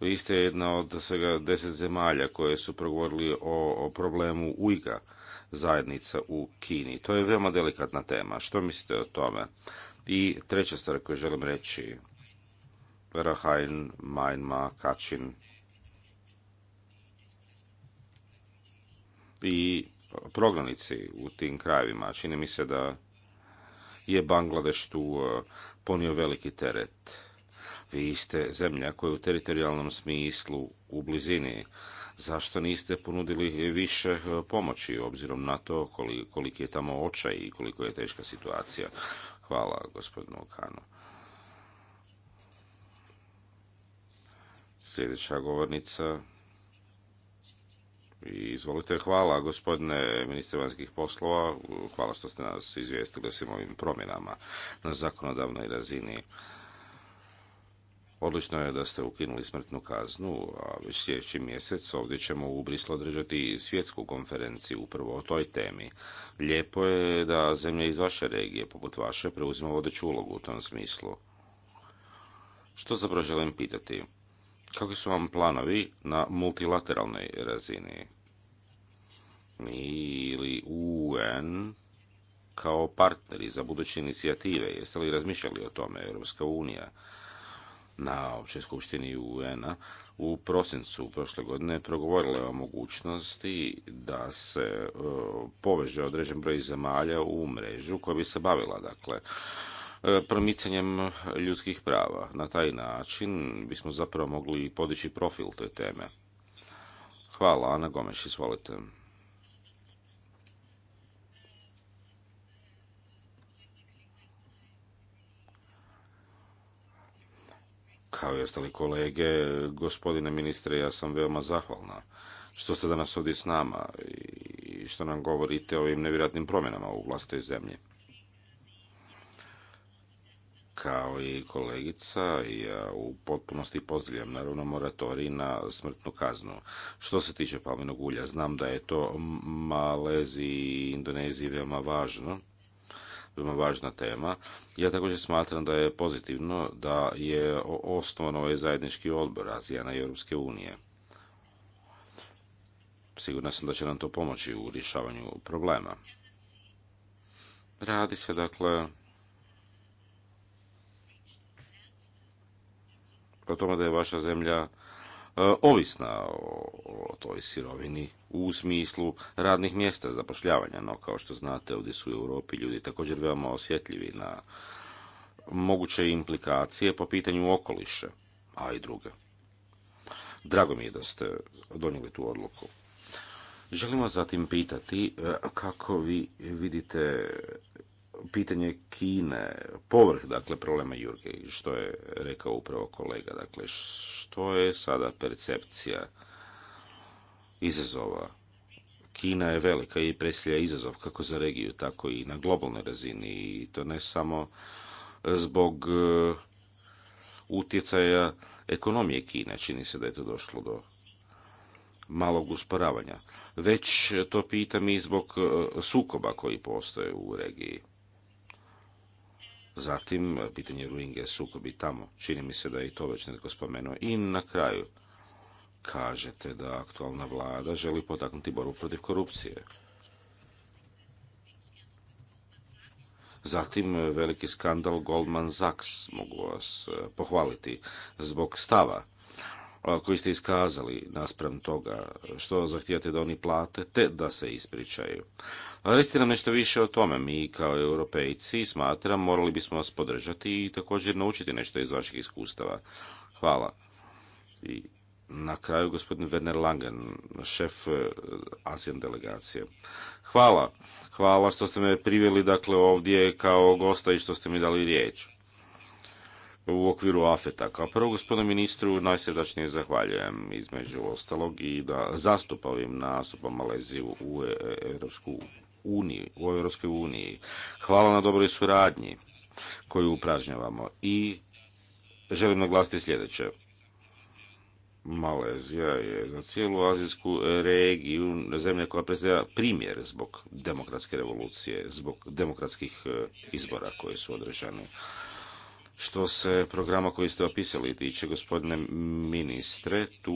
Speaker 4: Vi ste jedna od svega deset zemalja koje su progovorili o, problemu Ujga zajednica u Kini. To je veoma delikatna tema. Što mislite o tome? I treća stvar koju želim reći, Rahajn, Majnma, Kačin i prognanici u tim krajevima. Čini mi se da je Bangladeš tu eh, ponio veliki teret. Vi ste zemlja koja je u teritorijalnom smislu u blizini. Zašto niste ponudili više e, pomoći obzirom na to koliko je tamo očaj i koliko je teška situacija? Hvala gospodinu Okanu. Sljedeća govornica. Izvolite, hvala gospodine ministre vanjskih poslova. Hvala što ste nas izvijestili o svim ovim promjenama na zakonodavnoj razini. Odlično je da ste ukinuli smrtnu kaznu, a već sljedeći mjesec ovdje ćemo u Brislu održati svjetsku konferenciju upravo o toj temi. Lijepo je da zemlje iz vaše regije, poput vaše, preuzima vodeću ulogu u tom smislu. Što zapravo želim pitati? Kakvi su vam planovi na multilateralnoj razini? Mi ili UN kao partneri za buduće inicijative, jeste li razmišljali o tome, Europska unija? na općoj skupštini UN-a u prosincu prošle godine progovorila o mogućnosti da se e, poveže određen broj zemalja u mrežu koja bi se bavila dakle e, promicanjem ljudskih prava. Na taj način bismo zapravo mogli podići profil te teme. Hvala, Ana Gomeš, izvolite. kao i ostali kolege, gospodine ministre, ja sam veoma zahvalna što ste danas ovdje s nama i što nam govorite o ovim nevjerojatnim promjenama u vlastoj zemlji. Kao i kolegica, ja u potpunosti pozdravljam naravno moratorij na smrtnu kaznu. Što se tiče palminog ulja, znam da je to Maleziji i Indoneziji veoma važno veoma važna tema. Ja također smatram da je pozitivno da je osnovan ovaj zajednički odbor Azijana i Europske unije. Sigurno sam da će nam to pomoći u rješavanju problema. Radi se dakle o tome da je vaša zemlja E, ovisna o toj sirovini u smislu radnih mjesta zapošljavanja. No, kao što znate, ovdje su u Europi ljudi također veoma osjetljivi na moguće implikacije po pitanju okoliše, a i druge. Drago mi je da ste donijeli tu odluku. Želimo zatim pitati e, kako vi vidite pitanje Kine, povrh dakle problema Jurge, što je rekao upravo kolega, dakle što je sada percepcija izazova? Kina je velika i preslija izazov kako za regiju, tako i na globalnoj razini i to ne samo zbog e, utjecaja ekonomije Kine, čini se da je to došlo do malog usporavanja. Već to pitam i zbog e, sukoba koji postoje u regiji. Zatim, pitanje Ruinge, sukobi tamo. Čini mi se da je i to već netko spomenuo. I na kraju, kažete da aktualna vlada želi potaknuti boru protiv korupcije. Zatim veliki skandal Goldman Sachs, mogu vas eh, pohvaliti, zbog stava koji ste iskazali naspram toga što zahtijevate da oni plate te da se ispričaju. Recite nam nešto više o tome. Mi kao europejci smatram morali bismo vas podržati i također naučiti nešto iz vaših iskustava. Hvala. I na kraju gospodin Werner Langen, šef e, ASEAN delegacije. Hvala. Hvala što ste me priveli dakle ovdje kao gosta i što ste mi dali riječ u okviru AFETA. Kao prvo, gospodine ministru, najsredačnije zahvaljujem između ostalog i da zastupavim ovim nastupom Maleziju u e, Europsku uniji, u Europskoj uniji. Hvala na dobroj suradnji koju upražnjavamo i želim naglasiti sljedeće. Malezija je za cijelu azijsku regiju zemlja koja predstavlja primjer zbog demokratske revolucije, zbog demokratskih e, izbora koji su održani. Što se programa koji ste opisali tiče, gospodine ministre, tu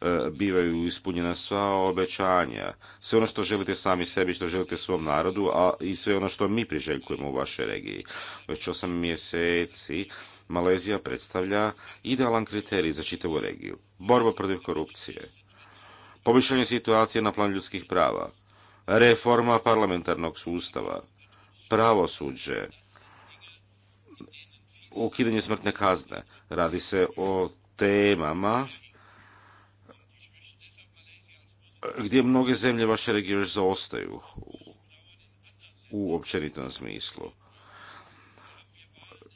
Speaker 4: e, bivaju ispunjena sva obećanja. Sve ono što želite sami sebi, što želite svom narodu, a i sve ono što mi priželjkujemo u vašoj regiji. Već osam mjeseci Malezija predstavlja idealan kriterij za čitavu regiju. Borba protiv korupcije, poboljšanje situacije na plan ljudskih prava, reforma parlamentarnog sustava, pravosuđe, ukidanje smrtne kazne. Radi se o temama gdje mnoge zemlje vaše regije još zaostaju u općenitom smislu.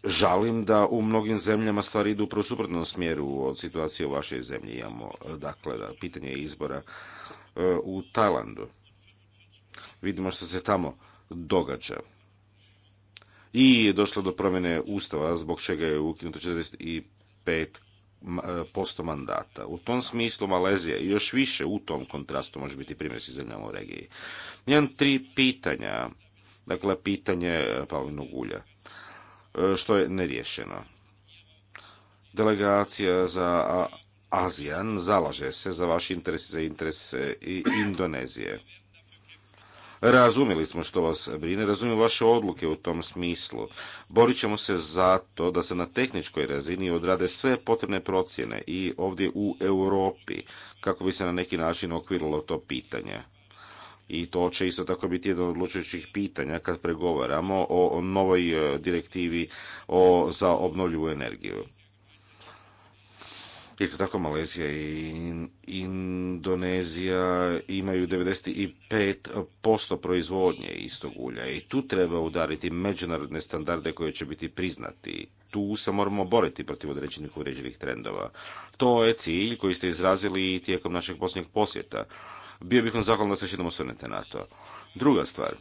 Speaker 4: Žalim da u mnogim zemljama stvari idu u suprotnom smjeru od situacije u vašoj zemlji. Imamo, dakle, pitanje izbora e, u Tajlandu. Vidimo što se tamo događa i je došlo do promjene ustava zbog čega je ukinuto 45 e, posto mandata. U tom smislu Malezija i još više u tom kontrastu može biti primjer s zemljama u regiji. Imam tri pitanja. Dakle, pitanje e, Pavlina Gulja, e, Što je neriješeno? Delegacija za Azijan zalaže se za vaš interes i za interese i Indonezije. Razumjeli smo što vas brine, razumijem vaše odluke u tom smislu. Borit ćemo se za to da se na tehničkoj razini odrade sve potrebne procjene i ovdje u Europi kako bi se na neki način okvirilo to pitanje. I to će isto tako biti jedno od odlučujućih pitanja kad pregovaramo o novoj e, direktivi o, za obnovljivu energiju. Isto tako Malezija i Indonezija imaju 95% proizvodnje istog ulja i tu treba udariti međunarodne standarde koje će biti priznati. Tu se moramo boriti protiv određenih uređenih trendova. To je cilj koji ste izrazili tijekom našeg posljednjeg posjeta. Bio bih vam zahvalan da se još osvrnete na to. Druga stvar.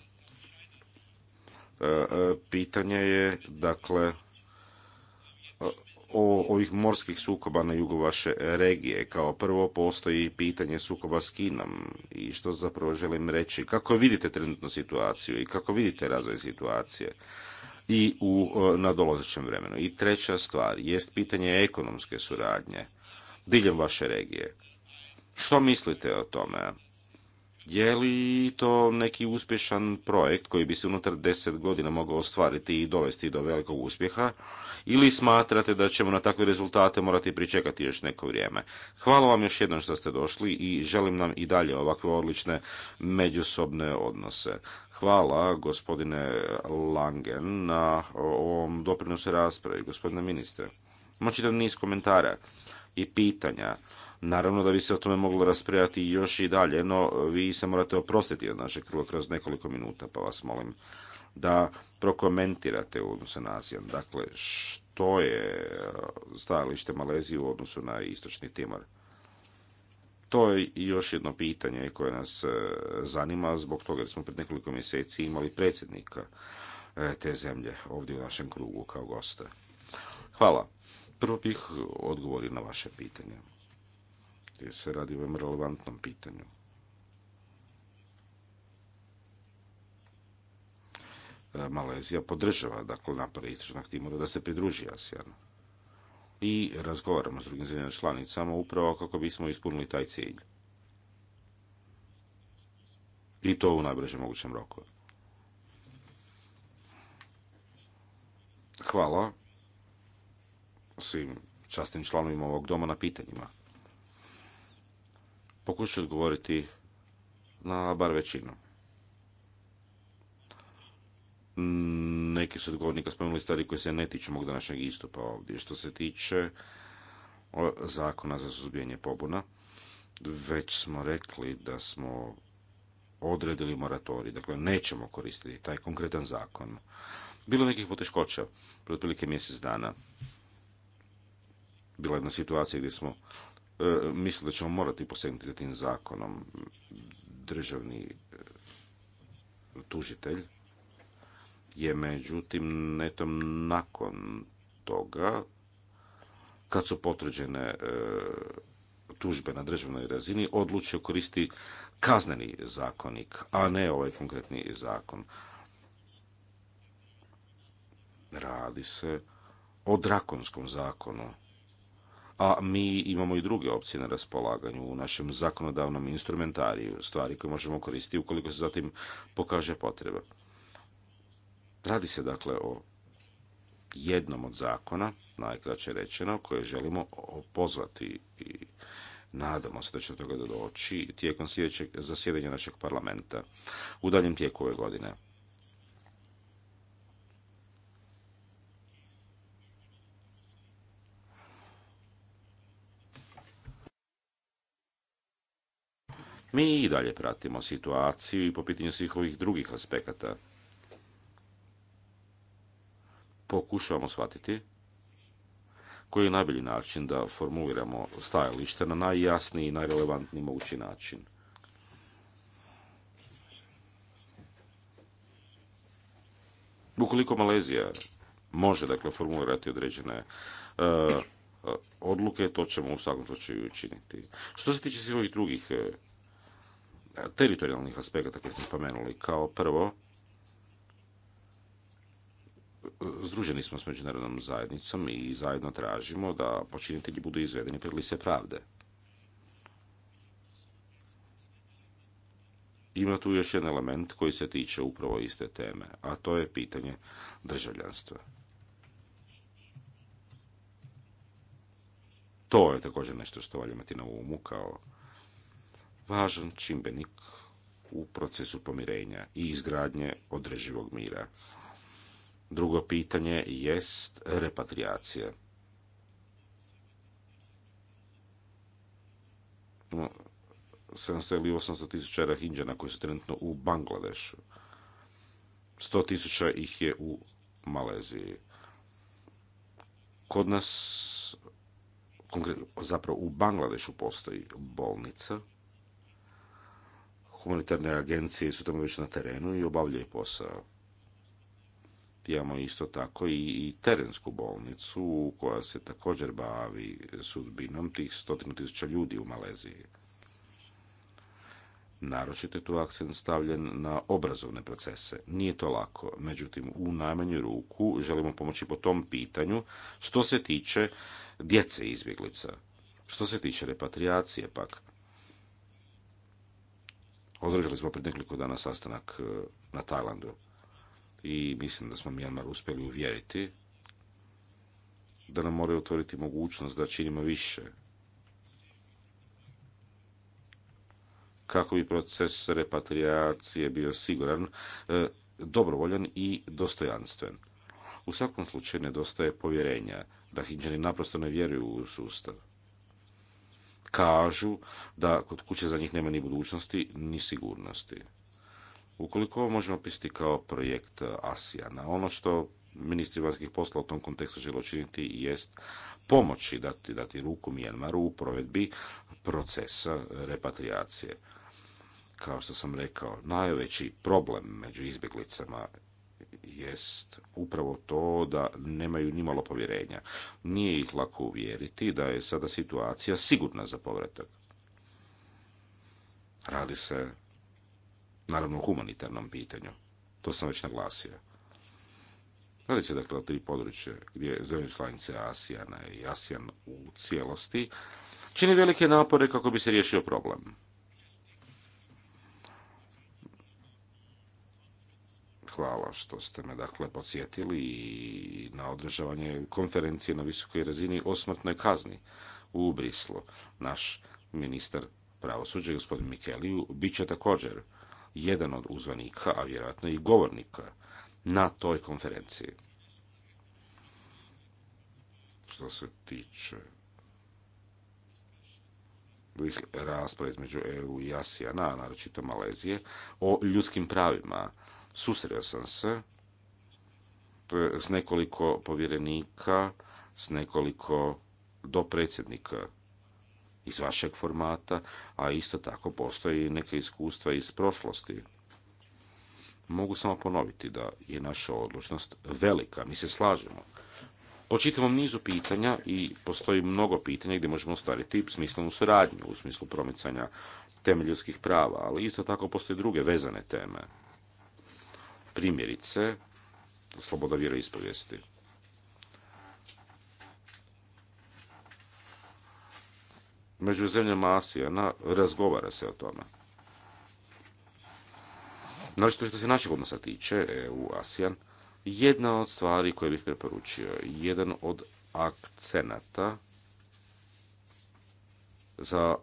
Speaker 4: E, e, pitanje je, dakle, o ovih morskih sukoba na jugu vaše regije. Kao prvo postoji pitanje sukoba s Kinom i što zapravo želim reći. Kako vidite trenutnu situaciju i kako vidite razvoj situacije? i u e, nadolazećem vremenu. I treća stvar jest pitanje ekonomske suradnje diljem vaše regije. Što mislite o tome? Je li to neki uspješan projekt koji bi se unutar deset godina mogao ostvariti i dovesti do velikog uspjeha? Ili smatrate da ćemo na takve rezultate morati pričekati još neko vrijeme? Hvala vam još jednom što ste došli i želim nam i dalje ovakve odlične međusobne odnose. Hvala gospodine Langen na ovom doprinosu raspravi, gospodine ministre. Moći da niz komentara i pitanja. Naravno da bi se o tome moglo raspravljati još i dalje, no vi se morate oprostiti od našeg kruga kroz nekoliko minuta, pa vas molim da prokomentirate u odnosu na Dakle, što je uh, stajalište Malezije u odnosu na istočni Timor? To je još jedno pitanje koje nas uh, zanima zbog toga jer smo pred nekoliko mjeseci imali predsjednika uh, te zemlje ovdje u našem krugu kao goste. Hvala. Prvo bih odgovorio na vaše pitanje jer se radi o ovom relevantnom pitanju. E, Malezija podržava dakle napore istočnog Timora da se pridruži ASEANu. I razgovaramo s drugim zemljama članicama upravo kako bismo ispunili taj cilj. I to u najbržem mogućem roku. Hvala svim častnim članovima ovog doma na pitanjima pokušati odgovoriti na bar većinu. Neki su odgovornika spomenuli stvari koje se ne tiču mog današnjeg istupa ovdje. Što se tiče zakona za suzbijanje pobuna, već smo rekli da smo odredili moratorij, dakle nećemo koristiti taj konkretan zakon. Bilo nekih poteškoća, pred otprilike mjesec dana. Bila je jedna situacija gdje smo E, mislim da ćemo morati posegnuti za tim zakonom. Državni e, tužitelj je međutim netom nakon toga kad su potvrđene e, tužbe na državnoj razini odlučio koristi kazneni zakonik, a ne ovaj konkretni zakon. Radi se o drakonskom zakonu a mi imamo i druge opcije na raspolaganju u našem zakonodavnom instrumentariju, stvari koje možemo koristiti ukoliko se zatim pokaže potreba. Radi se dakle o jednom od zakona, najkraće rečeno, koje želimo pozvati i Nadamo se da će toga doći tijekom sljedećeg zasjedanja našeg parlamenta u daljem tijeku ove godine. Mi i dalje pratimo situaciju i po pitanju svih ovih drugih aspekata. Pokušavamo shvatiti koji je najbolji način da formuliramo stajalište na najjasniji i najrelevantniji mogući način. Ukoliko Malezija može dakle formulirati određene uh, odluke, to ćemo u svakom slučaju učiniti. Što se tiče svih ovih drugih eh, teritorijalnih aspekata koje ste spomenuli. Kao prvo, združeni smo s međunarodnom zajednicom i zajedno tražimo da počinitelji budu izvedeni pred lice pravde. Ima tu još jedan element koji se tiče upravo iste teme, a to je pitanje državljanstva. To je također nešto što valja imati na umu kao važan čimbenik u procesu pomirenja i izgradnje održivog mira. Drugo pitanje jest repatriacija. No, 700 ili 800 tisuća Rahinđana koji su trenutno u Bangladešu. 100 tisuća ih je u Maleziji. Kod nas, zapravo u Bangladešu postoji bolnica humanitarne agencije su tamo već na terenu i obavljaju posao. Imamo isto tako i terensku bolnicu koja se također bavi sudbinom tih stotinu tisuća ljudi u Maleziji. Naročito je tu akcent stavljen na obrazovne procese. Nije to lako, međutim u najmanju ruku želimo pomoći po tom pitanju što se tiče djece izbjeglica, što se tiče repatriacije pak. Održali smo pred nekoliko dana sastanak e, na Tajlandu i mislim da smo Mijanmar uspjeli uvjeriti da nam moraju otvoriti mogućnost da činimo više kako bi proces repatriacije bio siguran, e, dobrovoljan i dostojanstven. U svakom slučaju nedostaje povjerenja. Rahinđani naprosto ne vjeruju u sustav kažu da kod kuće za njih nema ni budućnosti, ni sigurnosti. Ukoliko ovo možemo opisati kao projekt eh, Asijana, ono što ministri vanjskih posla u tom kontekstu žele učiniti jest pomoći dati, dati ruku Mijenmaru u provedbi procesa repatriacije. Kao što sam rekao, najveći problem među izbjeglicama jest upravo to da nemaju nimalo povjerenja. Nije ih lako uvjeriti da je sada situacija sigurna za povratak. Radi se naravno o humanitarnom pitanju. To sam već naglasio. Radi se dakle o tri područje gdje zemlje članice Asijana i Asijan u cijelosti čini velike napore kako bi se riješio problem. hvala što ste me dakle podsjetili i na održavanje konferencije na visokoj razini o smrtnoj kazni u Brislu. Naš ministar pravosuđa, gospodin Mikeliju, bit će također jedan od uzvanika, a vjerojatno i govornika na toj konferenciji. Što se tiče rasprave između EU i Asijana, naročito Malezije, o ljudskim pravima susreo sam se e, s nekoliko povjerenika, s nekoliko dopredsjednika iz vašeg formata, a isto tako postoji neke iskustva iz prošlosti. Mogu samo ponoviti da je naša odlučnost velika, mi se slažemo. Po čitavom nizu pitanja i postoji mnogo pitanja gdje možemo ostvariti smislenu suradnju u smislu promicanja temelj ljudskih prava, ali isto tako postoje druge vezane teme primjerice sloboda vjeroispovijesti. Među zemljama Asijana razgovara se o tome. Znači, što se našeg odnosa tiče, eu asijan jedna od stvari koje bih preporučio, jedan od akcenata za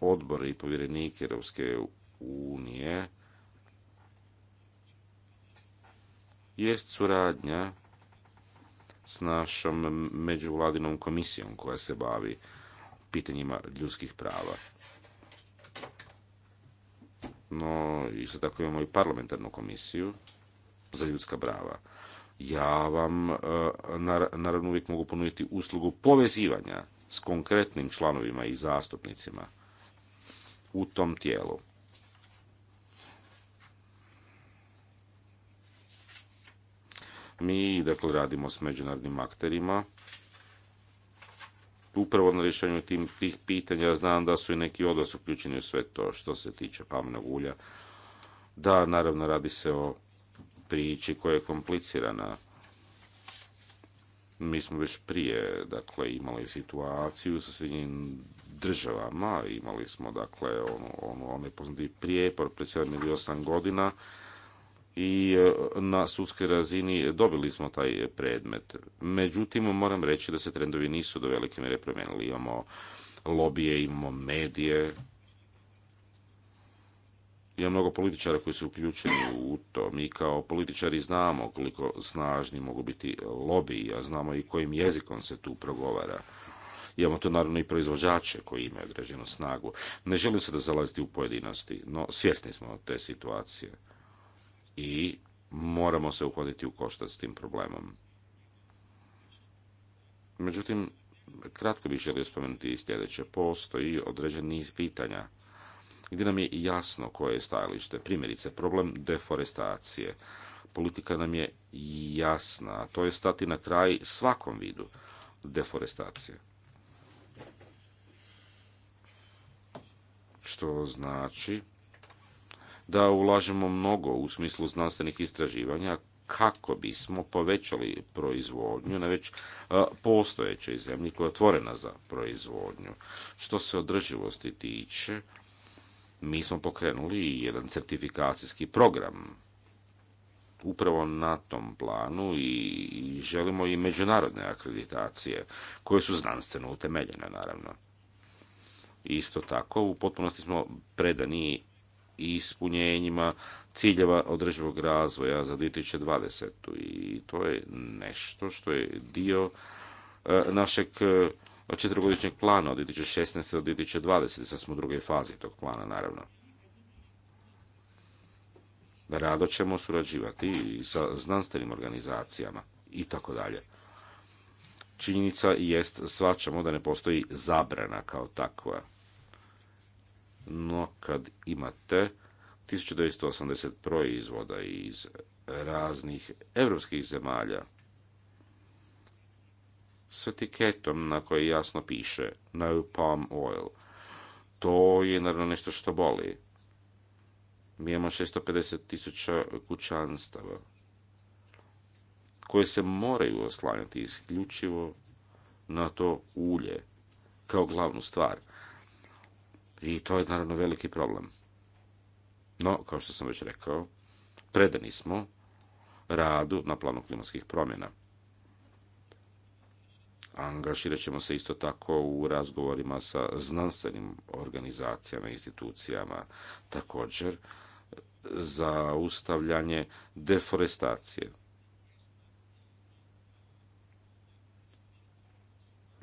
Speaker 4: odbor i povjerenike Europske unije jest suradnja s našom međuvladinom komisijom koja se bavi pitanjima ljudskih prava. No, isto tako imamo i parlamentarnu komisiju za ljudska prava. Ja vam e, naravno uvijek mogu ponuditi uslugu povezivanja s konkretnim članovima i zastupnicima u tom tijelu. Mi dakle, radimo s međunarodnim akterima upravo na rješenju tih pitanja. Znam da su i neki od vas uključeni u sve to što se tiče pamnog ulja. Da, naravno, radi se o priči koja je komplicirana. Mi smo već prije dakle, imali situaciju sa srednjim državama, imali smo dakle, ono, ono, onaj poznati prijepor pre 7 ili 8 godina, i e, na sudskoj razini dobili smo taj predmet. Međutim, moram reći da se trendovi nisu do velike mjere promijenili. Imamo lobije, imamo medije, ima mnogo političara koji su uključeni u to. Mi kao političari znamo koliko snažni mogu biti lobiji, a znamo i kojim jezikom se tu progovara. Imamo to naravno i proizvođače koji imaju određenu snagu. Ne želim se da zalaziti u pojedinosti, no svjesni smo te situacije i moramo se uhoditi u koštac s tim problemom. Međutim, kratko bih želio spomenuti i sljedeće. Postoji određen niz pitanja gdje nam je jasno koje je stajalište. Primjerice, problem deforestacije. Politika nam je jasna, a to je stati na kraj svakom vidu deforestacije. Što znači da ulažemo mnogo u smislu znanstvenih istraživanja kako bismo povećali proizvodnju na već postojećoj zemlji koja je otvorena za proizvodnju. Što se održivosti tiče, mi smo pokrenuli jedan certifikacijski program upravo na tom planu i želimo i međunarodne akreditacije koje su znanstveno utemeljene naravno. Isto tako u potpunosti smo predani i ispunjenjima ciljeva održivog razvoja za 2020. I to je nešto što je dio e, našeg e, četvrgodičnjeg plana od 2016. do 2020. Sad smo u drugoj fazi tog plana, naravno. Rado ćemo surađivati i sa znanstvenim organizacijama i tako dalje. Činjenica jest, svačamo da ne postoji zabrana kao takva no kad imate 1980 proizvoda iz raznih evropskih zemalja s etiketom na koje jasno piše no palm oil, to je naravno nešto što boli. Mi imamo 650 tisuća kućanstava koje se moraju oslanjati isključivo na to ulje kao glavnu stvar. I to je naravno veliki problem. No, kao što sam već rekao, predani smo radu na planu klimatskih promjena. Angažirat ćemo se isto tako u razgovorima sa znanstvenim organizacijama, institucijama, također za ustavljanje deforestacije.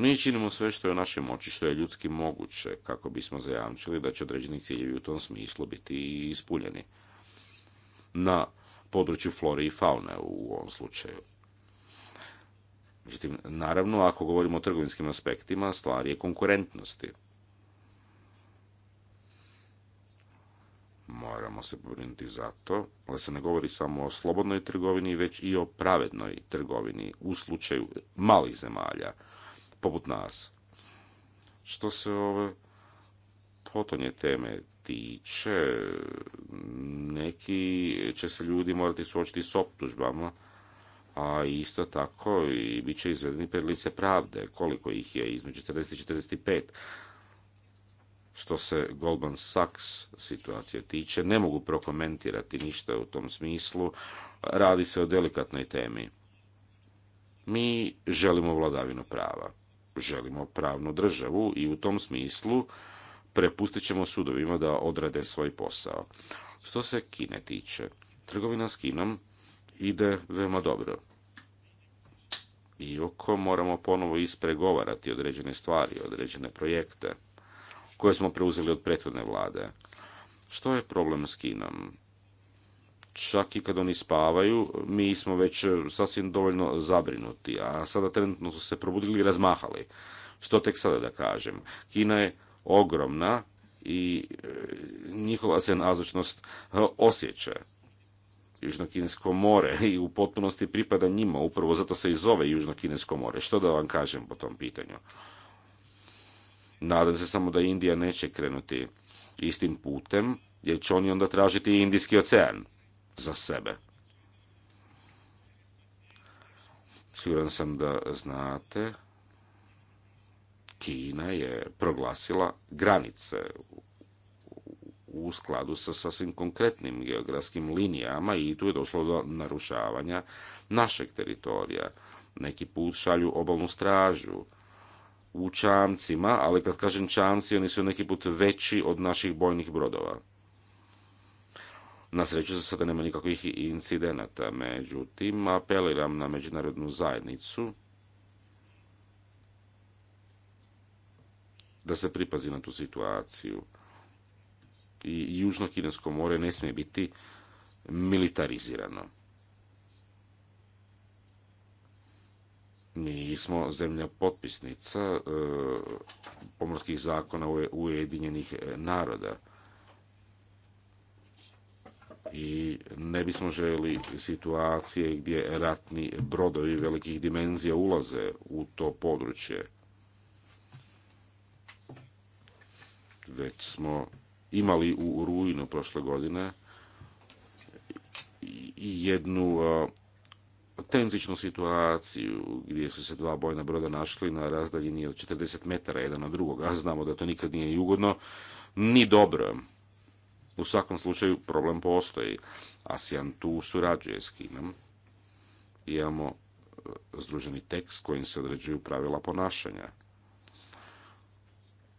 Speaker 4: Mi činimo sve što je u našoj moći, što je ljudski moguće, kako bismo zajamčili da će određeni ciljevi u tom smislu biti ispunjeni. Na području flore i faune u ovom slučaju. Međutim, naravno, ako govorimo o trgovinskim aspektima, stvar je konkurentnosti. Moramo se pobrinuti za to, ali se ne govori samo o slobodnoj trgovini, već i o pravednoj trgovini u slučaju malih zemalja poput nas. Što se ove potonje teme tiče, neki će se ljudi morati suočiti s optužbama, a isto tako i bit će izvedeni pred lice pravde, koliko ih je, između 40 i 45. Što se Goldman Sachs situacije tiče, ne mogu prokomentirati ništa u tom smislu, radi se o delikatnoj temi. Mi želimo vladavinu prava želimo pravnu državu i u tom smislu prepustit ćemo sudovima da odrade svoj posao. Što se Kine tiče, trgovina s Kinom ide veoma dobro. Iako moramo ponovo ispregovarati određene stvari, određene projekte koje smo preuzeli od prethodne vlade. Što je problem s Kinom? čak i kad oni spavaju, mi smo već eh, sasvim dovoljno zabrinuti, a sada trenutno su se probudili i razmahali. Što tek sada da kažem? Kina je ogromna i eh, njihova se nazočnost eh, osjeća. Južno-Kinesko more i u potpunosti pripada njima, upravo zato se i zove Južno-Kinesko more. Što da vam kažem po tom pitanju? Nadam se samo da Indija neće krenuti istim putem, jer će oni onda tražiti Indijski ocean za sebe. Siguran sam da znate, Kina je proglasila granice u skladu sa sasvim konkretnim geografskim linijama i tu je došlo do narušavanja našeg teritorija. Neki put šalju obalnu stražu u čamcima, ali kad kažem čamci, oni su neki put veći od naših bojnih brodova. Na sreću za sada nema nikakvih incidenata, međutim apeliram na međunarodnu zajednicu da se pripazi na tu situaciju. I Južno Kinesko more ne smije biti militarizirano. Mi smo zemlja potpisnica e, pomorskih zakona Ujedinjenih naroda i ne bismo želi situacije gdje ratni brodovi velikih dimenzija ulaze u to područje. Već smo imali u rujnu prošle godine jednu tenzičnu situaciju gdje su se dva bojna broda našli na razdaljini od 40 metara jedan od drugog, a znamo da to nikad nije ugodno, ni dobro. U svakom slučaju problem postoji. ASEAN tu surađuje s Kinom imamo e, združeni tekst kojim se određuju pravila ponašanja.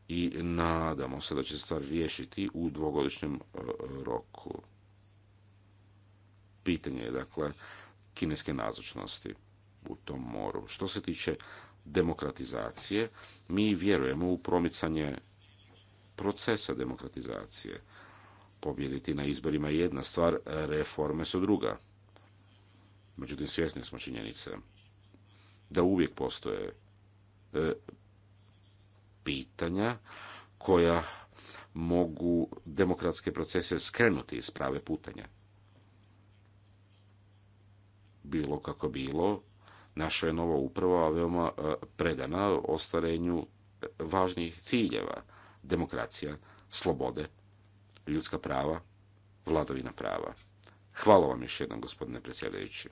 Speaker 4: I nadamo se da će se stvar riješiti u dvogodišnjem e, roku. Pitanje je, dakle, kineske nazočnosti u tom moru. Što se tiče demokratizacije, mi vjerujemo u promicanje procesa demokratizacije pobjediti na izborima je jedna stvar, reforme su druga. Međutim, svjesni smo činjenice da uvijek postoje e, pitanja koja mogu demokratske procese skrenuti iz prave putanja. Bilo kako bilo, naša je nova uprava veoma e, predana ostvarenju e, važnih ciljeva demokracija, slobode ljudska prava, vladovina prava. Hvala vam još jednom, gospodine predsjedajući.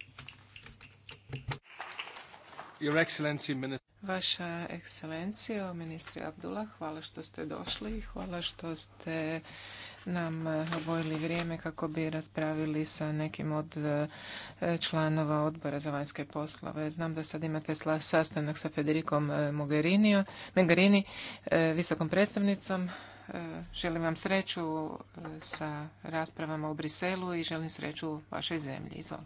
Speaker 1: Vaša ekscelencija, ministri Abdullah, hvala što ste došli i hvala što ste nam obojili vrijeme kako bi raspravili sa nekim od e, članova odbora za vanjske poslove. Znam da sad imate sastanak sa Federikom e, Mogherini, e, visokom predstavnicom. Želim vam sreću e, sa raspravama u Briselu i želim sreću u vašoj zemlji. Izvolite.